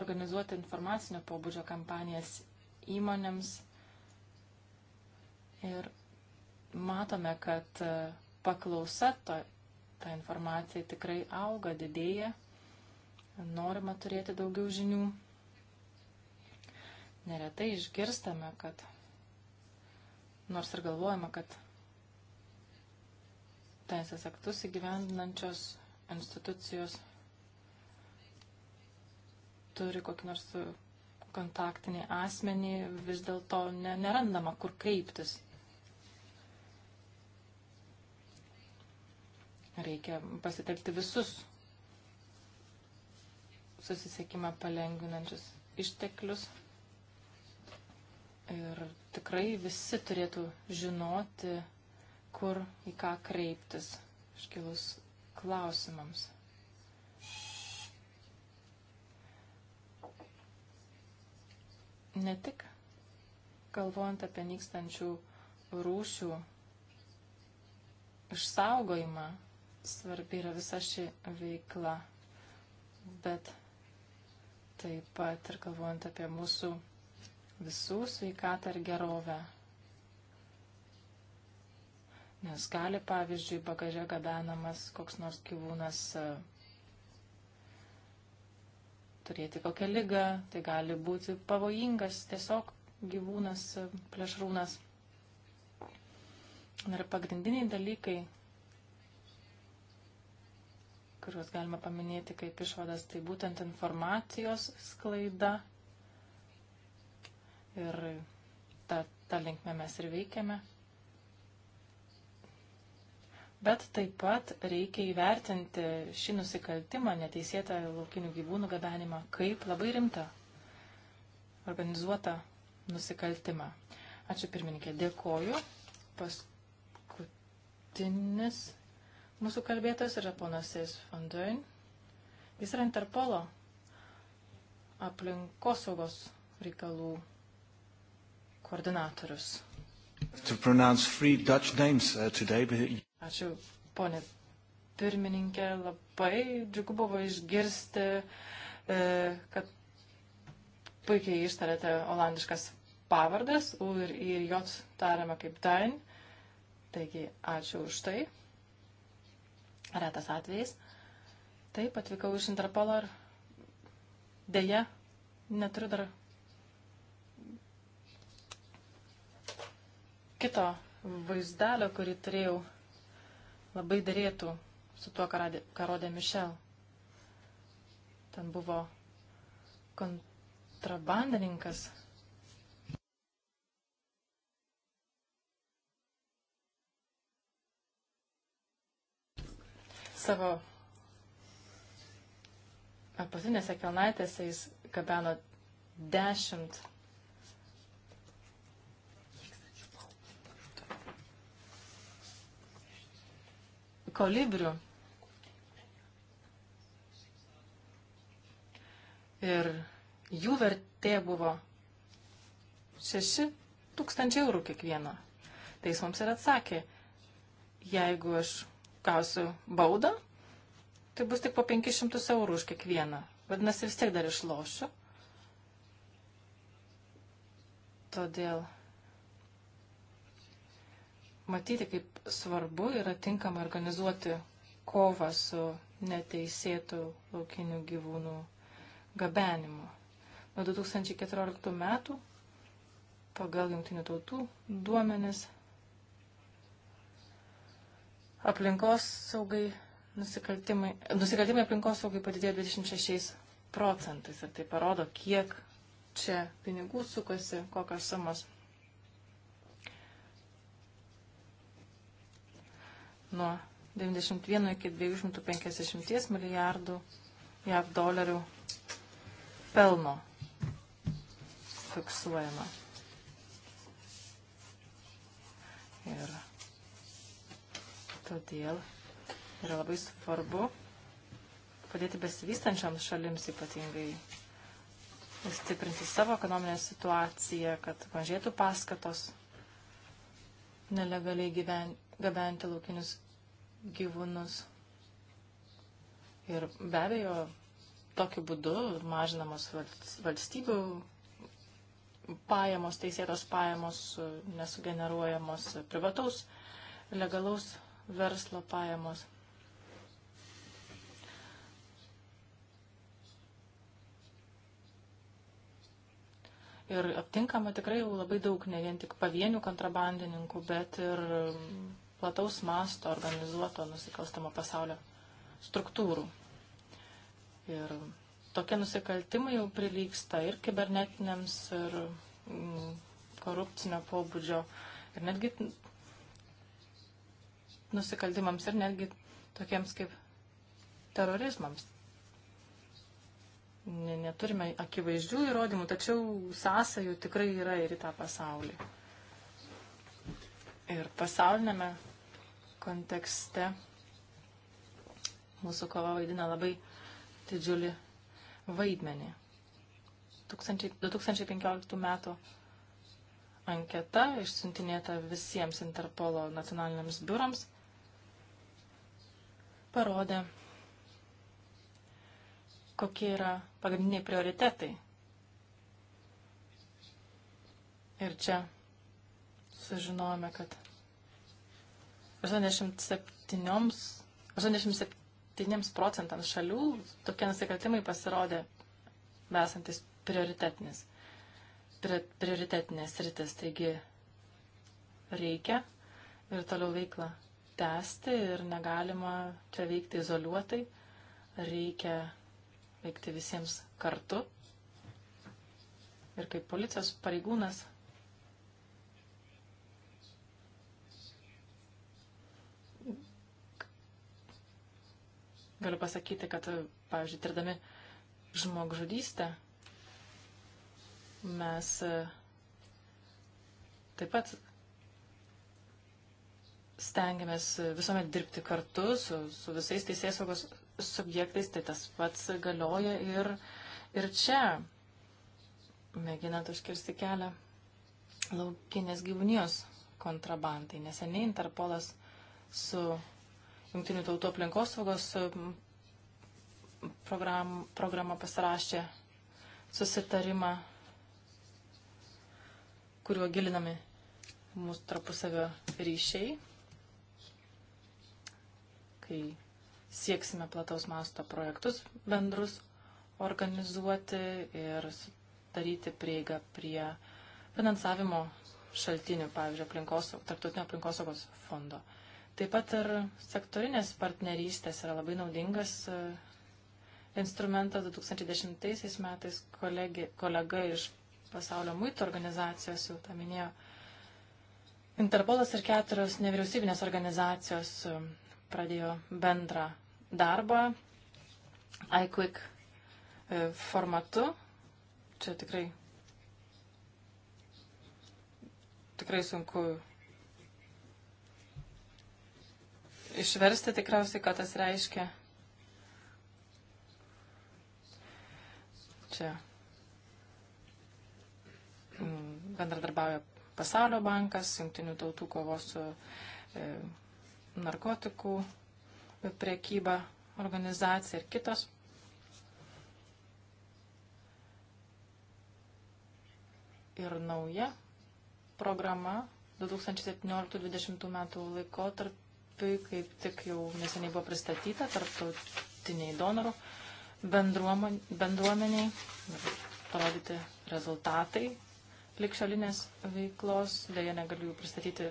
organizuoti informacinio pobūdžio kampanijas įmonėms. Ir matome, kad e, paklausa to, ta informacija tikrai auga, didėja. Norima turėti daugiau žinių. Neretai išgirstame, kad nors ir galvojama, kad teisės aktus įgyvendinančios institucijos turi kokį nors kontaktinį asmenį, vis dėlto ne, nerandama, kur kreiptis. Reikia pasitelkti visus susisiekimą palengvinančius išteklius Ir tikrai visi turėtų žinoti, kur į ką kreiptis iškilus klausimams. Ne tik galvojant apie nykstančių rūšių išsaugojimą, svarbi yra visa ši veikla, bet taip pat ir galvojant apie mūsų visų sveikatą ir gerovę. Nes gali, pavyzdžiui, bagaže gabenamas koks nors gyvūnas e, turėti kokią ligą, tai gali būti pavojingas tiesiog gyvūnas, e, plėšrūnas. Ir pagrindiniai dalykai, kuriuos galima paminėti kaip išvadas, tai būtent informacijos sklaida Ir tą, tą linkmę mes ir veikiame. Bet taip pat reikia įvertinti šį nusikaltimą, neteisėtą laukinių gyvūnų gabenimą, kaip labai rimtą organizuotą nusikaltimą. Ačiū pirmininkė, dėkoju. Paskutinis mūsų kalbėtojas yra ponas S. van Duin. Jis yra Interpolo aplinkosaugos reikalų koordinatorius. Names, uh, today, but... Ačiū, ponė pirmininkė, labai džiugu buvo išgirsti, e, kad puikiai ištarėte olandiškas pavardas, U ir I ir J tariama kaip Dain. Taigi, ačiū už tai. Retas atvejais. Taip, atvykau iš Interpolo ir dėja neturiu dar kito vaizdelio, kurį turėjau, labai dėrėtų su tuo, ką rodė Mišel. Ten buvo kontrabandininkas. Savo apatinėse kelnaitėse jis gabeno dešimt kolibrių. Ir jų vertė buvo 6 tūkstančiai eurų kiekvieno. Teismams tai ir atsakė, jeigu aš gausiu baudą, tai bus tik po 500 eurų už kiekvieną. Vadinasi, vis tiek dar išlošiu. Todėl matyti, kaip svarbu yra tinkama organizuoti kovą su neteisėtų laukinių gyvūnų gabenimu. Nuo 2014 metų pagal jungtinių tautų duomenis aplinkos saugai nusikaltimai, nusikaltimai aplinkos saugai padidėjo 26 procentais. Ir tai parodo, kiek čia pinigų sukasi, kokios sumos nuo 91 iki 250 milijardų JAV dolerių pelno fiksuojama. Ir todėl yra labai svarbu padėti besivystančiams šalims ypatingai stiprinti savo ekonominę situaciją, kad mažėtų paskatos nelegaliai gyventi gabenti laukinius gyvūnus. Ir be abejo, tokiu būdu mažinamos valstybių pajamos, teisėtos pajamos nesugeneruojamos, privataus legalaus verslo pajamos. Ir aptinkama tikrai jau labai daug ne vien tik pavienių kontrabandininkų, bet ir plataus masto organizuoto nusikalstamo pasaulio struktūrų. Ir tokie nusikaltimai jau prilyksta ir kibernetiniams, ir mm, korupcinio pobūdžio, ir netgi nusikaltimams, ir netgi tokiems kaip terorizmams. Neturime akivaizdžių įrodymų, tačiau sąsajų tikrai yra ir į tą pasaulį. Ir pasaulinėme kontekste mūsų kova vaidina labai didžiulį vaidmenį. 2015 metų anketa išsiuntinėta visiems Interpolo nacionaliniams biurams parodė, kokie yra pagrindiniai prioritetai. Ir čia sužinojome, kad 87, 87 procentams šalių tokie nusikaltimai pasirodė besantis prioritetinis, prioritetinės rytis. Taigi reikia ir toliau veiklą tęsti ir negalima čia veikti izoliuotai, reikia veikti visiems kartu. Ir kaip policijos pareigūnas Galiu pasakyti, kad, pavyzdžiui, tirdami žmogžudystę, mes e, taip pat stengiamės visuomet dirbti kartu su, su visais teisėsaugos subjektais, tai tas pats galioja ir, ir čia, mėginant užkirsti kelią laukinės gyvūnijos kontrabandai. Neseniai Interpolas su Junktinių tautų aplinkosaugos program, programą pasirašė susitarimą, kuriuo gilinami mūsų tarpusavio ryšiai, kai sieksime plataus masto projektus bendrus organizuoti ir daryti prieigą prie finansavimo šaltinių, pavyzdžiui, aplinkos, tarptautinio aplinkosaugos fondo. Uh, Taip pat ir sektorinės partnerystės yra labai naudingas e, instrumentas 2010 metais kolegi, kolega iš pasaulio muito organizacijos jau tą minėjo. Interpolas ir keturios nevyriausybinės organizacijos e, pradėjo bendrą darbą iQuick e, formatu. Čia tikrai, tikrai sunku išversti tikriausiai, ką tas reiškia. Čia mm, bendradarbiauja Pasaulio bankas, Junktinių tautų kovos su e, narkotikų priekyba organizacija ir kitos. Ir nauja programa 2017-2020 metų laikotarp grupiai kaip tik jau neseniai buvo pristatyta tarptautiniai donorų bendruomeniai ir parodyti rezultatai likšalinės veiklos. Deja, negaliu jų pristatyti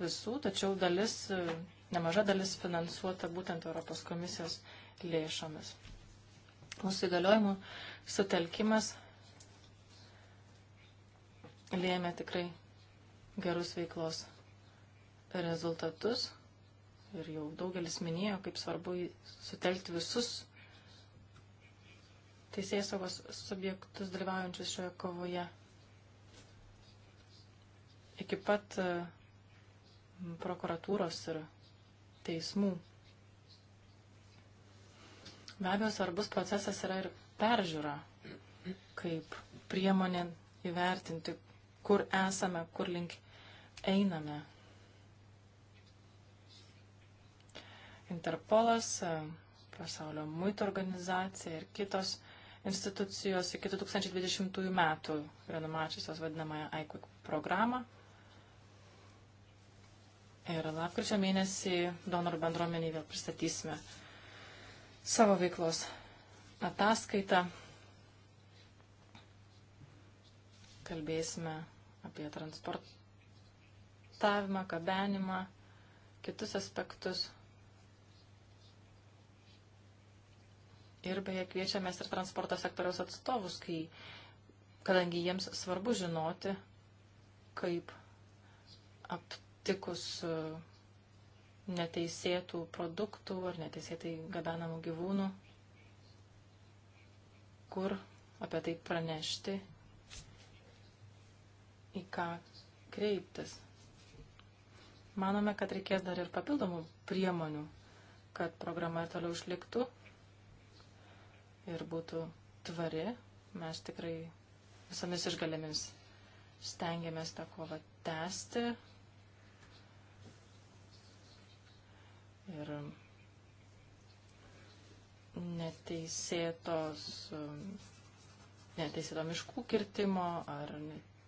visų, tačiau dalis, nemaža dalis finansuota būtent Europos komisijos lėšomis. Mūsų įgaliojimų sutelkimas lėmė tikrai gerus veiklos rezultatus ir jau daugelis minėjo, kaip svarbu sutelkti visus teisėjai savos subjektus dalyvaujančius šioje kovoje. Iki pat e, prokuratūros ir teismų. Be abejo, svarbus procesas yra ir peržiūra, kaip priemonė įvertinti, kur esame, kur link einame Interpolas, pasaulio muito organizacija ir kitos institucijos iki 2020 metų yra numačiusios vadinamąją IQIC programą. Ir lapkričio mėnesį donorų bendruomeniai vėl pristatysime savo veiklos ataskaitą. Kalbėsime apie transportavimą, gabenimą, kitus aspektus Ir beje, kviečiamės ir transporto sektoriaus atstovus, kai, kadangi jiems svarbu žinoti, kaip aptikus e, neteisėtų produktų ar neteisėtai gabenamų gyvūnų, kur apie tai pranešti, į ką kreiptis. Manome, kad reikės dar ir papildomų priemonių, kad programa ir toliau išliktų ir būtų tvari. Mes tikrai visomis išgalėmis stengiamės tą kovą tęsti. Ir neteisėtos, neteisėto miškų kirtimo ar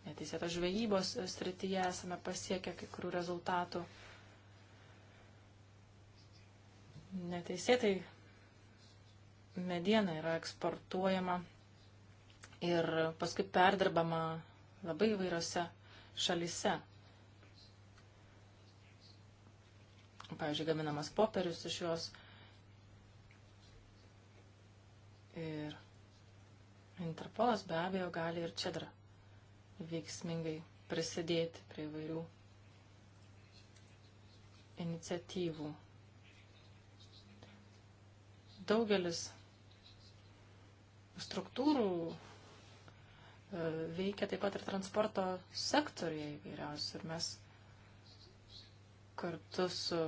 neteisėtos žvejybos srityje esame pasiekę kai kurių rezultatų. Neteisėtai mediena yra eksportuojama ir paskui perdirbama labai įvairiose šalise. Pavyzdžiui, gaminamas popierius iš jos ir Interpolas be abejo gali ir čedra veiksmingai prisidėti prie įvairių iniciatyvų. Daugelis struktūrų e, veikia taip pat ir transporto sektorija įvairiausių. Ir mes kartu su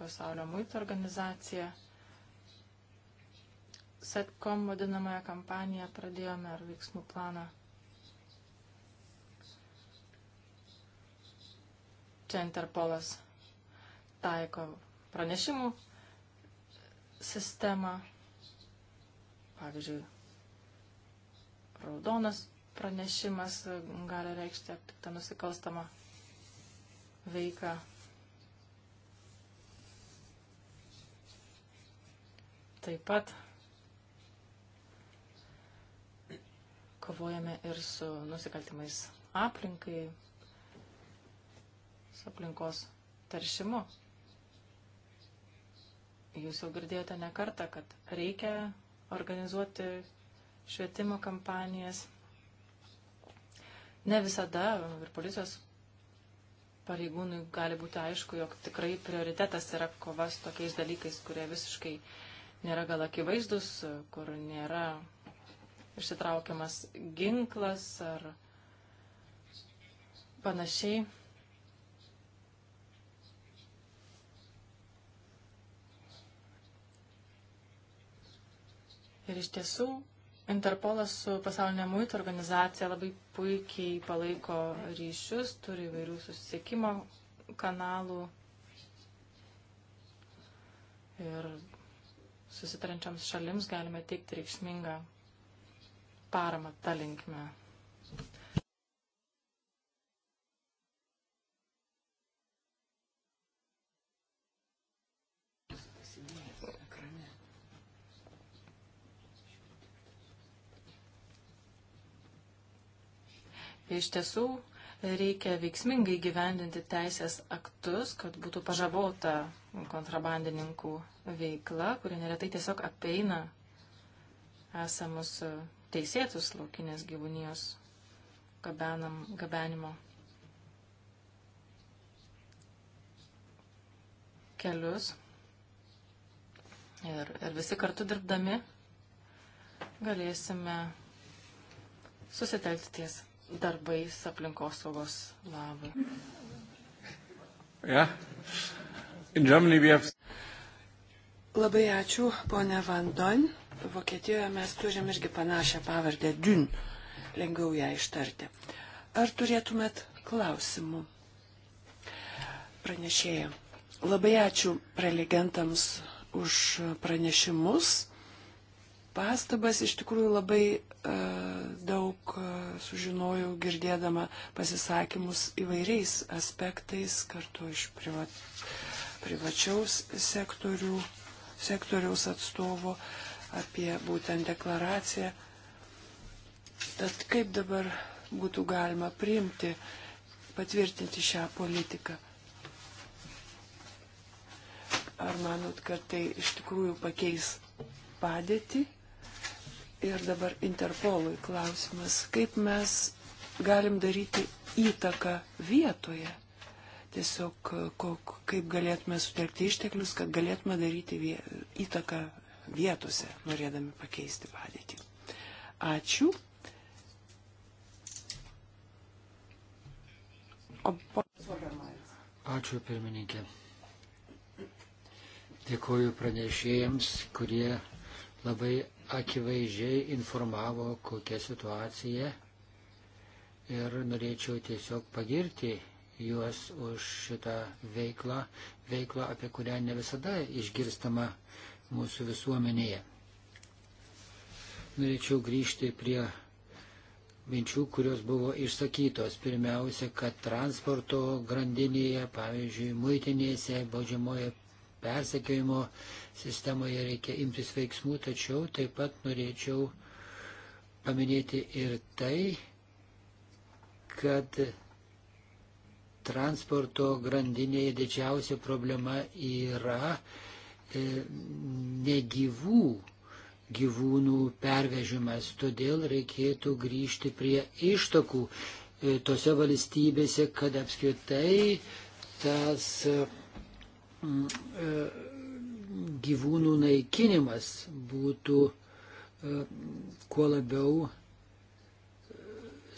pasaulio muito organizacija SETCOM vadinamąją kampaniją pradėjome ar veiksmų planą. Čia Interpolas taiko pranešimų sistemą Pavyzdžiui, raudonas pranešimas gali reikšti aptiktą nusikalstamą veiką. Taip pat kovojame ir su nusikaltimais aplinkai, su aplinkos taršimu. Jūs jau girdėjote ne kartą, kad reikia organizuoti švietimo kampanijas. Ne visada ir policijos pareigūnui gali būti aišku, jog tikrai prioritetas yra kova su tokiais dalykais, kurie visiškai nėra gal akivaizdus, kur nėra išsitraukiamas ginklas ar panašiai. Ir iš tiesų, Interpolas su pasaulinė muito organizacija labai puikiai palaiko ryšius, turi įvairių susisiekimo kanalų ir susitarančiams šalims galime teikti reikšmingą paramą tą linkmę. Iš tiesų reikia veiksmingai gyvendinti teisės aktus, kad būtų pažabota kontrabandininkų veikla, kurie neretai tiesiog apeina esamus teisėtus laukinės gyvūnijos gabenam, gabenimo kelius. Ir, ir visi kartu dirbdami galėsime susitelkti ties darbais aplinkosaugos labui. Yeah. Have... Labai ačiū, ponė Van Don. Vokietijoje mes turim irgi panašią pavardę Dün. Lengviau ją ištarti. Ar turėtumėt klausimų? Pranešėjai. Labai ačiū prelegentams už pranešimus pastabas. Iš tikrųjų labai e, daug e, sužinojau girdėdama pasisakymus įvairiais aspektais kartu iš priva, privačiaus sektorių, sektoriaus atstovo apie būtent deklaraciją. Tad kaip dabar būtų galima priimti, patvirtinti šią politiką? Ar manot, kad tai iš tikrųjų pakeis padėtį Ir dabar Interpolui klausimas, kaip mes galim daryti įtaką vietoje. Tiesiog kaip galėtume sutelkti išteklius, kad galėtume daryti įtaką vietose, norėdami pakeisti padėtį. Ačiū. O ponas Obermanas. Ačiū pirmininkė. Dėkuoju pranešėjams, kurie labai akivaizdžiai informavo, kokia situacija. Ir norėčiau tiesiog pagirti juos už šitą veiklą, veiklą, apie kurią ne visada išgirstama mūsų visuomenėje. Norėčiau grįžti prie minčių, kurios buvo išsakytos. Pirmiausia, kad transporto grandinėje, pavyzdžiui, muitinėse, baudžiamoje persekiojimo sistemoje reikia imtis veiksmų, tačiau taip pat norėčiau paminėti ir tai, kad transporto grandinėje didžiausia problema yra e, negyvų gyvūnų pervežimas. Todėl reikėtų grįžti prie ištakų e, tose valstybėse, kad apskritai tas Mm, e, gyvūnų naikinimas būtų e, kuo labiau e,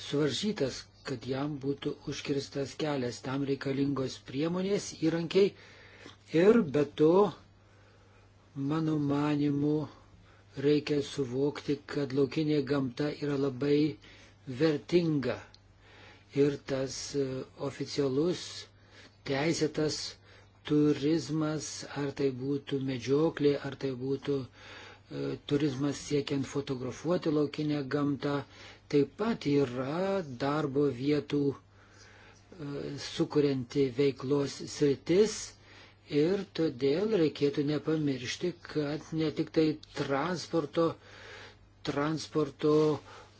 suvaržytas, kad jam būtų užkirstas kelias, tam reikalingos priemonės, įrankiai ir be to, mano manimu, reikia suvokti, kad laukinė gamta yra labai vertinga ir tas oficialus teisėtas turizmas, ar tai būtų medžioklė, ar tai būtų e, turizmas siekiant fotografuoti laukinę gamtą, taip pat yra darbo vietų e, sukurianti veiklos sritis ir todėl reikėtų nepamiršti, kad ne tik tai transporto, transporto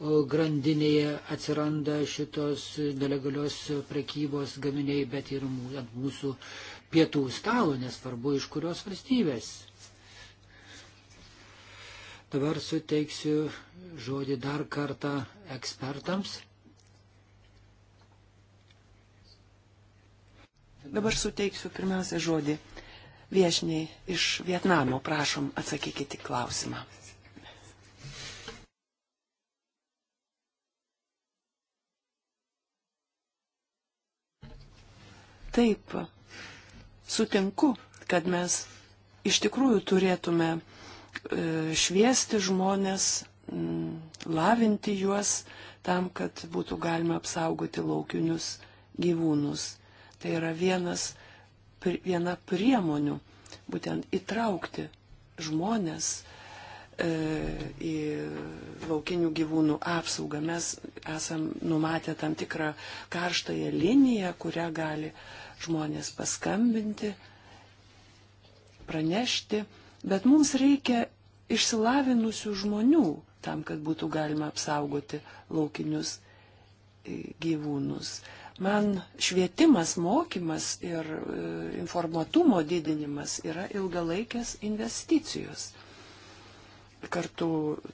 grandinėje atsiranda šitos nelegalios prekybos gaminiai, bet ir ant mūsų pietų stalo, nesvarbu iš kurios valstybės. Dabar suteiksiu žodį dar kartą ekspertams. Dabar suteiksiu pirmiausia žodį viešniai iš Vietnamo. Prašom, atsakykite klausimą. Taip, sutinku, kad mes iš tikrųjų turėtume e, šviesti žmonės, mm, lavinti juos tam, kad būtų galima apsaugoti laukinius gyvūnus. Tai yra vienas, viena priemonių, būtent įtraukti žmonės e, į laukinių gyvūnų apsaugą. Mes esam numatę tam tikrą karštąją liniją, kurią gali e, žmonės paskambinti, pranešti, bet mums reikia išsilavinusių žmonių tam, kad būtų galima apsaugoti laukinius e, gyvūnus. Man švietimas, mokymas ir e, informatumo didinimas yra ilgalaikės investicijos. Kartu,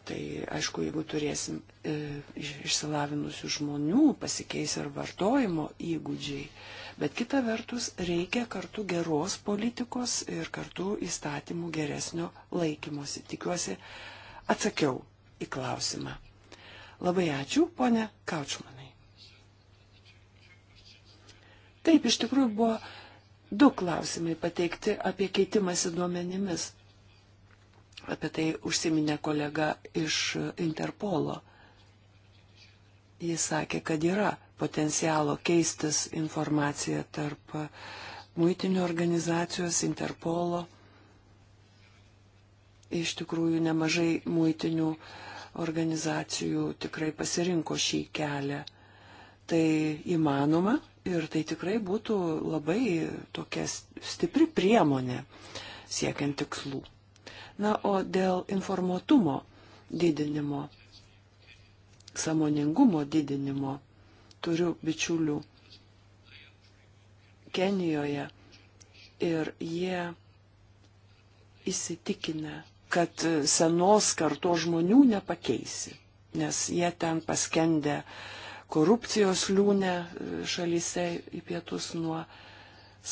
tai aišku, jeigu turėsim e, išsilavinusių žmonių, pasikeis ir vartojimo įgūdžiai. E, Bet kita vertus reikia kartu geros politikos ir kartu įstatymų geresnio laikymosi. Tikiuosi, atsakiau į klausimą. Labai ačiū, ponė Kaučmanai. Taip, iš tikrųjų buvo du klausimai pateikti apie keitimąsi duomenimis. Apie tai užsiminė kolega iš Interpolo. Jis sakė, kad yra potencialo keistis informacija tarp muitinių organizacijos, Interpolo. Iš tikrųjų, nemažai muitinių organizacijų tikrai pasirinko šį kelią. Tai įmanoma ir tai tikrai būtų labai tokia stipri priemonė siekiant tikslų. Na, o dėl informuotumo didinimo, samoningumo didinimo turiu bičiulių Kenijoje ir jie įsitikinę, kad senos karto žmonių nepakeisi, nes jie ten paskendę korupcijos liūnę e, šalyse į pietus nuo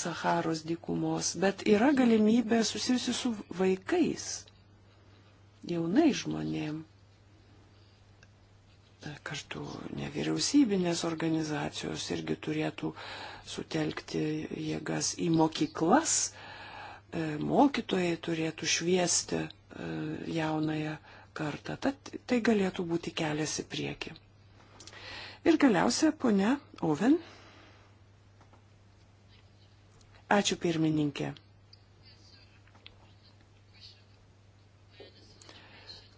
Saharos dykumos, bet yra galimybė susijusi su vaikais, jaunai žmonėm kartu nevyriausybinės organizacijos irgi turėtų sutelkti jėgas į mokyklas, e, mokytojai turėtų šviesti e, jaunąją kartą. Tad tai galėtų būti kelias į priekį. Ir galiausia, ponia Oven. Ačiū pirmininkė.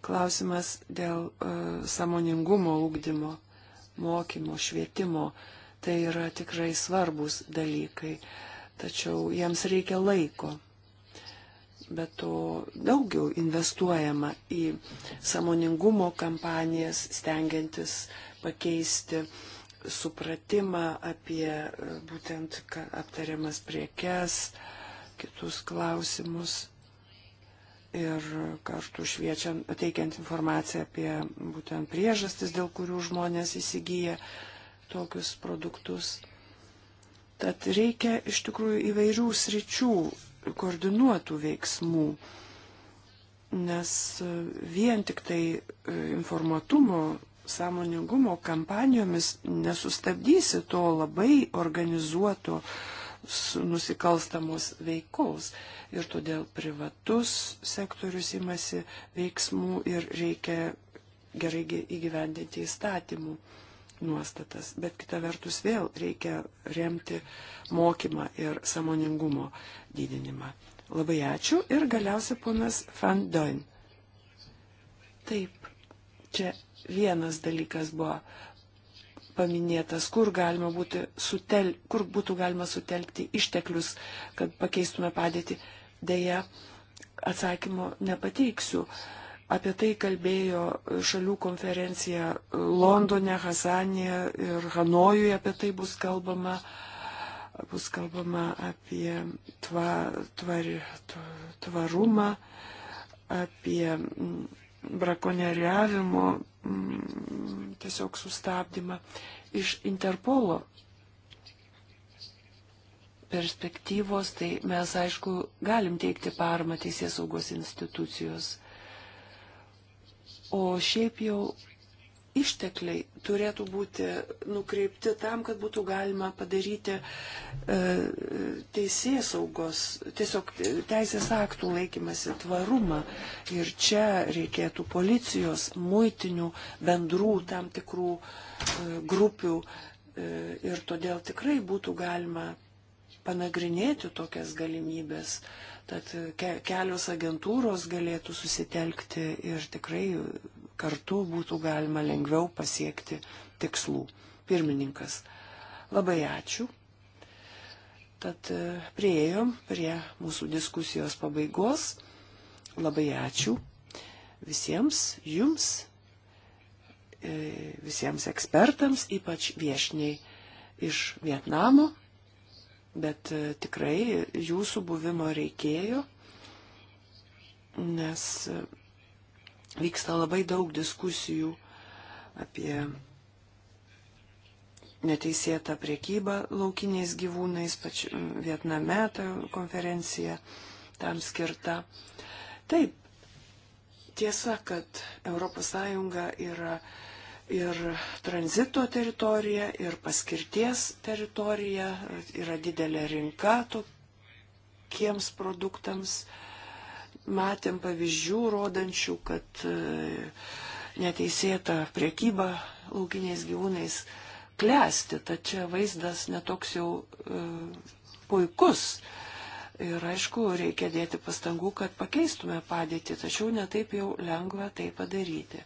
klausimas dėl uh, samoningumo ūkdymo, mokymo, švietimo, tai yra tikrai svarbus dalykai, tačiau jiems reikia laiko. Bet to daugiau investuojama į samoningumo kampanijas, stengiantis pakeisti supratimą apie e, būtent aptariamas priekes, kitus klausimus ir kartu šviečiant, pateikiant informaciją apie būtent priežastis, dėl kurių žmonės įsigyja tokius produktus. Tad reikia iš tikrųjų įvairių sričių koordinuotų veiksmų, nes vien tik tai e, informatumo, sąmoningumo kampanijomis nesustabdysi to labai organizuoto uh, nusikalstamos veikos. Ir todėl privatus sektorius imasi veiksmų ir reikia gerai įgyvendinti įstatymų nuostatas. Bet kita vertus vėl reikia remti mokymą ir samoningumo didinimą. Labai ačiū ir galiausiai ponas Van Doin. Taip, čia vienas dalykas buvo paminėtas, kur, galima būti sutel, kur būtų galima sutelkti išteklius, kad pakeistume padėtį. Deja, atsakymo nepateiksiu. Apie tai kalbėjo šalių konferencija Londone, Hazanėje ir Hanojuje apie tai bus kalbama. Bus kalbama apie tva, tvar, tvarumą, apie brakonieriavimo mm, tiesiog sustabdymą iš Interpolo perspektyvos, tai mes, aišku, galim teikti paramą teisės saugos institucijos. O šiaip jau ištekliai turėtų būti nukreipti tam, kad būtų galima padaryti e, teisės saugos, tiesiog teisės aktų laikymasi tvarumą. Ir čia reikėtų policijos, muitinių, bendrų tam tikrų e, grupių. E, ir todėl tikrai būtų galima panagrinėti tokias galimybės, tad kelios agentūros galėtų susitelkti ir tikrai kartu būtų galima lengviau pasiekti tikslų. Pirmininkas, labai ačiū. Tad e, prieėjom prie mūsų diskusijos pabaigos. Labai ačiū visiems jums, e, visiems ekspertams, ypač viešniai iš Vietnamo, bet e, tikrai jūsų buvimo reikėjo, nes vyksta labai daug diskusijų apie neteisėtą priekybą laukiniais gyvūnais, pač Vietname ta konferencija tam skirta. Taip, tiesa, kad ES yra ir tranzito teritorija, ir paskirties teritorija, yra didelė rinka tokiems produktams. Uh, matėm pavyzdžių rodančių, kad e, neteisėta priekyba laukiniais gyvūnais klesti, tačiau vaizdas netoks jau e, puikus. Ir aišku, reikia dėti pastangų, kad pakeistume padėtį, tačiau netaip jau lengva tai padaryti.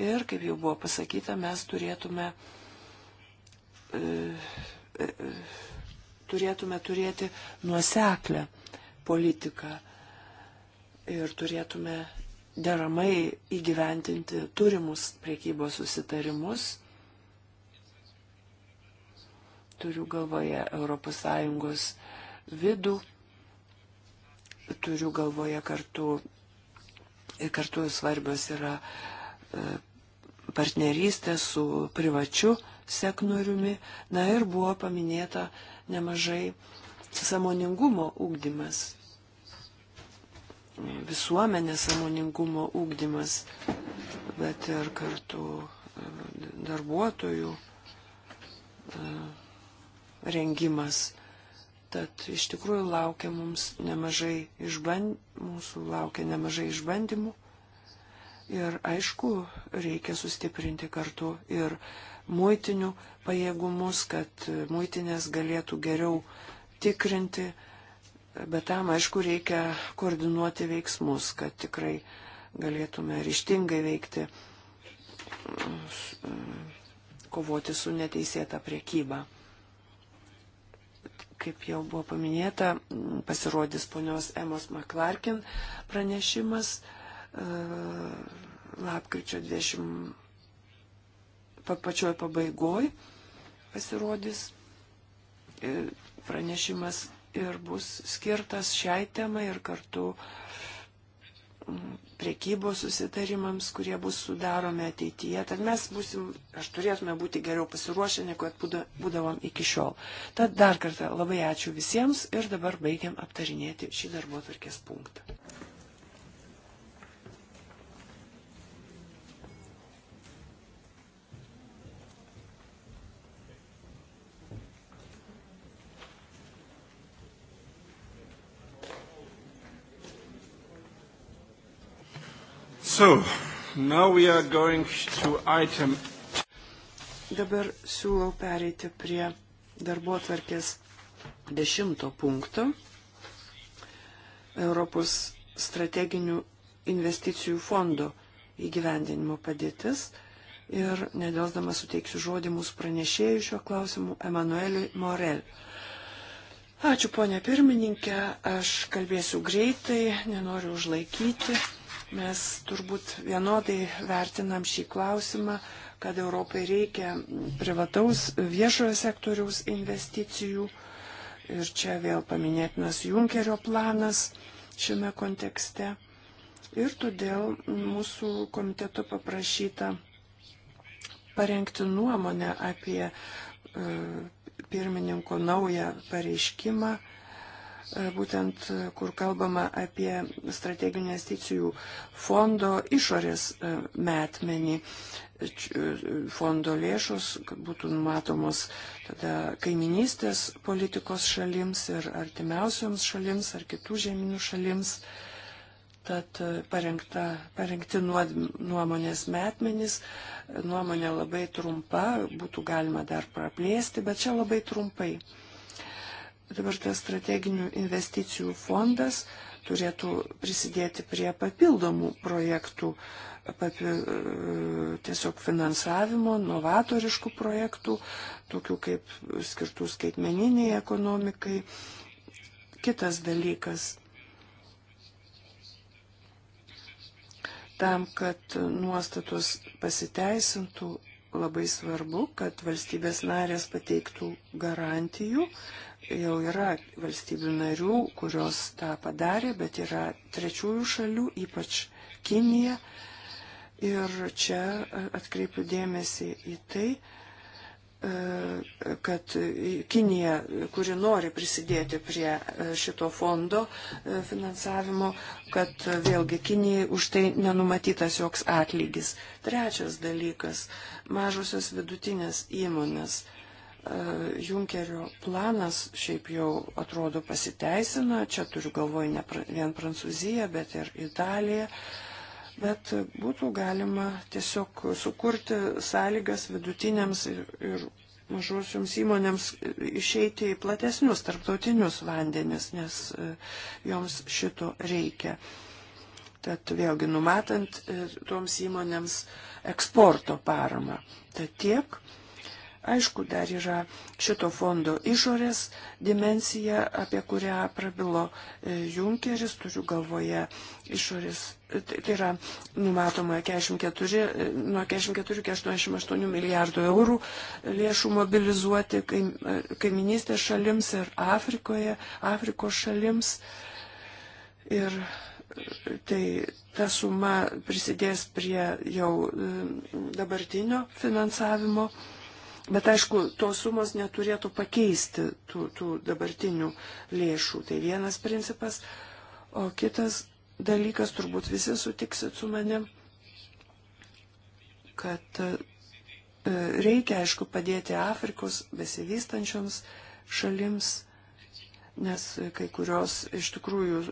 Ir, kaip jau buvo pasakyta, mes turėtume, e, e, e turėtume turėti nuoseklę politiką ir turėtume deramai įgyventinti turimus priekybos susitarimus. Turiu galvoje ES vidų, turiu galvoje kartu ir kartu svarbios yra e, partnerystė su privačiu sektoriumi. Na ir buvo paminėta nemažai samoningumo ūkdymas visuomenės samoningumo ūkdymas, bet ir kartu e, darbuotojų e, rengimas. Tad iš tikrųjų laukia mums nemažai išbandymų, mūsų laukia nemažai išbandymų. Ir aišku, reikia sustiprinti kartu ir muitinių pajėgumus, kad muitinės galėtų geriau tikrinti uh, Bet tam, aišku, reikia koordinuoti veiksmus, kad tikrai galėtume ryštingai veikti, kovoti su neteisėta priekyba. Kaip jau buvo paminėta, pasirodys ponios Emos McClarkin pranešimas e, lapkričio 20 pačioj pabaigoj pasirodys e, pranešimas ir bus skirtas šiai temai ir kartu mm, priekybos susitarimams, kurie bus sudaromi ateityje. Tad mes busim, aš turėtume būti geriau pasiruošę, negu būdavom iki šiol. Tad dar kartą labai ačiū visiems ir dabar baigiam aptarinėti šį darbo tvarkės punktą. So, now we are going to item. Dabar siūlau pereiti prie darbo atvarkės dešimto punkto Europos strateginių investicijų fondo įgyvendinimo padėtis ir nedelsdama suteiksiu žodį mūsų pranešėjų šiuo klausimu Emanueliui Morel. Ačiū, ponė pirmininkė, aš kalbėsiu greitai, nenoriu užlaikyti. Mes turbūt vienodai vertinam šį klausimą, kad Europai reikia privataus viešojo sektoriaus investicijų. Ir čia vėl paminėtinas Junkerio planas šiame kontekste. Ir todėl mūsų komiteto paprašyta parengti nuomonę apie e, pirmininko naują pareiškimą E, būtent e, kur kalbama apie strateginių investicijų fondo išorės e, metmenį. Fondo lėšos, kad būtų numatomos tada kaiminystės politikos šalims ir artimiausioms šalims ar kitų žemynų šalims. Tad parengta, parengti nuomonės metmenys, nuomonė labai trumpa, būtų galima dar praplėsti, bet čia labai trumpai dabar tas strateginių investicijų fondas turėtų prisidėti prie papildomų projektų, papi, e, tiesiog finansavimo, novatoriškų projektų, tokių kaip skirtų skaitmeniniai ekonomikai. Kitas dalykas. Tam, kad nuostatos pasiteisintų, labai svarbu, kad valstybės narės pateiktų garantijų, jau yra valstybių narių, kurios tą padarė, bet yra trečiųjų šalių, ypač Kinija. Ir čia e, atkreipiu dėmesį į tai, e, kad Kinija, kuri nori prisidėti prie e, šito fondo finansavimo, kad vėlgi Kinijai už tai nenumatytas joks atlygis. Trečias dalykas - mažosios vidutinės įmonės. E, Junkerio planas šiaip jau atrodo pasiteisina, čia turiu galvoj ne vien Prancūziją, bet ir Italiją, bet būtų galima tiesiog sukurti sąlygas vidutiniams ir, ir mažosioms įmonėms išeiti į platesnius tarptautinius vandenis, nes e, joms šito reikia. Tad vėlgi numatant e, toms įmonėms eksporto paramą. Tad tiek. Aišku, dar yra šito fondo išorės dimensija, apie kurią prabilo e, Junkeris, turiu galvoje išorės, tai, tai yra numatoma 44, e, nuo 44 iki 88 milijardų eurų lėšų mobilizuoti kaim, e, kaiminystės šalims ir Afrikoje, Afrikos šalims. Ir tai ta suma prisidės prie jau dabartinio finansavimo. Bet aišku, tos sumos neturėtų pakeisti tų, tų dabartinių lėšų. Tai vienas principas. O kitas dalykas, turbūt visi sutiksit su manim, kad e, reikia, aišku, padėti Afrikos besivystančioms šalims nes kai kurios iš tikrųjų, e,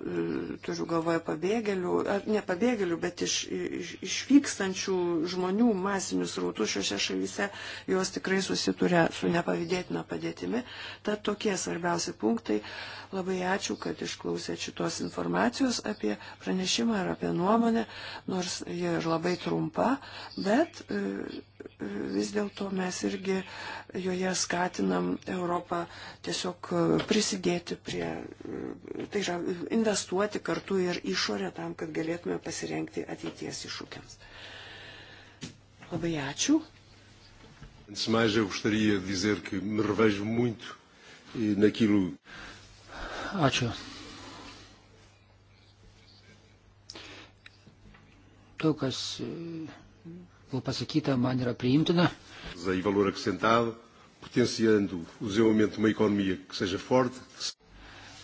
turiu galvoje, pabėgėlių, ar e, ne pabėgėlių, bet iš, iš, išvykstančių žmonių masinius rautus šiuose šalyse, jos tikrai susituria su nepavydėtina padėtimi. Tad tokie svarbiausi punktai. Labai ačiū, kad išklausėt šitos informacijos apie pranešimą ir apie nuomonę, nors ji ir labai trumpa, bet. E, vis dėlto mes irgi joje skatinam Europą tiesiog e, prisidėti prie, e, tai yra investuoti kartu ir išorę tam, kad galėtume pasirenkti ateities iššūkiams. Labai ačiū. Antes de mais, eu gostaria de dizer que me revejo muito e, naquilo. Ačiū. Daug kas buvo pasakyta, man yra priimtina.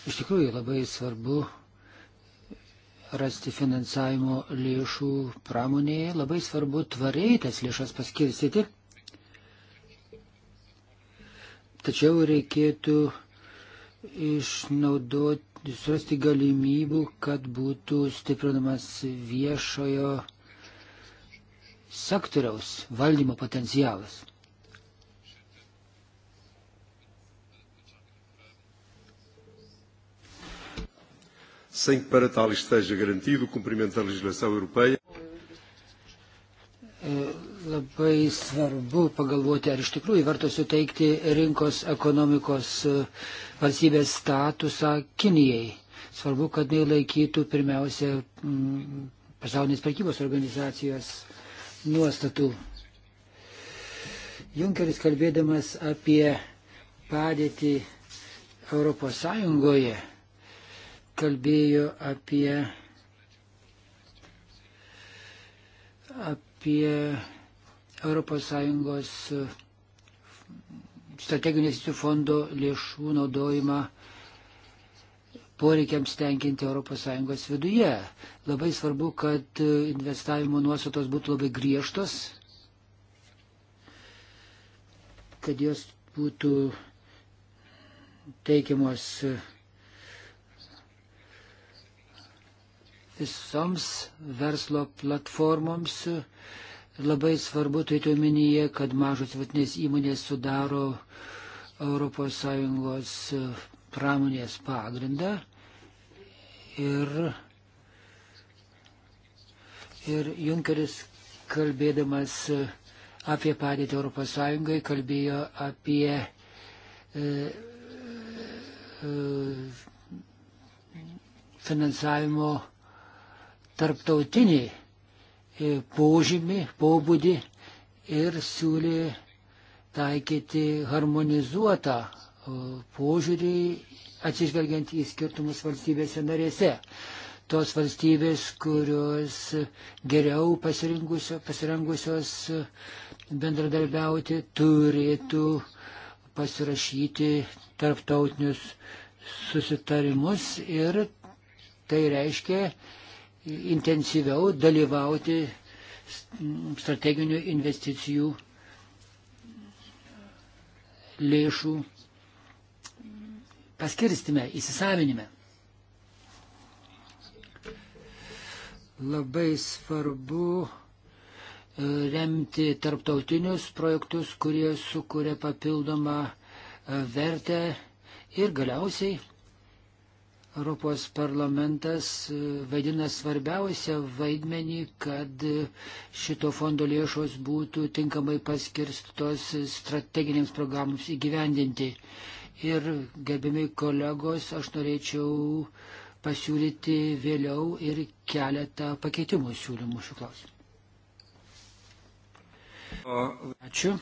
Iš tikrųjų labai svarbu rasti finansavimo lėšų pramonėje, labai svarbu tvariai tas lėšas paskirstyti. Tačiau reikėtų išnaudoti, surasti galimybų, kad būtų stiprinamas viešojo sektoriaus valdymo potencialas. Sem que para tal esteja garantido o cumprimento da legislação europeia. Eh, labai svarbu pagalvoti, ar iš tikrųjų verta suteikti rinkos ekonomikos eh, valstybės statusą Kinijai. Svarbu, kad tai laikytų pirmiausia mm, pasaulinės prekybos organizacijos nuostatų. Junkeris kalbėdamas apie padėtį Europos Sąjungoje kalbėjo apie, apie Europos Sąjungos strateginės fondo lėšų naudojimą poreikiams tenkinti ES viduje. Labai svarbu, kad e, investavimo nuostatos būtų labai griežtos, kad jos būtų teikiamos e, visoms verslo platformoms. Labai svarbu turėti omenyje, kad mažos vatinės įmonės sudaro ES pramonės pagrindą ir, ir Junkeris kalbėdamas apie padėtį ES kalbėjo apie e, e, finansavimo tarptautinį e, požymį, pobūdį ir siūlė taikyti harmonizuotą požiūrį, atsižvelgiant į skirtumus valstybėse narėse. Tos valstybės, kurios geriau pasirengusios bendradarbiauti, turėtų pasirašyti tarptautinius susitarimus ir tai reiškia intensyviau dalyvauti strateginių investicijų lėšų paskirstime, įsisavinime. Labai svarbu e, remti tarptautinius projektus, kurie sukuria papildomą e, vertę ir galiausiai Europos parlamentas e, vaidina svarbiausią vaidmenį, kad šito fondo lėšos būtų tinkamai paskirstos strateginėms programams įgyvendinti. Ir, gerbimi kolegos, aš norėčiau pasiūlyti vėliau ir keletą pakeitimų siūlymų šių klausimų. Ačiū.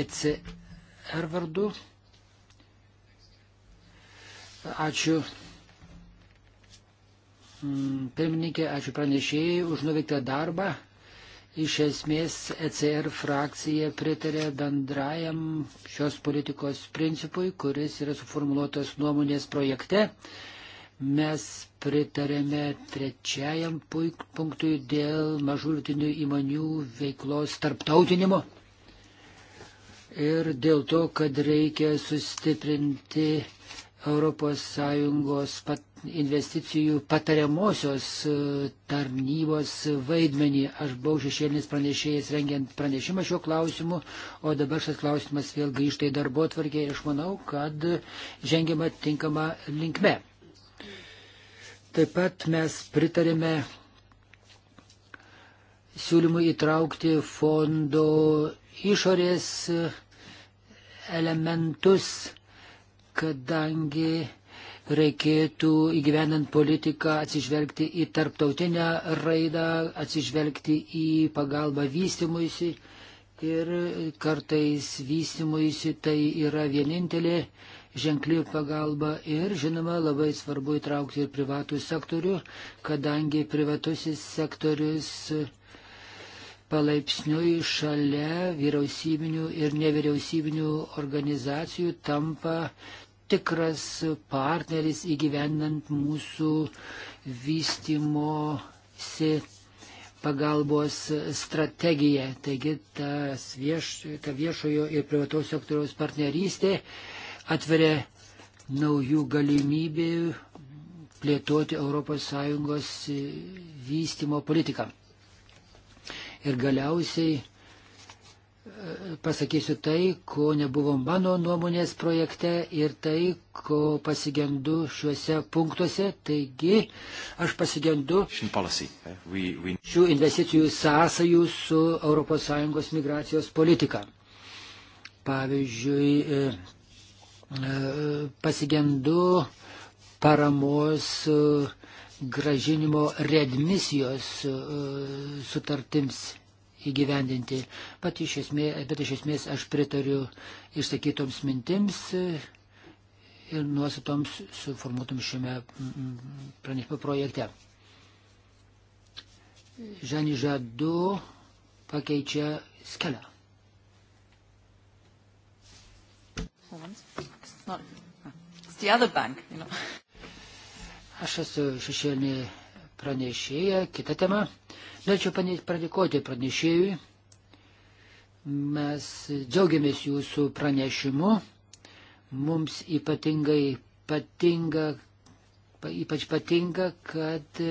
ECR vardu. Ačiū. Mm, pirmininkė, ačiū pranešėjai už nuveiktą darbą. Iš esmės ECR frakcija pritarė bendrajam šios politikos principui, kuris yra suformuoluotas nuomonės projekte. Mes pritarėme trečiajam punktui dėl mažurtinių įmonių veiklos tarptautinimo. Ir dėl to, kad reikia sustiprinti ES pat, investicijų patariamosios e, tarnybos vaidmenį. Aš buvau šešėlinis pranešėjas rengiant pranešimą šiuo klausimu, o dabar šis klausimas vėl grįžta į darbo atvarkę ir aš manau, kad žengiama tinkama linkme. Taip pat mes pritarėme siūlymui įtraukti fondo išorės elementus kadangi reikėtų įgyvenant politiką atsižvelgti į tarptautinę raidą, atsižvelgti į pagalbą vystimuisi ir kartais vystimuisi tai yra vienintelė ženkli pagalba ir žinoma labai svarbu įtraukti ir privatų sektorių, kadangi privatusis sektorius palaipsniui šalia vyriausybinių ir nevyriausybinių organizacijų tampa tikras partneris įgyvendant mūsų vystimosi pagalbos strategiją. Taigi tas vieš, ta viešojo ir privataus sektoriaus partnerystė atveria naujų galimybių plėtoti ES vystimo politiką. Ir galiausiai pasakysiu tai, ko nebuvo mano nuomonės projekte ir tai, ko pasigendu šiuose punktuose. Taigi, aš pasigendu eh? šių investicijų sąsajų su ES migracijos politika. Pavyzdžiui, e, e, pasigendu paramos e, gražinimo redmisijos sutartims įgyvendinti. Bet iš, esmė, bet iš esmės aš pritariu išsakytoms mintims ir nuostatoms suformuotoms šiame mm, pranešimo projekte. Žani Žadu pakeičia skelę. Aš esu šešėlinė pranešėja, kita tema. Norėčiau padėkoti pranešėjui. Mes džiaugiamės jūsų pranešimu. Mums ypatingai patinka, ypač patinka, kad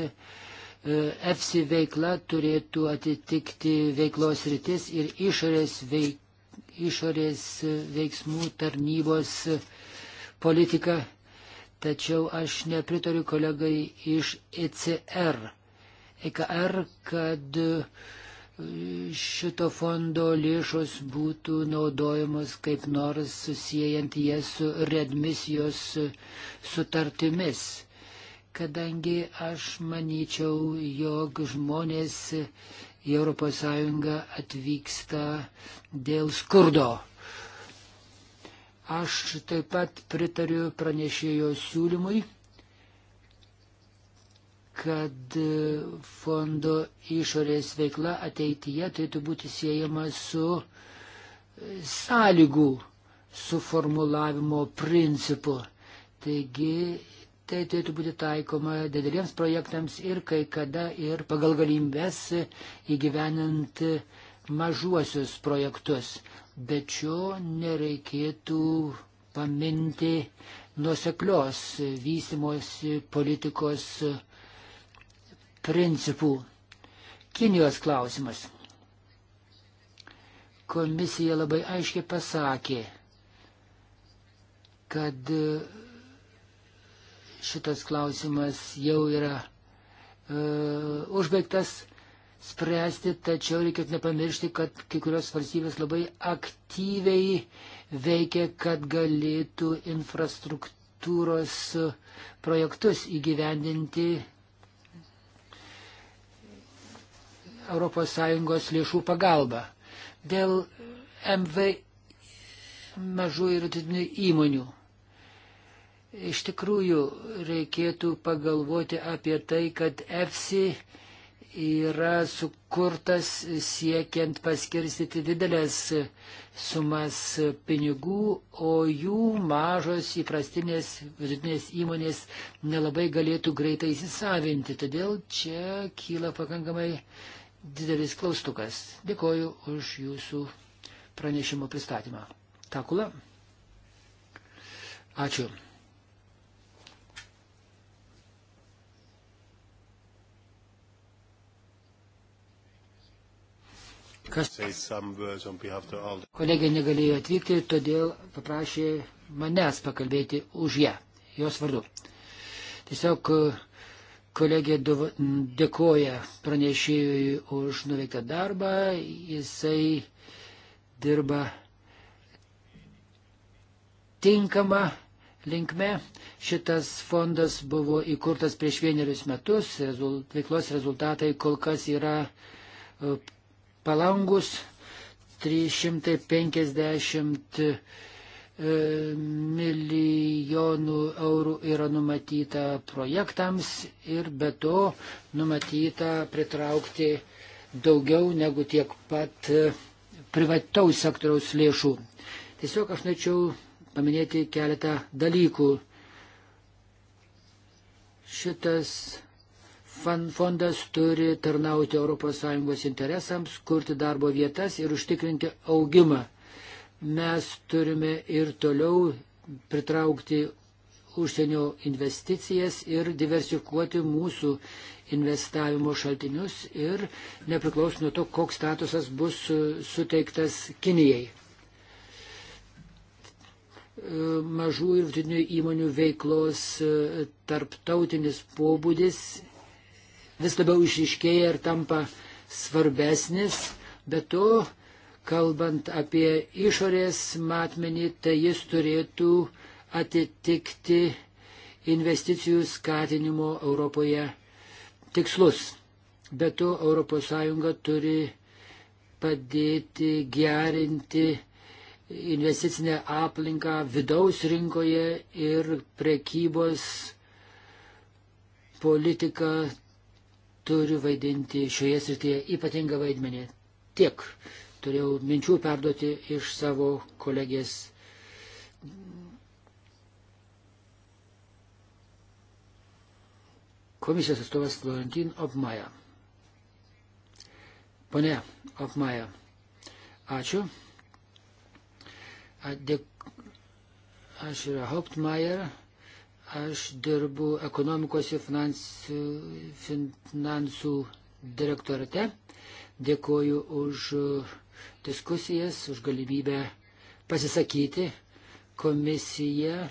EFSI veikla turėtų atitikti veiklos rytis ir išorės, veik, išorės veiksmų tarnybos politiką. Tačiau aš nepritariu kolegai iš ECR EKR, kad e, šito fondo lėšos būtų naudojamos kaip nors susijęjant jas su redmisijos sutartimis. Kadangi aš manyčiau, jog žmonės į ES atvyksta dėl skurdo. Aš taip pat pritariu pranešėjo siūlymui kad fondo išorės veikla ateityje turėtų būti siejama su sąlygų suformulavimo principu. Taigi tai turėtų būti taikoma dideliems projektams ir kai kada ir pagal galimybės įgyvenant mažuosius projektus. Bet šio nereikėtų paminti nuseklios vystimosi politikos uh, principų. Kinijos klausimas. Komisija labai aiškiai pasakė, kad e, šitas klausimas jau yra e, užbaigtas spręsti, tačiau reikėtų nepamiršti, kad kai kurios valstybės labai aktyviai veikia, kad galėtų infrastruktūros projektus įgyvendinti ES lėšų pagalba. Dėl MV mažų ir didinių įmonių. Iš tikrųjų, reikėtų pagalvoti apie tai, kad EFSI yra sukurtas siekiant paskirstyti didelės sumas pinigų, o jų mažos įprastinės vidutinės įmonės nelabai galėtų greitai įsisavinti. Todėl čia kyla pakankamai uh, didelis klaustukas. Dėkoju už jūsų pranešimo pristatymą. Takula. Ačiū. Kas... Kolegė negalėjo atvykti, todėl paprašė manęs pakalbėti už ją, jos vardu. Tiesiog Kolegė dėkoja pranešėjui už nuveiktą darbą. Jisai dirba tinkama linkme. Šitas fondas buvo įkurtas prieš vienerius metus. Rezult, veiklos rezultatai kol kas yra e, palangus. 350 E, milijonų eurų yra numatyta projektams ir be to numatyta pritraukti daugiau negu tiek pat e, privataus sektoriaus lėšų. Tiesiog aš norėčiau paminėti keletą dalykų. Šitas fondas turi tarnauti ES interesams, kurti darbo vietas ir užtikrinti augimą mes turime ir toliau pritraukti užsienio investicijas ir diversifikuoti mūsų investavimo šaltinius ir nepriklausom nuo to, koks statusas bus suteiktas Kinijai. Mažų ir vidutinių įmonių veiklos e, tarptautinis pobūdis vis labiau išiškėja ir tampa svarbesnis, bet to Kalbant apie išorės matmenį, tai jis turėtų atitikti investicijų skatinimo Europoje tikslus. Be to, ES turi padėti gerinti investicinę aplinką vidaus rinkoje ir prekybos politika turi vaidinti šioje srityje ypatingą vaidmenį. Tiek turėjau minčių perduoti iš savo kolegės. Komisijos atstovas Florentin Opmaja. Pone Opmaja, ačiū. Dėk... Aš yra Hauptmeier, aš dirbu ekonomikos ir finansų, finansų direktorate. Dėkoju už uh, diskusijas, už galimybę pasisakyti. Komisija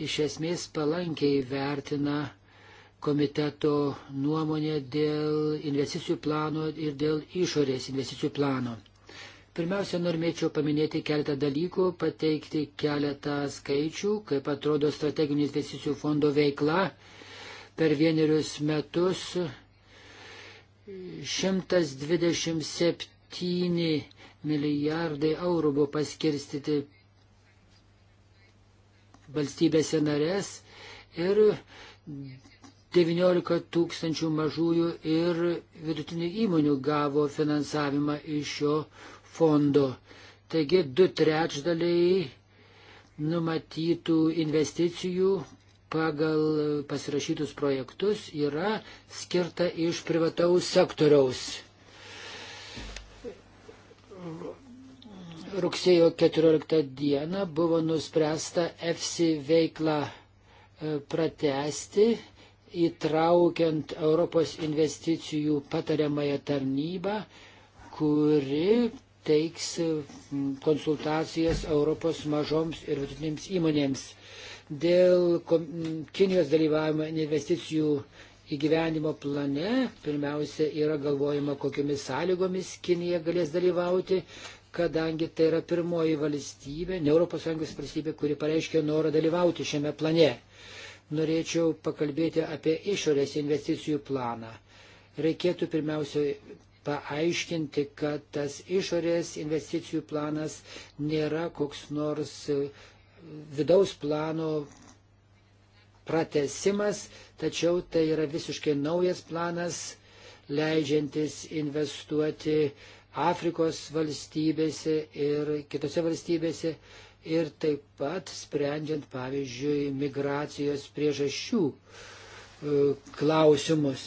iš esmės palankiai vertina komiteto nuomonę dėl investicijų plano ir dėl išorės investicijų plano. Pirmiausia, norėčiau paminėti keletą dalykų, pateikti keletą skaičių, kaip atrodo strateginių investicijų fondo veikla per vienerius metus 127 7 milijardai eurų buvo paskirstyti valstybėse narės ir 19 tūkstančių mažųjų ir vidutinių įmonių gavo finansavimą iš šio fondo. Taigi du trečdaliai numatytų investicijų pagal pasirašytus projektus yra skirta iš privataus sektoriaus rugsėjo 14 dieną buvo nuspręsta EFSI veiklą e, pratesti, įtraukiant Europos investicijų patariamąją tarnybą, kuri teiks konsultacijas Europos mažoms ir vidutinėms įmonėms. Dėl Kinijos dalyvavimo investicijų įgyvenimo plane pirmiausia yra galvojama, kokiamis sąlygomis Kinija galės dalyvauti, kadangi tai yra pirmoji valstybė, ne ES valstybė, kuri pareiškė norą dalyvauti šiame plane. Norėčiau pakalbėti apie išorės investicijų planą. Reikėtų pirmiausia paaiškinti, kad tas išorės investicijų planas nėra koks nors e, vidaus plano pratesimas, tačiau tai yra visiškai naujas planas, leidžiantis investuoti Afrikos valstybėse ir kitose valstybėse ir taip pat sprendžiant, pavyzdžiui, migracijos priežasčių e, klausimus.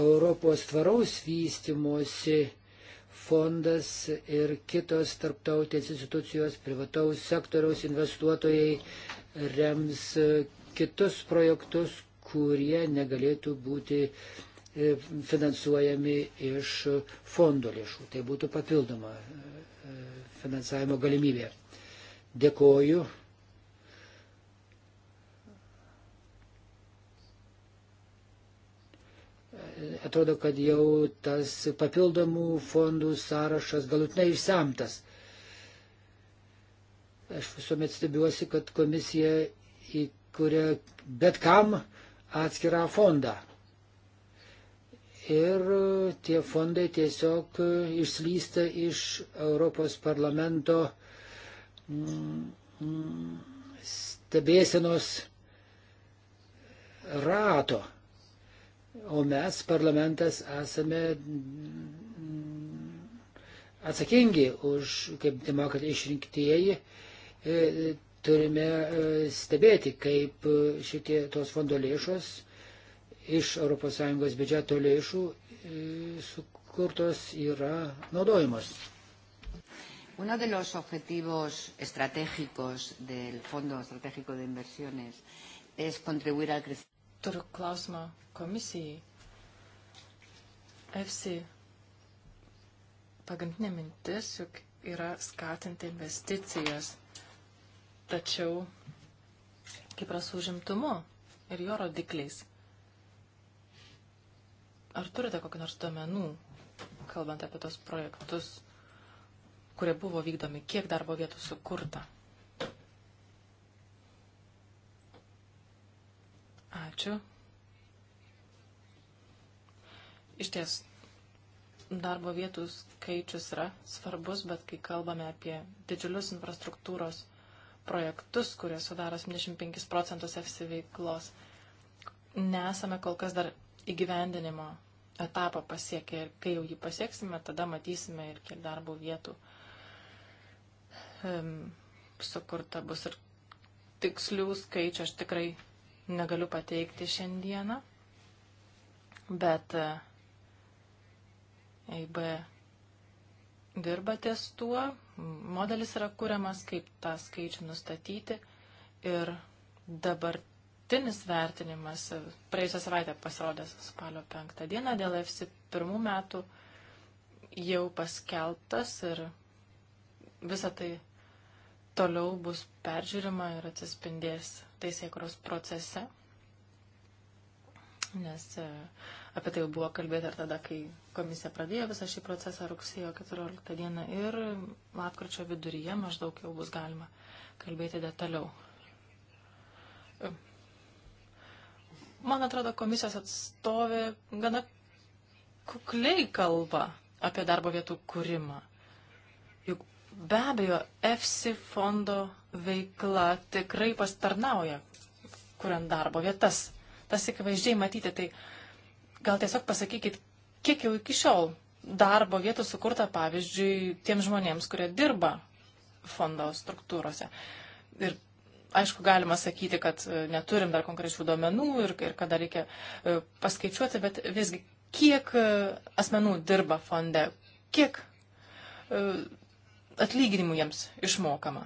Europos tvaraus vystimosi fondas ir kitos tarptautės institucijos, privataus sektoriaus investuotojai rems kitus projektus, kurie negalėtų būti e, finansuojami iš fondo lėšų. Tai būtų papildoma e, finansavimo galimybė. Dėkoju. Atrodo, kad jau tas papildomų fondų sąrašas galutinai išsamtas. Aš visuomet stebiuosi, kad komisija į kuria bet kam atskirą fondą. Ir tie fondai tiesiog išslysta iš Europos parlamento mm, mm, stebėsenos rato. O mes, parlamentas, esame mm, atsakingi už, kaip demokratai išrinktieji, e, turime e, stebėti, kaip e, šitie tos fondo lėšos iš ES biudžeto lėšų e, sukurtos yra naudojamos. Uno de los objetivos estratégicos del Fondo Estratégico de Inversiones es contribuir al crecimiento. Turiu klausimą komisijai. EFSI pagrindinė mintis juk yra skatinti investicijas Tačiau kaip yra su užimtumu ir jo rodikliais? Ar turite kokį nors duomenų, kalbant apie tos projektus, kurie buvo vykdomi, kiek darbo vietų sukurta? Ačiū. Iš ties, darbo vietų skaičius yra svarbus, bet kai kalbame apie didžiulius infrastruktūros projektus, kurie sudaro 75 procentus FC veiklos. Nesame kol kas dar įgyvendinimo etapą pasiekę ir kai jau jį pasieksime, tada matysime ir kiek darbo vietų um, sukurta bus ir tikslių skaičių aš tikrai negaliu pateikti šiandieną, bet EIB uh, dirba ties tuo, modelis yra kuriamas, kaip tą skaičių nustatyti ir dabartinis vertinimas praėjusią savaitę pasirodęs spalio penktą dieną dėl FC pirmų metų jau paskelbtas ir visa tai toliau bus peržiūrima ir atsispindės teisėkuros procese, nes Apie tai jau buvo kalbėta ir tada, kai komisija pradėjo visą šį procesą rugsėjo 14 dieną ir lapkričio viduryje maždaug jau bus galima kalbėti detaliau. Man atrodo, komisijos atstovė gana kukliai kalba apie darbo vietų kūrimą. Juk be abejo, EFSI fondo veikla tikrai pastarnauja, kuriant darbo vietas. Tas akivaizdžiai matyti, tai Gal tiesiog pasakykit, kiek jau iki šiol darbo vietų sukurta, pavyzdžiui, tiem žmonėms, kurie dirba fondo struktūrose. Ir aišku, galima sakyti, kad e, neturim dar konkrečių duomenų ir, ir kada reikia e, paskaičiuoti, bet visgi, kiek e, asmenų dirba fonde, kiek atlyginimų jiems išmokama.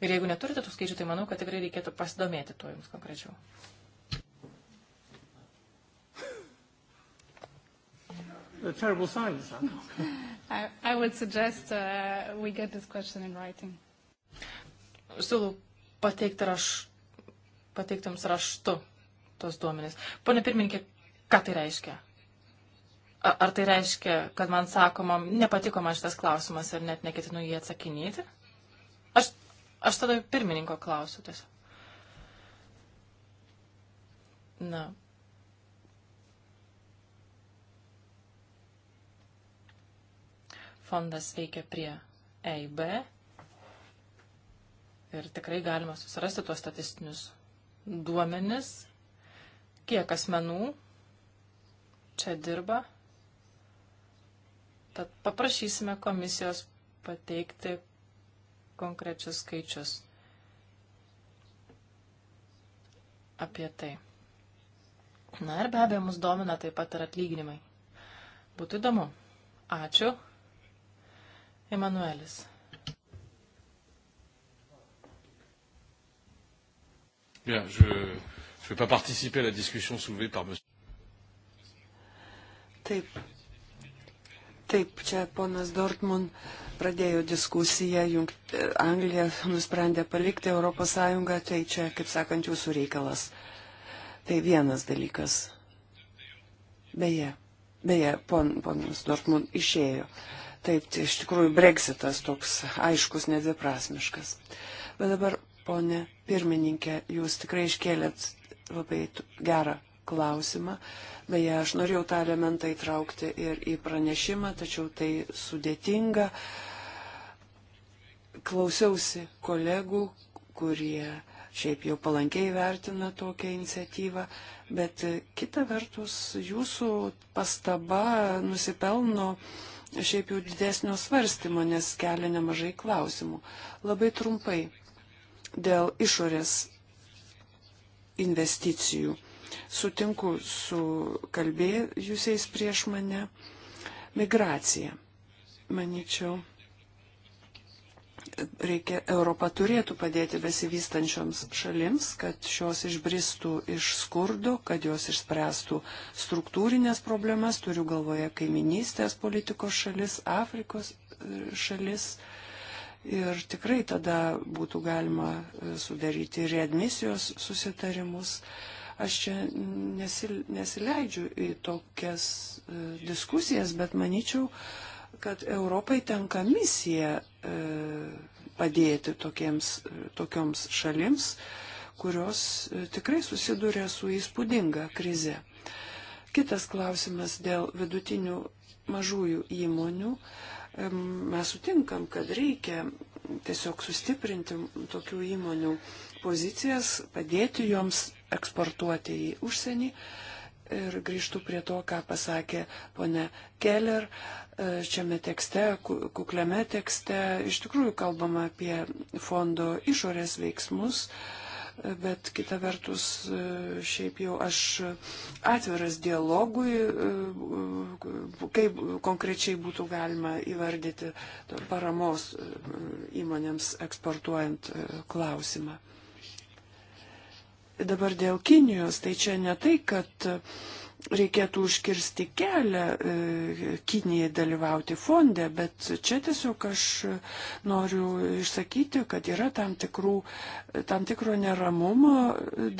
Ir jeigu neturite tų skaičių, tai manau, kad tikrai reikėtų pasidomėti tuo jums konkrečiau. a terrible silence. [LAUGHS] I, I would suggest uh, we get this question in writing. Siūlau pateikti, raš, pateikti jums raštu tos duomenys. Pone pirmininkė, ką tai reiškia? Ar, ar tai reiškia, kad man sakoma, nepatiko man šitas klausimas ir net neketinu jį atsakinėti? Aš, aš tada pirmininko klausiu tiesiog. Na, fondas veikia prie EIB ir tikrai galima susirasti tuos statistinius duomenis, kiek asmenų čia dirba. Tad paprašysime komisijos pateikti konkrečius skaičius apie tai. Na ir be abejo, mus domina taip pat ir atlyginimai. Būtų įdomu. Ačiū. Emanuelis. Bien, je ne vais pas participer à la discussion soulevée par monsieur. Taip. Taip, čia ponas Dortmund pradėjo diskusiją, jungt, Anglija nusprendė palikti ES, tai čia, kaip sakant, jūsų reikalas. Tai vienas dalykas. Beje, beje, pon, ponas Dortmund išėjo. Uh, Taip, tai iš tikrųjų breksitas toks aiškus, nedviprasmiškas. Bet dabar, ponė pirmininkė, jūs tikrai iškėlėt labai gerą klausimą. Beje, aš norėjau tą elementą įtraukti ir į pranešimą, tačiau tai sudėtinga. Klausiausi kolegų, kurie šiaip jau palankiai vertina tokią iniciatyvą, bet kita vertus jūsų pastaba nusipelno uh, šiaip jau didesnio svarstymo, nes kelia nemažai klausimų. Labai trumpai dėl išorės investicijų. Sutinku su kalbėjusiais prieš mane. Migracija. Maničiau, reikia, Europa turėtų padėti besivystančioms šalims, kad šios išbristų iš skurdo, kad jos išspręstų struktūrinės problemas, turiu galvoje kaiminystės politikos šalis, Afrikos e, šalis. Ir tikrai tada būtų galima e, sudaryti readmisijos susitarimus. Aš čia nesileidžiu į tokias e, diskusijas, bet manyčiau, kad Europai tenka misija e, padėti tokiems, tokioms šalims, kurios e, tikrai susiduria su įspūdinga krize. Kitas klausimas dėl vidutinių mažųjų įmonių. E, mes sutinkam, kad reikia tiesiog sustiprinti tokių įmonių pozicijas, padėti joms eksportuoti į užsienį, ir grįžtų prie to, ką pasakė ponė Keller. E, šiame tekste, kukliame tekste, iš tikrųjų kalbama apie fondo išorės veiksmus, e, bet kita vertus, e, šiaip jau aš atviras dialogui, kaip konkrečiai būtų galima įvardyti paramos įmonėms eksportuojant klausimą. Dabar dėl Kinijos, tai čia ne tai, kad reikėtų užkirsti kelią e, Kinijai dalyvauti fonde, bet čia tiesiog aš noriu išsakyti, kad yra tam, tikrų, tam tikro neramumo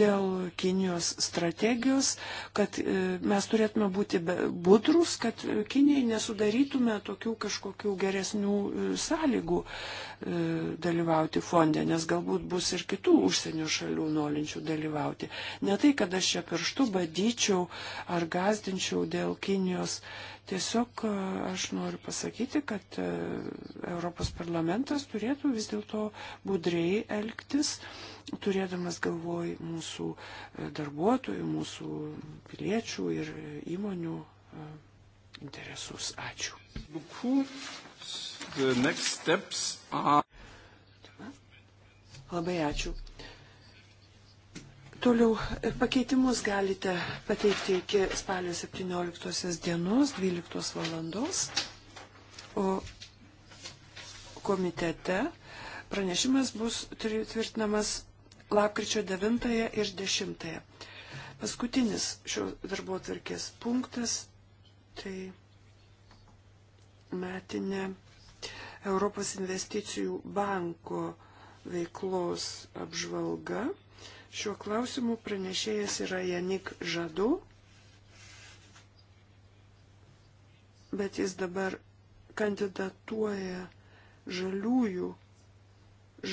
dėl Kinijos strategijos, kad e, mes turėtume būti budrus, kad Kinijai nesudarytume tokių kažkokių geresnių e, sąlygų E, dalyvauti fonde, nes galbūt bus ir kitų užsienio šalių norinčių dalyvauti. Ne tai, kad aš čia pirštų badyčiau ar gazdinčiau dėl Kinijos. Tiesiog e, aš noriu pasakyti, kad e, Europos parlamentas turėtų vis dėlto budriai elgtis, turėdamas galvoj mūsų darbuotojų, mūsų piliečių ir įmonių interesus. Ačiū. Buku. The next steps are... Labai ačiū. Toliau pakeitimus galite pateikti iki spalio 17 dienos 12 valandos, o komitete pranešimas bus tvirtinamas lapkričio 9 ir 10. Paskutinis šio darbo atvarkės punktas tai metinę Europos investicijų banko veiklos apžvalga. Šiuo klausimu pranešėjas yra Janik Žadu, bet jis dabar kandidatuoja žaliųjų,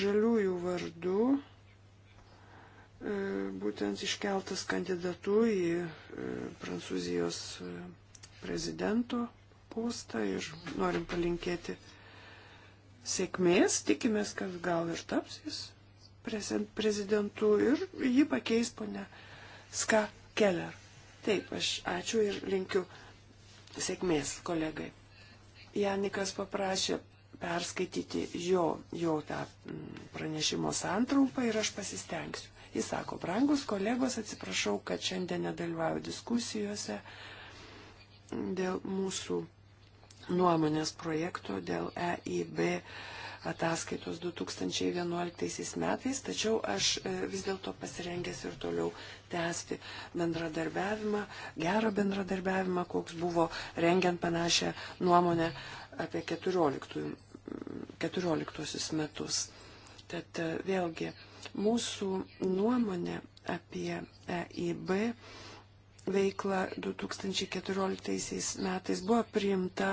žaliųjų vardu, e, būtent iškeltas kandidatu į e, Prancūzijos e, prezidento būstą ir norim palinkėti sėkmės, tikimės, kad gal ir taps jis prezidentu ir jį pakeis ponia Ska Keller. Taip, aš ačiū ir linkiu sėkmės kolegai. Janikas paprašė perskaityti jo, jo tą mm, pranešimo santraupą ir aš pasistengsiu. Jis sako, brangus kolegos, atsiprašau, kad šiandien nedalyvauju diskusijose dėl mūsų nuomonės projekto dėl EIB ataskaitos 2011 metais, tačiau aš e, vis dėlto pasirengęs ir toliau tęsti bendradarbiavimą, gerą bendradarbiavimą, koks buvo rengiant panašią nuomonę apie 14, 14 metus. Tad e, vėlgi mūsų nuomonė apie EIB veiklą 2014 metais buvo priimta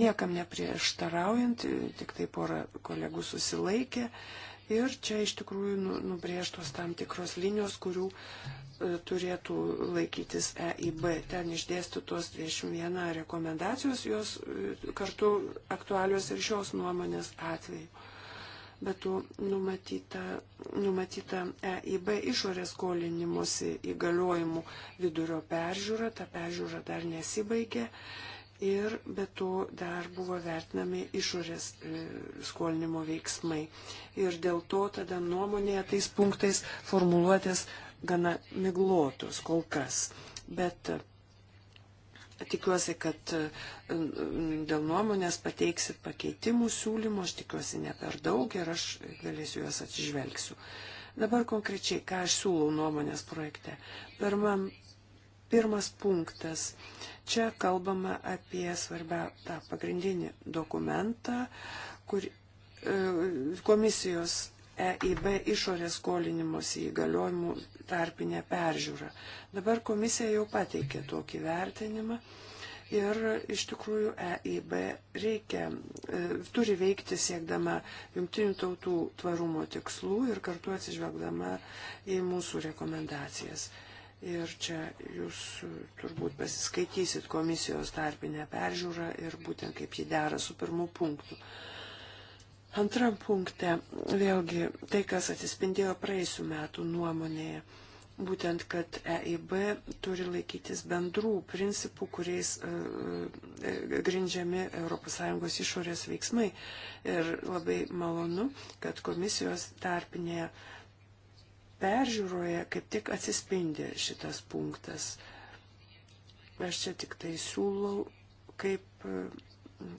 niekam neprieštaraujant, tik tai pora kolegų susilaikė. Ir čia iš tikrųjų nu, nubrėžtos tam tikros linijos, kurių e, turėtų laikytis EIB. Ten išdėstytos 21 rekomendacijos, jos e, kartu aktualios ir šios nuomonės atveju bet tu numatyta, numatyta EIB išorės skolinimuose įgaliojimų vidurio peržiūra, ta peržiūra dar nesibaigė ir be to dar buvo vertinami išorės e, skolinimo veiksmai. Ir dėl to tada nuomonėje tais punktais formuluotės gana miglotos kol kas. Bet Tikiuosi, kad e, dėl nuomonės pateiksit pakeitimų siūlymų, aš tikiuosi ne per daug ir aš galėsiu juos atsižvelgsiu. Dabar konkrečiai, ką aš siūlau nuomonės projekte. Pirmam, pirmas punktas. Čia kalbama apie svarbę tą pagrindinį dokumentą, kur e, komisijos EIB išorės skolinimuose įgaliojimų tarpinę peržiūrą. Dabar komisija jau pateikė tokį vertinimą ir iš tikrųjų EIB reikia, e, turi veikti siekdama jungtinių tautų tvarumo tikslų ir kartu atsižvelgdama į mūsų rekomendacijas. Ir čia jūs turbūt pasiskaitysit komisijos tarpinę peržiūrą ir būtent kaip jį dera su pirmu punktu. E, Antram punkte, vėlgi, tai, kas atsispindėjo praeisų metų nuomonėje, būtent, kad EIB turi laikytis bendrų principų, kuriais e, e, grindžiami ES išorės veiksmai. Ir labai malonu, kad komisijos tarpinėje peržiūroje kaip tik atsispindi šitas punktas. Aš čia tik tai siūlau, kaip, e,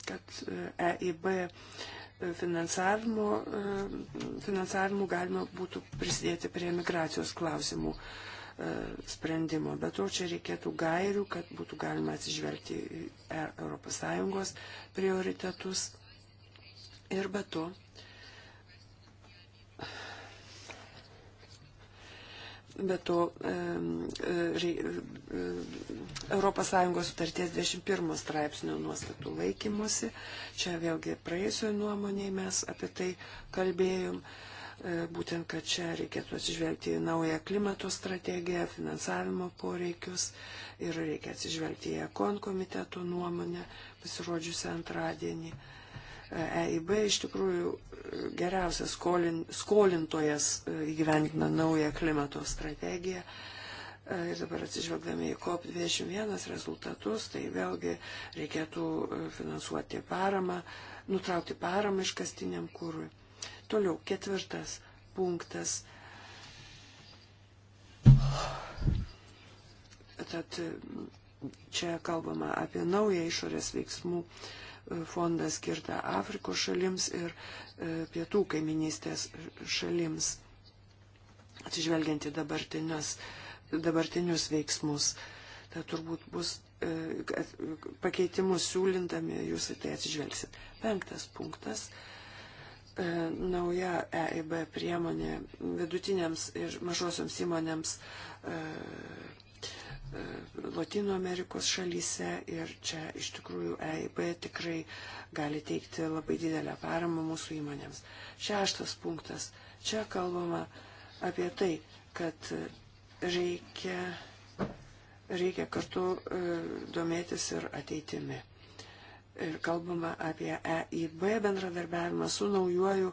kad EIB finansavimu, e, finansavimu galima būtų prisidėti prie migracijos klausimų e, sprendimo. Bet to čia reikėtų gairių, kad būtų galima atsižvelgti į ES prioritetus. Ir be to bet to ES e, e, sutarties 21 straipsnio nuostatų laikymosi. Čia vėlgi praėjusioje nuomonėje mes apie tai kalbėjom. E, būtent, kad čia reikėtų atsižvelgti į naują klimato strategiją, finansavimo poreikius ir reikia atsižvelgti į ekon komiteto nuomonę pasirodžiusią antradienį. Uh, EIB iš tikrųjų e, geriausias skolin, skolintojas e, įgyvendina naują klimato strategiją. E, ir dabar atsižvelgdami į COP21 rezultatus, tai vėlgi reikėtų finansuoti paramą, nutraukti paramą iškastiniam kūrui. Toliau, ketvirtas punktas. Tad čia kalbama apie naują išorės veiksmų uh, fondą skirtą Afrikos šalims ir e, pietų kaiminystės šalims, atsižvelgiant į dabartinius veiksmus. Tai turbūt bus e, pakeitimus siūlintami, jūs į tai atsižvelgsit. Penktas punktas e, nauja EIB priemonė vidutiniams ir mažosioms įmonėms Latino Amerikos šalyse ir čia iš tikrųjų EIB tikrai gali teikti labai didelę paramą mūsų įmonėms. Šeštas punktas. Čia kalbama apie tai, kad reikia, reikia kartu e, domėtis ir ateitimi. Ir kalbama apie EIB bendradarbiavimą su naujuoju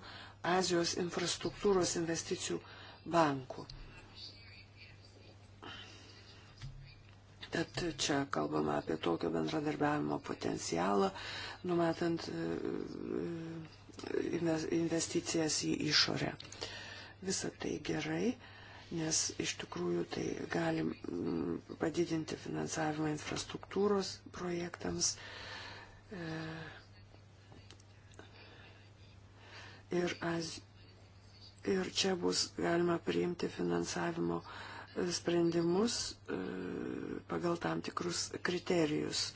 Azijos infrastruktūros investicijų banku Tad čia kalbama apie tokio bendradarbiavimo potencialą, numatant e, e, investicijas į išorę. Visą tai gerai, nes iš tikrųjų tai galim mm, padidinti finansavimą infrastruktūros projektams. E, ir, az, ir čia bus galima priimti finansavimo uh, sprendimus e, pagal tam tikrus kriterijus.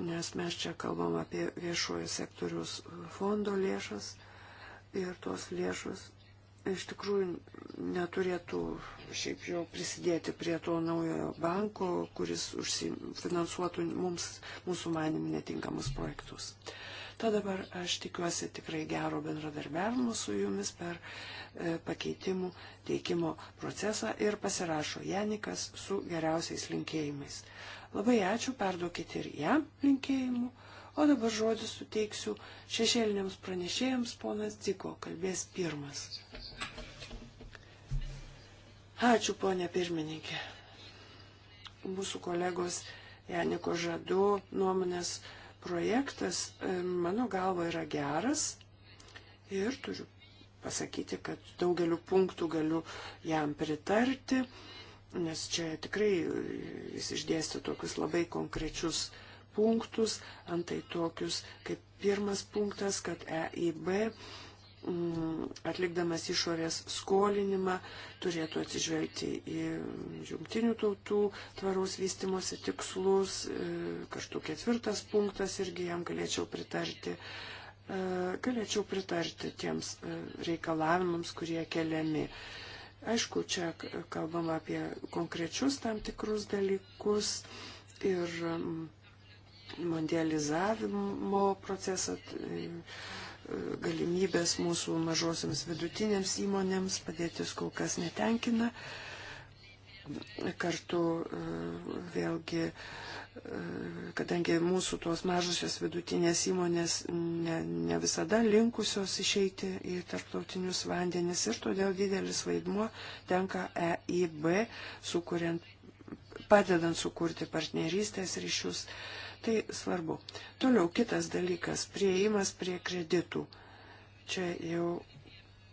Nes mes čia kalbam apie viešojo sektorius fondo lėšas ir tos lėšos iš tikrųjų neturėtų šiaip jau prisidėti prie to naujojo banko, kuris finansuotų mums, mūsų manim netinkamus projektus. Uh, Tad dabar aš tikiuosi tikrai gero bendradarbiavimo su jumis per e, pakeitimų teikimo procesą ir pasirašo Janikas su geriausiais linkėjimais. Labai ačiū, perduokit ir jam linkėjimų. O dabar žodį suteiksiu šešėliniams pranešėjams, ponas Ciko kalbės pirmas. Ačiū, ponė pirmininkė. Mūsų kolegos Janiko Žadu nuomonės projektas e, mano galva yra geras ir turiu pasakyti, kad daugeliu punktų galiu jam pritarti, nes čia tikrai jis išdėstė tokius labai konkrečius punktus, antai tokius kaip pirmas punktas, kad EIB Mm, atlikdamas išorės skolinimą turėtų atsižvelgti į jungtinių tautų tvaraus vystimosi tikslus. E, kažtų ketvirtas punktas irgi jam galėčiau pritarti. E, galėčiau pritarti tiems e, reikalavimams, kurie keliami. Aišku, čia kalbama apie konkrečius tam tikrus dalykus ir mm, mondializavimo procesą. Tai, galimybės mūsų mažosiams vidutinėms įmonėms padėtis kol kas netenkina. Kartu e, vėlgi, e, kadangi mūsų tos mažosios vidutinės įmonės ne, ne visada linkusios išeiti į tarptautinius vandenis ir todėl didelis vaidmuo tenka EIB, sukuriant, padedant sukurti partnerystės ryšius. Ir Tai svarbu. Toliau kitas dalykas - prieimas prie kreditų. Čia jau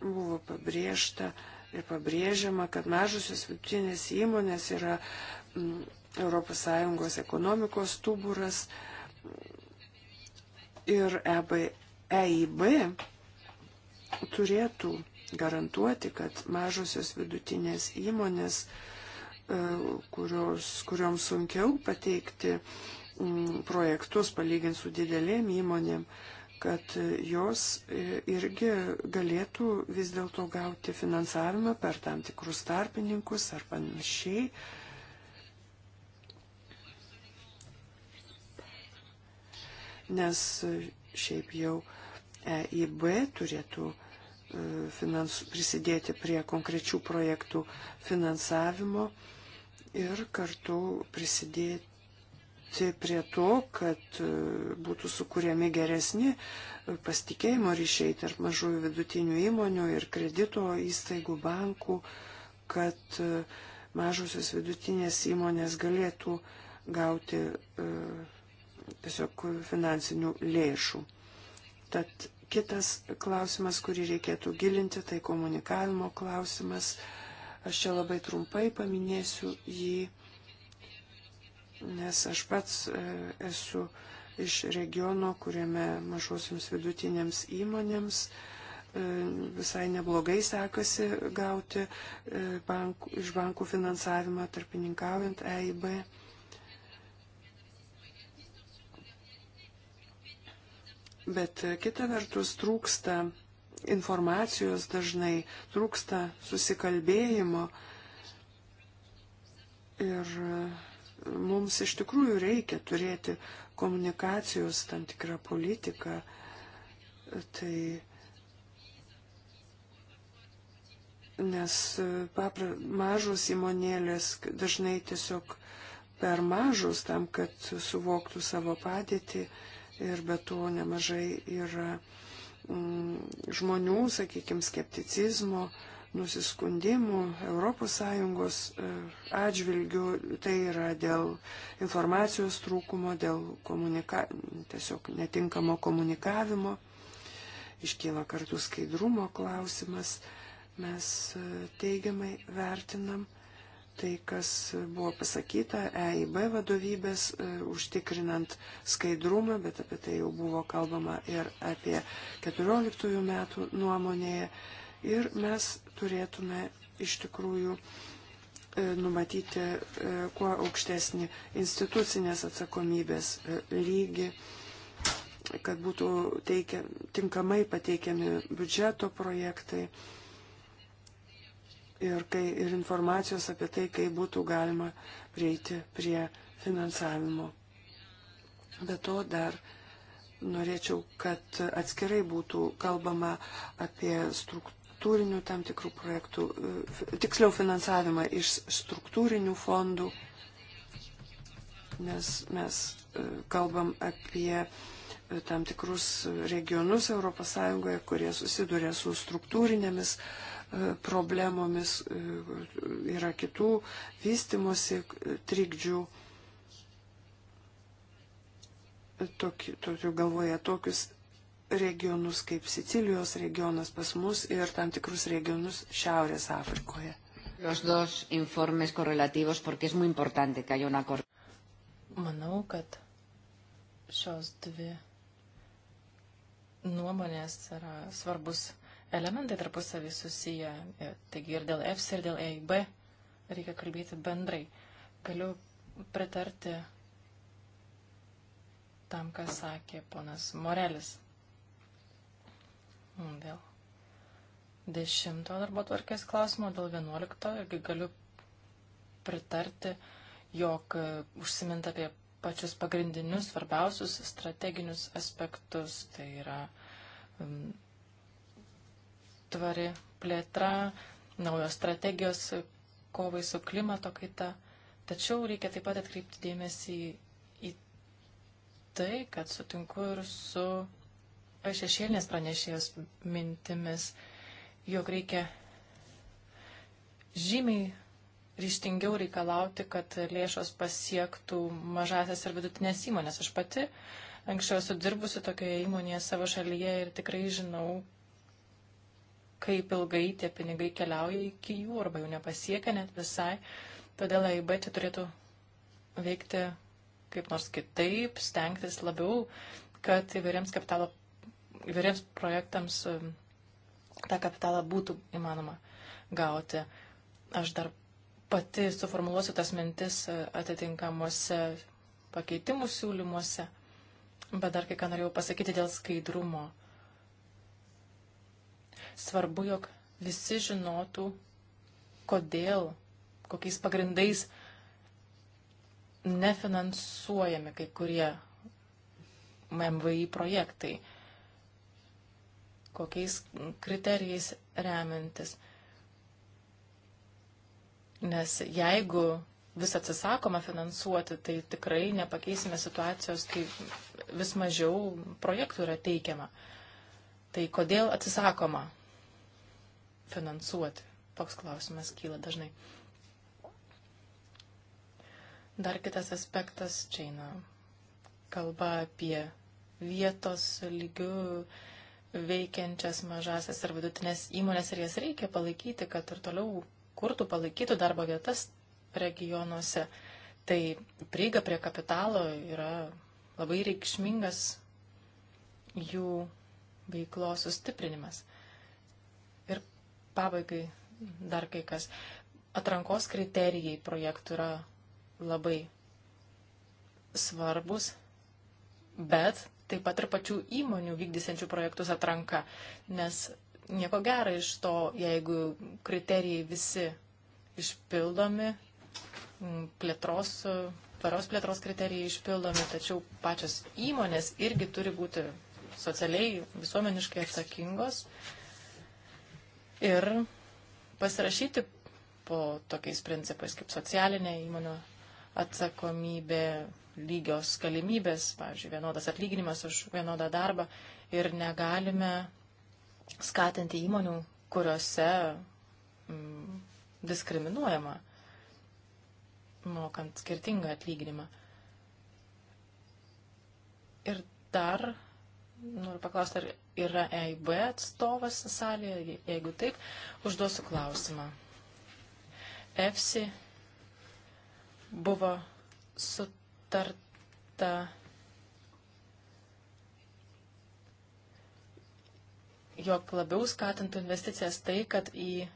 buvo pabrėžta ir pabrėžiama, kad mažusios vidutinės įmonės yra mm, ES ekonomikos stuburas ir EB, EIB turėtų garantuoti, kad mažosios vidutinės įmonės, e, kurios, kurioms sunkiau pateikti Mm, projektus palyginti su didelėm įmonėm, kad jos e, irgi galėtų vis dėlto gauti finansavimą per tam tikrus tarpininkus ar panašiai. Nes šiaip jau EIB turėtų e, finans, prisidėti prie konkrečių projektų finansavimo ir kartu prisidėti, dirbti prie to, kad e, būtų sukūrėmi geresni e, pasitikėjimo ryšiai tarp mažųjų vidutinių įmonių ir kredito įstaigų bankų, kad e, mažusios vidutinės įmonės galėtų gauti tiesiog finansinių lėšų. Tad kitas klausimas, kurį reikėtų gilinti, tai komunikavimo klausimas. Aš čia labai trumpai paminėsiu jį nes aš pats e, esu iš regiono, kuriame mažosiams vidutinėms įmonėms e, visai neblogai sekasi gauti e, bankų, iš bankų finansavimą tarpininkaujant EIB. Bet kita vertus trūksta informacijos dažnai, trūksta susikalbėjimo ir mums iš tikrųjų reikia turėti komunikacijos tam tikrą politiką. Tai nes e, papra, mažos įmonėlės dažnai tiesiog per mažos tam, kad suvoktų savo padėtį ir be to nemažai yra mm, žmonių, sakykime, skepticizmo, uh, nusiskundimų ES e, atžvilgių, tai yra dėl informacijos trūkumo, dėl komunika... tiesiog netinkamo komunikavimo, iškyla kartu skaidrumo klausimas, mes e, teigiamai vertinam tai, kas buvo pasakyta EIB vadovybės, e, užtikrinant skaidrumą, bet apie tai jau buvo kalbama ir apie 14 metų nuomonėje. Ir mes turėtume iš tikrųjų e, numatyti e, kuo aukštesnį institucinės atsakomybės e, lygį, kad būtų teikia, tinkamai pateikiami biudžeto projektai ir, kai, ir informacijos apie tai, kaip būtų galima prieiti prie finansavimo. Be to dar norėčiau, kad atskirai būtų kalbama apie struktūrą struktūrinių tam tikrų projektų, e, tiksliau finansavimą iš struktūrinių fondų, nes mes e, kalbam apie e, tam tikrus regionus ES, kurie susiduria su struktūrinėmis problemomis, yra kitų vystimosi trikdžių. Tokiu, tokiu galvoje tokius regionus kaip Sicilijos regionas pas mus ir tam tikrus regionus Šiaurės Afrikoje. Manau, kad šios dvi nuomonės yra svarbus elementai tarpusavį susiję, taigi ir dėl EFS, ir dėl EIB reikia kalbėti bendrai. Galiu pritarti tam, ką sakė ponas Morelis dėl mm, dešimto darbo tvarkės klausimo, dėl vienuolikto irgi galiu pritarti, jog e, užsiminta apie pačius pagrindinius, svarbiausius strateginius aspektus, tai yra um, tvari plėtra, naujos strategijos kovai su klimato kaita. Tačiau reikia taip pat atkreipti dėmesį į tai, kad sutinku ir su šešėlinės pranešėjos mintimis, jog reikia žymiai ryštingiau reikalauti, kad lėšos pasiektų mažasias ir vidutinės įmonės. Aš pati anksčiau esu dirbusi tokioje įmonėje savo šalyje ir tikrai žinau, kaip ilgai tie pinigai keliauja iki jų arba jau nepasiekia net visai. Todėl AIB e čia turėtų veikti kaip nors kitaip, stengtis labiau, kad įvairiems kapitalo įvairiems projektams e, tą kapitalą būtų įmanoma gauti. Aš dar pati suformuluosiu tas mintis e, atitinkamuose pakeitimų siūlymuose, bet dar kai ką norėjau pasakyti dėl skaidrumo. Svarbu, jog visi žinotų, kodėl, kokiais pagrindais nefinansuojami kai kurie MVI projektai kokiais kriterijais remiantis. Nes jeigu vis atsisakoma finansuoti, tai tikrai nepakeisime situacijos, kai vis mažiau projektų yra teikiama. Tai kodėl atsisakoma finansuoti? Toks klausimas kyla dažnai. Dar kitas aspektas čia eina kalba apie vietos lygių veikiančias mažasias ir vidutinės įmonės ir jas reikia palaikyti, kad ir toliau kurtų, palaikytų darbo vietas regionuose. Tai prieiga prie kapitalo yra labai reikšmingas jų veiklos sustiprinimas. Ir pabaigai dar kai kas. Atrankos kriterijai projektų yra labai svarbus, bet taip pat ir pačių įmonių vykdysiančių projektus atranka, nes nieko gera iš to, jeigu kriterijai visi išpildomi, mm, plėtros, tvaros plėtros kriterijai išpildomi, tačiau pačios įmonės irgi turi būti socialiai, visuomeniškai atsakingos ir pasirašyti po tokiais principais kaip socialinė įmonių atsakomybė, lygios galimybės, pavyzdžiui, vienodas atlyginimas už vienodą darbą ir negalime skatinti įmonių, kuriuose mm, diskriminuojama mokant skirtingą atlyginimą. Ir dar noriu paklausti, ar yra EIB atstovas salėje, jeigu taip, užduosiu klausimą. EFSI buvo su aptarta jog labiau skatintų investicijas tai, kad į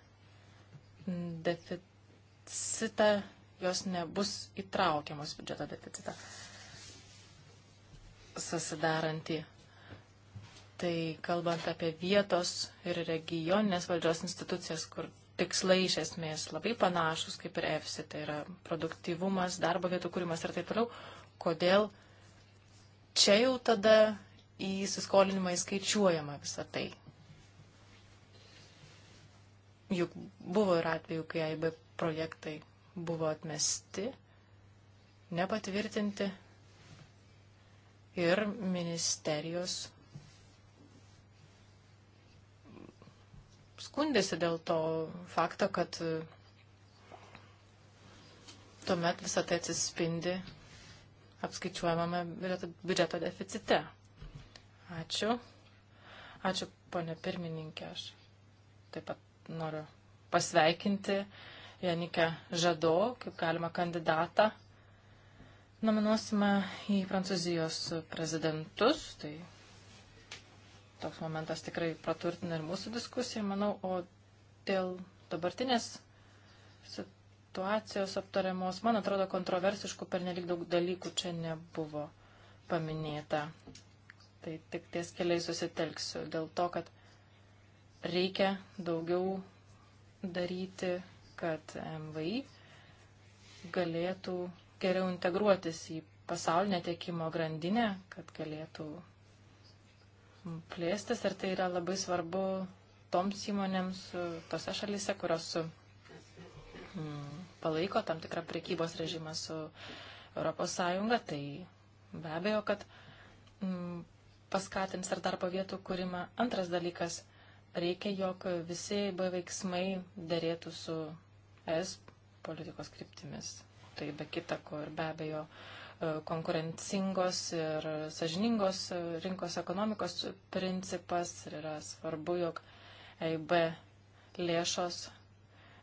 deficitą jos nebus įtraukiamos biudžeto deficitą susidarantį. Tai kalbant apie vietos ir regioninės valdžios institucijas, kur tikslai iš esmės labai panašus kaip ir EFSI, tai yra produktyvumas, darbo vietų kūrimas ir taip toliau. Kodėl čia jau tada į įsiskolinimą įskaičiuojama visą tai? Juk buvo ir atveju, kai AIB projektai buvo atmesti, nepatvirtinti ir ministerijos skundėsi dėl to fakto, kad e, tuomet visą tai atsispindi apskaičiuojamame biudžeto deficite. Ačiū. Ačiū, ponė pirmininkė. Aš taip pat noriu pasveikinti Janikę Žado, kaip galima kandidatą. Nominuosime į Prancūzijos prezidentus. Tai toks momentas tikrai praturtina ir mūsų diskusiją, manau, o dėl dabartinės situacijos aptariamos, man atrodo, kontroversiškų per nelik daug dalykų čia nebuvo paminėta. Tai tik ties keliai susitelksiu dėl to, kad reikia daugiau daryti, kad MVI galėtų geriau integruotis į pasaulinę tiekimo grandinę, kad galėtų plėstis ir tai yra labai svarbu toms įmonėms e, tose šalyse, kurios e, palaiko tam tikrą priekybos režimą su ES, tai be abejo, kad paskatins ir darbo vietų kūrimą. Antras dalykas, reikia, jog visi veiksmai dėrėtų su ES politikos kryptimis. Tai be kita ko ir be abejo konkurencingos ir sažiningos rinkos ekonomikos principas ir yra svarbu, jog EIB lėšos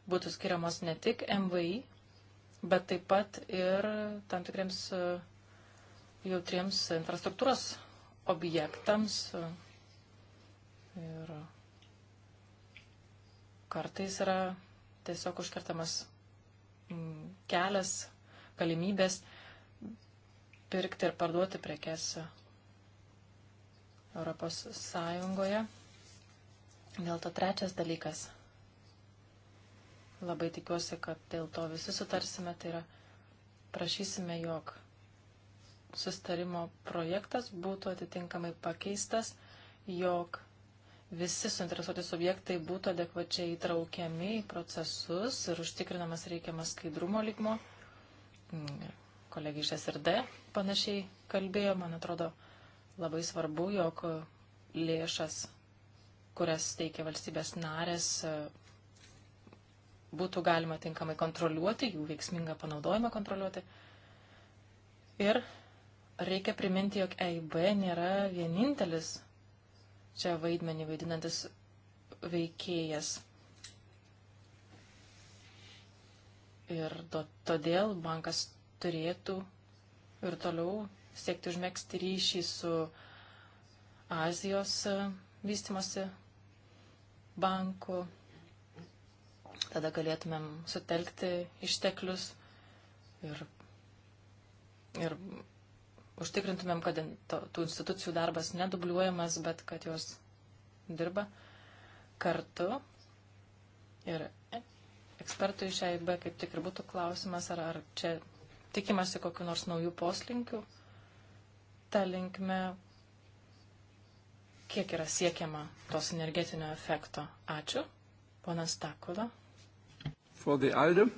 būtų skiriamos ne tik MVI, bet taip pat ir tam tikriems e, jautriems infrastruktūros objektams. Ir kartais yra tiesiog užkertamas mm, kelias, galimybės pirkti ir parduoti prekes Europos Sąjungoje. Dėl to trečias dalykas. Labai tikiuosi, kad dėl to visi sutarsime, tai yra prašysime, jog sustarimo projektas būtų atitinkamai pakeistas, jog visi suinteresuoti subjektai būtų adekvačiai įtraukiami į procesus ir užtikrinamas reikiamas skaidrumo lygmo. Mm, kolegė iš SRD panašiai kalbėjo, man atrodo labai svarbu, jog lėšas, kurias teikia valstybės narės, būtų galima tinkamai kontroliuoti, jų veiksmingą panaudojimą kontroliuoti. Ir reikia priminti, jog EIB nėra vienintelis čia vaidmenį vaidinantis veikėjas. Ir to, todėl bankas turėtų ir toliau siekti užmėgsti ryšį su Azijos e, vystimosi banku. Tada galėtumėm sutelkti išteklius ir, ir užtikrintumėm, kad to, tų institucijų darbas nedubliuojamas, bet kad jos dirba kartu. Ir e, ekspertų iš AIB kaip tik ir būtų klausimas, ar, ar čia tikimasi kokiu nors naujų poslinkių, ta linkme, kiek yra siekiama tos energetinio efekto. Ačiū, ponas Takula. For the item.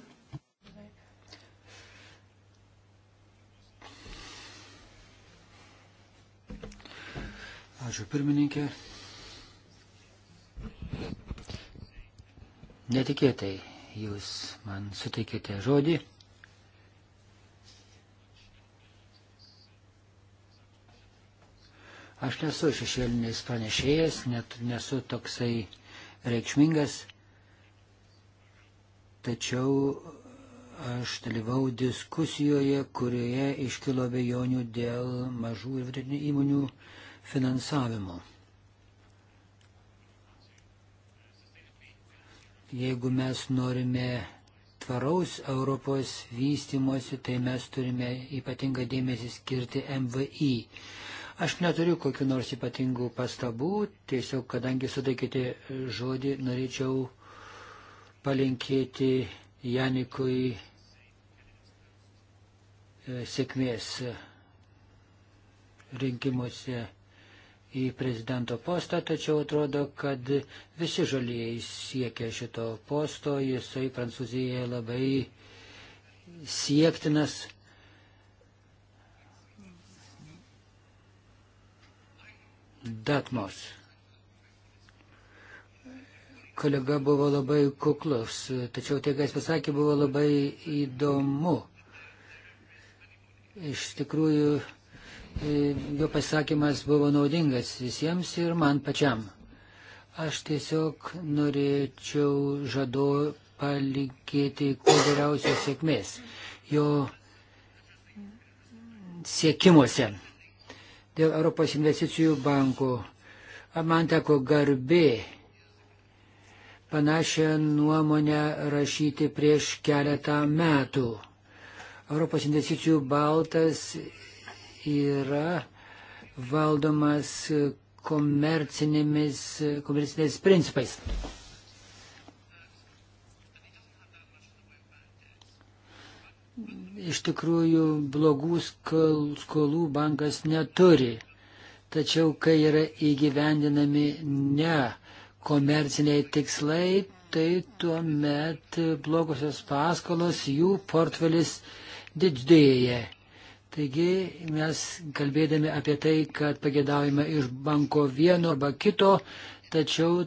Ačiū pirmininkė. Netikėtai jūs man suteikėte žodį. Aš nesu šešėlinis pranešėjas, net nesu toksai reikšmingas, tačiau aš dalyvau diskusijoje, kurioje iškilo bejonių dėl mažų ir vidutinių įmonių finansavimo. Jeigu mes norime tvaraus Europos vystimosi, tai mes turime ypatingą dėmesį skirti MVI. Aš neturiu kokiu nors ypatingų pastabų, tiesiog kadangi sudaikite žodį, norėčiau palinkėti Janikui e, sėkmės rinkimuose į prezidento postą, tačiau atrodo, kad visi žalieji siekia šito posto, jisai Prancūzijoje labai siektinas datmos. Kolega buvo labai kuklus, tačiau tai, ką jis pasakė, buvo labai įdomu. Iš tikrųjų, e, jo pasakymas buvo naudingas visiems ir man pačiam. Aš tiesiog norėčiau žado palinkėti kuo geriausios sėkmės jo siekimuose dėl Europos investicijų bankų. Man teko garbė panašią nuomonę rašyti prieš keletą metų. Europos investicijų baltas yra valdomas komercinėmis, komercinės principais. iš tikrųjų blogų skolų bankas neturi. Tačiau, kai yra įgyvendinami ne komerciniai tikslai, tai tuo met blogosios paskolos jų portfelis didėja. Taigi mes kalbėdami apie tai, kad pagėdaujame iš banko vieno arba kito, tačiau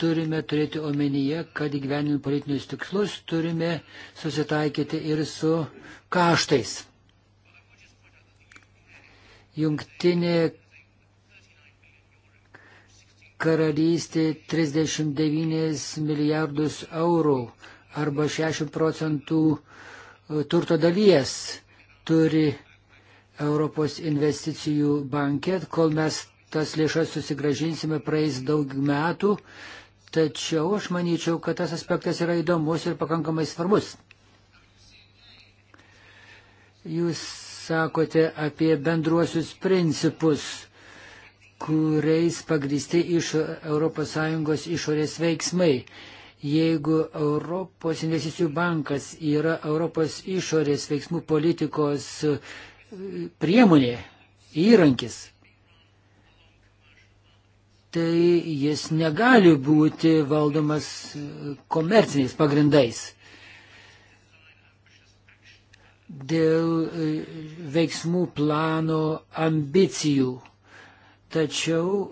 turime turėti omenyje, kad įgyveninant politinius tikslus turime susitaikyti ir su kaštais. Jungtinė karalystė 39 milijardus eurų arba 60 procentų e, turto dalies turi Europos investicijų bankė, kol mes tas lėšas susigražinsime praeis daug metų, Tačiau aš manyčiau, kad tas aspektas yra įdomus ir pakankamai svarbus. Jūs sakote apie bendruosius principus, kuriais pagristi iš ES išorės veiksmai. Jeigu Europos investicijų bankas yra Europos išorės veiksmų politikos priemonė, įrankis, tai jis negali būti valdomas komerciniais pagrindais. Dėl e, veiksmų plano ambicijų. Tačiau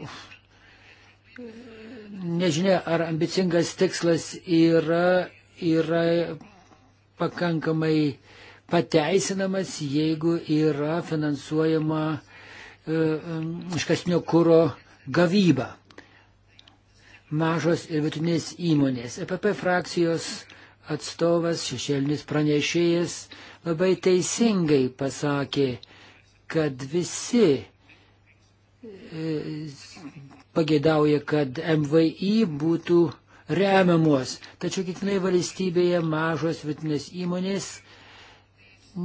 nežinia, ar ambicingas tikslas yra, yra pakankamai pateisinamas, jeigu yra finansuojama e, iškasnio kūro gavybą. Mažos ir vidutinės įmonės. EPP frakcijos atstovas, šešėlinis pranešėjas labai teisingai pasakė, kad visi e, pagėdauja, kad MVI būtų remiamos. Tačiau kiekvienoje valstybėje mažos vidutinės įmonės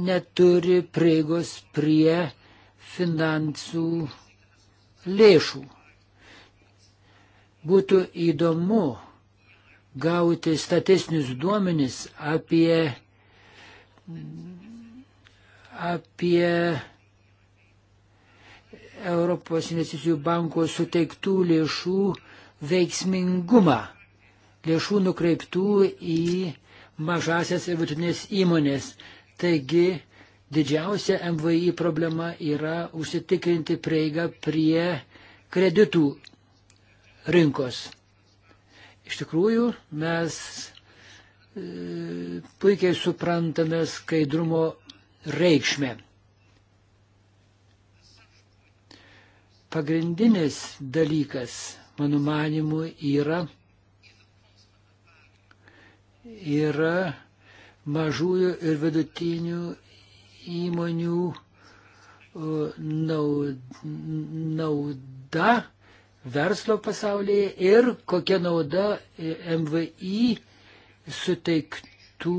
neturi prieigos prie finansų lėšų. Būtų įdomu gauti statistinius duomenis apie, apie Europos investicijų banko suteiktų lėšų veiksmingumą, lėšų nukreiptų į mažasias ir vidutinės įmonės. Taigi didžiausia MVI problema yra užsitikrinti prieigą prie kreditų rinkos. Iš tikrųjų, mes e, puikiai suprantame skaidrumo reikšmę. Pagrindinis dalykas, mano manimu, yra, yra mažųjų ir vidutinių įmonių nauda verslo pasaulyje ir kokia nauda MVI suteiktų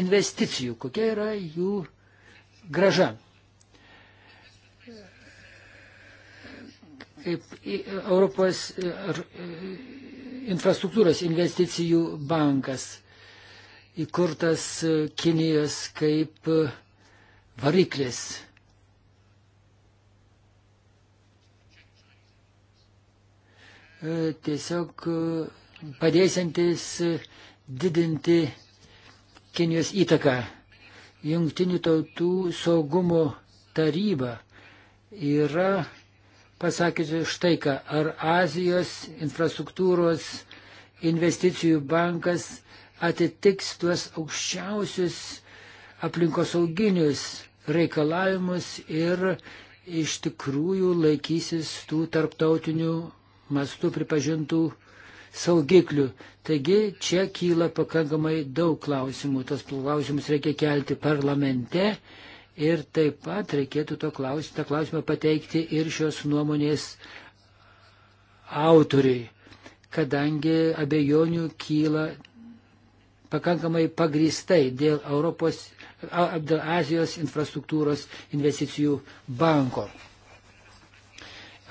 investicijų, kokia yra jų graža. Kaip Europos e, e, infrastruktūros investicijų bankas įkurtas e, Kinijos kaip variklis tiesiog e, padėsiantis e, didinti Kinijos įtaką. Jungtinių tautų saugumo taryba yra pasakysiu štai ką, ar Azijos infrastruktūros investicijų bankas atitiks tuos aukščiausius aplinkosauginius reikalavimus ir iš tikrųjų laikysis tų tarptautinių mastu pripažintų saugiklių. Taigi čia kyla pakankamai daug klausimų. Tos klausimus reikia kelti parlamente ir taip pat reikėtų to klausimą, tą klausimą pateikti ir šios nuomonės autoriui, kadangi abejonių kyla pakankamai pagristai dėl Europos, dėl Azijos infrastruktūros investicijų banko.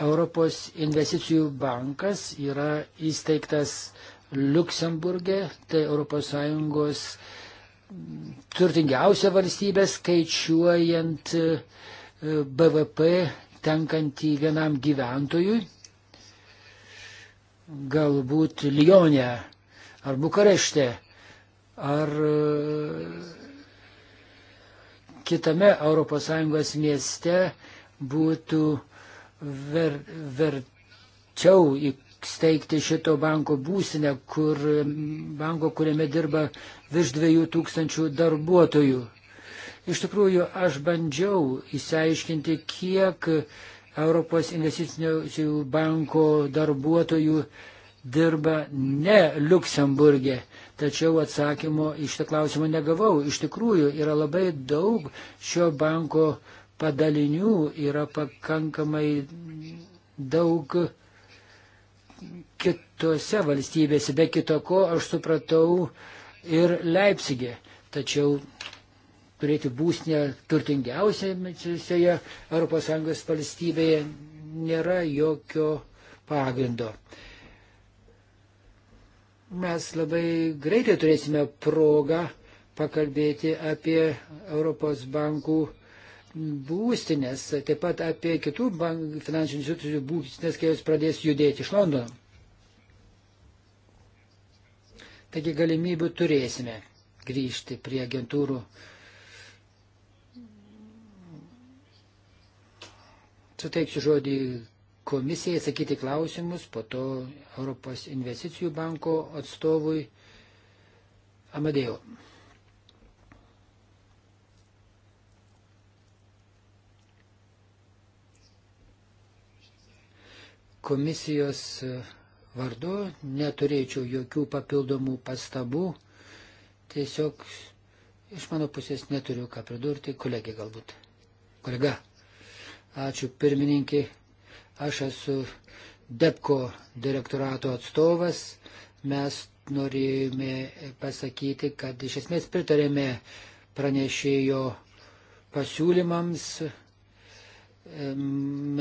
Europos investicijų bankas yra įsteigtas Luksemburgė, tai ES turtingiausia valstybė skaičiuojant e, BVP tenkantį vienam gyventojui. Galbūt Lyonė ar Bukarešte ar e, kitame ES mieste būtų ver, verčiau įsteigti šito banko būsinę, kur banko, kuriame dirba virš dviejų tūkstančių darbuotojų. Iš tikrųjų, aš bandžiau įsiaiškinti, kiek Europos investicinio banko darbuotojų dirba ne Luksemburgė. Tačiau atsakymo iš tą klausimą negavau. Iš tikrųjų yra labai daug šio banko padalinių yra pakankamai daug kitose valstybėse. Be kito ko aš supratau ir Leipzigė. Tačiau turėti būsnę turtingiausiaje ES valstybėje nėra jokio pagrindo. Mes labai greitai turėsime progą pakalbėti apie Europos bankų būstinės, taip pat apie kitų bank, finansinių institucijų būstinės, kai jos pradės judėti iš Londono. Taigi galimybių turėsime grįžti prie agentūrų. Suteiksiu žodį komisijai atsakyti klausimus, po to Europos investicijų banko atstovui Amadėjau. Komisijos vardu neturėčiau jokių papildomų pastabų. Tiesiog iš mano pusės neturiu ką pridurti. Kolegė galbūt. Kolega. Ačiū pirmininkė. Aš esu DEPKO direktorato atstovas. Mes norėjome pasakyti, kad iš esmės pritarėme pranešėjo pasiūlymams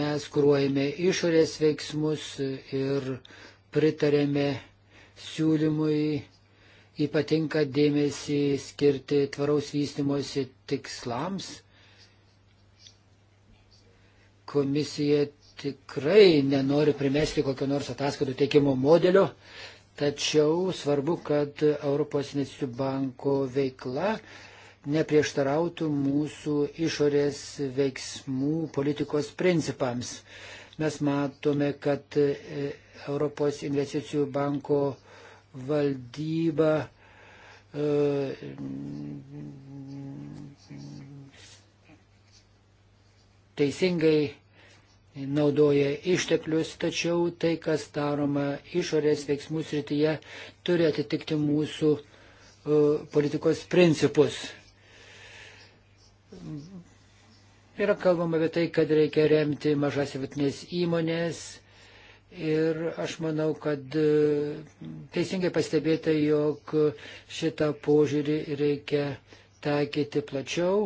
mes kūruojame išorės veiksmus ir pritarėme siūlymui ypatinga dėmesį skirti tvaraus vystimosi tikslams. Komisija tikrai nenori primesti kokio nors ataskaitų teikimo modelio, tačiau svarbu, kad Europos investicijų banko veikla neprieštarautų mūsų išorės veiksmų politikos principams. Mes matome, kad e, Europos investicijų banko valdyba e, teisingai naudoja išteklius, tačiau tai, kas daroma išorės veiksmų srityje, turi atitikti mūsų e, politikos principus. Yra kalbama apie tai, kad reikia remti mažas vidutinės įmonės. Ir aš manau, kad e, teisingai pastebėta, jog šitą požiūrį reikia taikyti plačiau.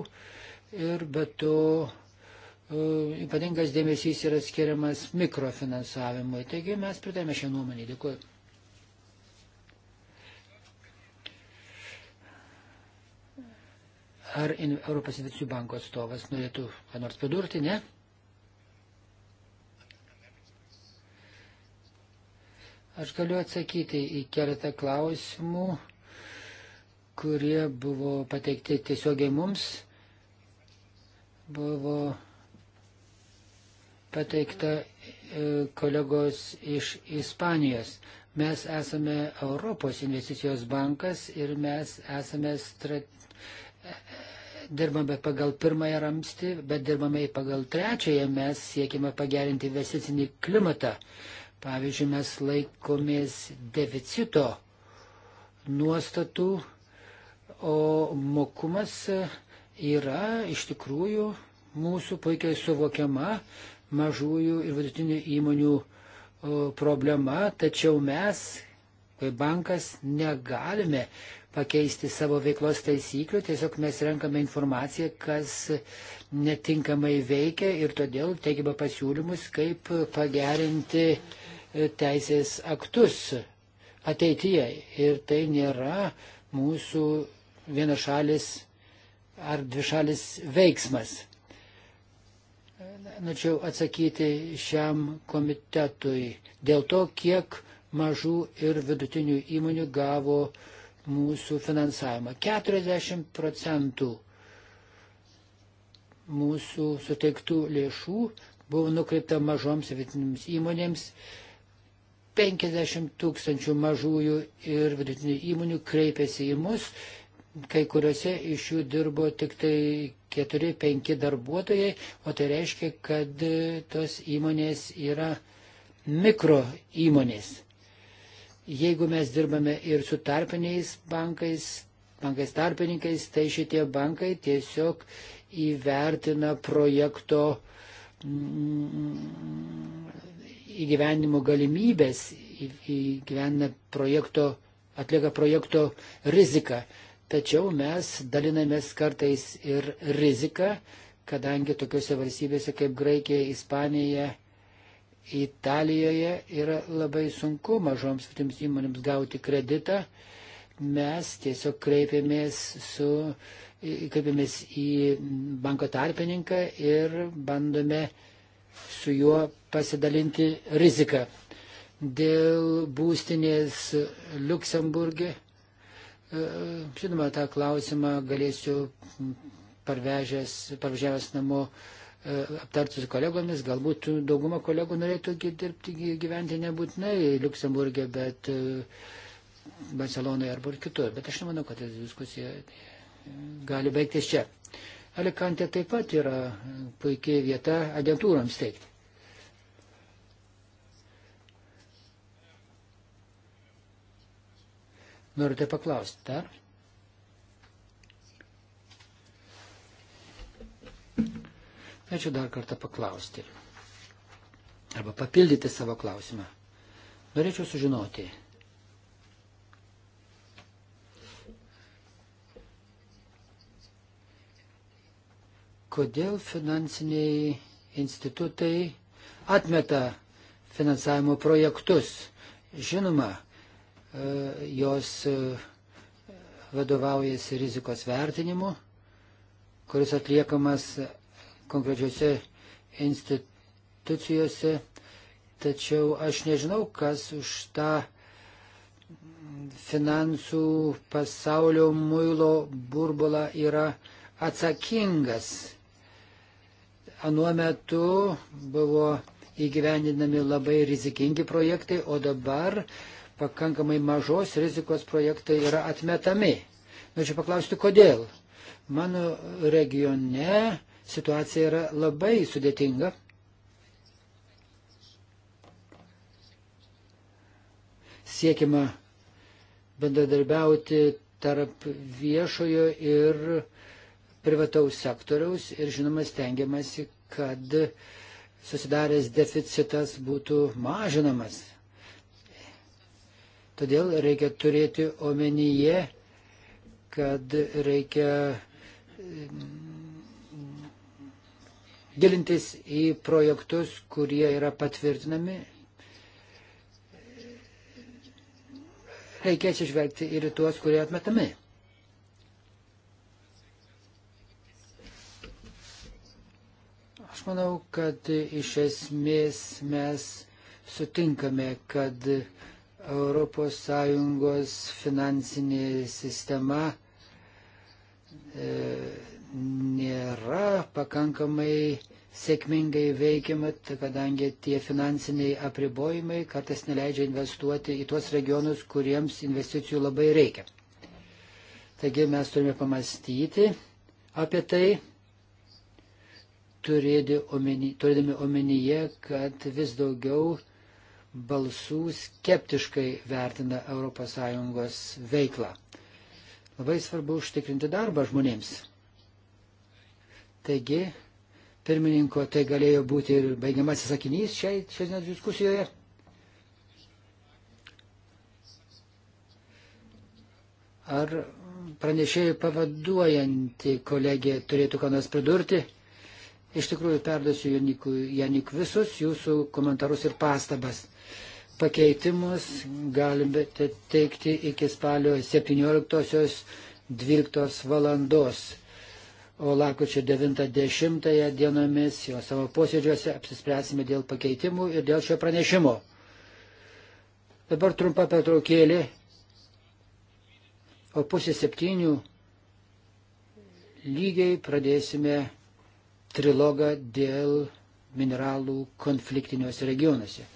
Ir be to e, ypatingas dėmesys yra skiriamas mikrofinansavimui. Taigi mes pritarėme šią nuomonę. Dėkuoju. Ar Europos investicijų banko atstovas norėtų ką nors pridurti, ne? Aš galiu atsakyti į keletą klausimų, kurie buvo pateikti tiesiogiai mums. Buvo pateikta e, kolegos iš Ispanijos. Mes esame Europos investicijos bankas ir mes esame strate dirbame pagal pirmąją ramstį, bet dirbame pagal trečiąją, mes siekime pagerinti investicinį klimatą. Pavyzdžiui, mes laikomės deficito nuostatų, o mokumas yra iš tikrųjų mūsų puikiai suvokiama mažųjų ir vidutinių įmonių problema, tačiau mes, kaip bankas, negalime pakeisti savo veiklos taisyklių, tiesiog mes renkame informaciją, kas netinkamai veikia ir todėl teigiame pasiūlymus, kaip pagerinti e, teisės aktus ateityje. Ir tai nėra mūsų vienašalis ar dvišalis veiksmas. Norėčiau atsakyti šiam komitetui dėl to, kiek mažų ir vidutinių įmonių gavo uh, mūsų finansavimą. 40 procentų mūsų suteiktų lėšų buvo nukreipta mažoms vidutinėms įmonėms. 50 tūkstančių mažųjų ir vidutinių įmonių kreipėsi į mus. Kai kuriuose iš jų dirbo tik tai 4-5 darbuotojai, o tai reiškia, kad tos įmonės yra mikro įmonės. Jeigu mes dirbame ir su tarpiniais bankais, bankais tarpininkais, tai šitie bankai tiesiog įvertina projekto mm, įgyvenimo galimybės, įgyvena projekto, atlieka projekto riziką. Tačiau mes dalinamės kartais ir riziką, kadangi tokiuose valstybėse kaip Graikija, Ispanija, Italijoje yra labai sunku mažoms vidims įmonėms gauti kreditą. Mes tiesiog kreipėmės, su, kreipėmės į banko tarpininką ir bandome su juo pasidalinti riziką. Dėl būstinės Luksemburgė, e, žinoma, tą klausimą galėsiu parvežęs, parvežęs namo E, aptarti su kolegomis, galbūt dauguma kolegų norėtų dirbti, gyventi nebūtinai Luksemburgė, bet e, Barcelonoje arba kitur. Bet aš nemanau, kad diskusija gali baigtis čia. Alikantė taip pat yra puikiai vieta agentūrams teikti. Norite tai paklausti dar? Ačiū dar kartą paklausti. Arba papildyti savo klausimą. Norėčiau sužinoti. Kodėl finansiniai institutai atmeta finansavimo projektus? Žinoma, e, jos e, vadovaujasi rizikos vertinimu, kuris atliekamas konkrečiose institucijose, tačiau aš nežinau, kas už tą finansų pasaulio muilo burbulą yra atsakingas. Anuo metu buvo įgyvendinami labai rizikingi projektai, o dabar pakankamai mažos rizikos projektai yra atmetami. Norėčiau nu, paklausti, kodėl. Mano regione situacija yra labai sudėtinga. Siekima bendradarbiauti tarp viešojo ir privataus sektoriaus ir žinoma stengiamasi, kad susidaręs deficitas būtų mažinamas. Todėl reikia turėti omenyje, kad reikia gilintis į projektus, kurie yra patvirtinami. Reikės išvelgti ir tuos, kurie atmetami. Aš manau, kad iš esmės mes sutinkame, kad ES finansinė sistema e, nėra pakankamai sėkmingai veikiama, kadangi tie finansiniai apribojimai kartais neleidžia investuoti į tuos regionus, kuriems investicijų labai reikia. Taigi mes turime pamastyti apie tai, turėdami omenyje, kad vis daugiau balsų skeptiškai vertina ES veiklą. Labai svarbu užtikrinti darbą žmonėms. Taigi, pirmininko, tai galėjo būti ir baigiamasis sakinys šiai šiandien diskusijoje. Ar pranešėjų pavaduojanti kolegė turėtų ką nors pridurti? Iš tikrųjų, perduosiu Janik visus jūsų komentarus ir pastabas. Pakeitimus galime teikti iki spalio 17.12 valandos o lakučio 90 dienomis jo savo posėdžiuose apsispręsime dėl pakeitimų ir dėl šio pranešimo. Dabar trumpa pertraukėlė, o pusė septynių lygiai pradėsime trilogą dėl mineralų konfliktiniuose regionuose.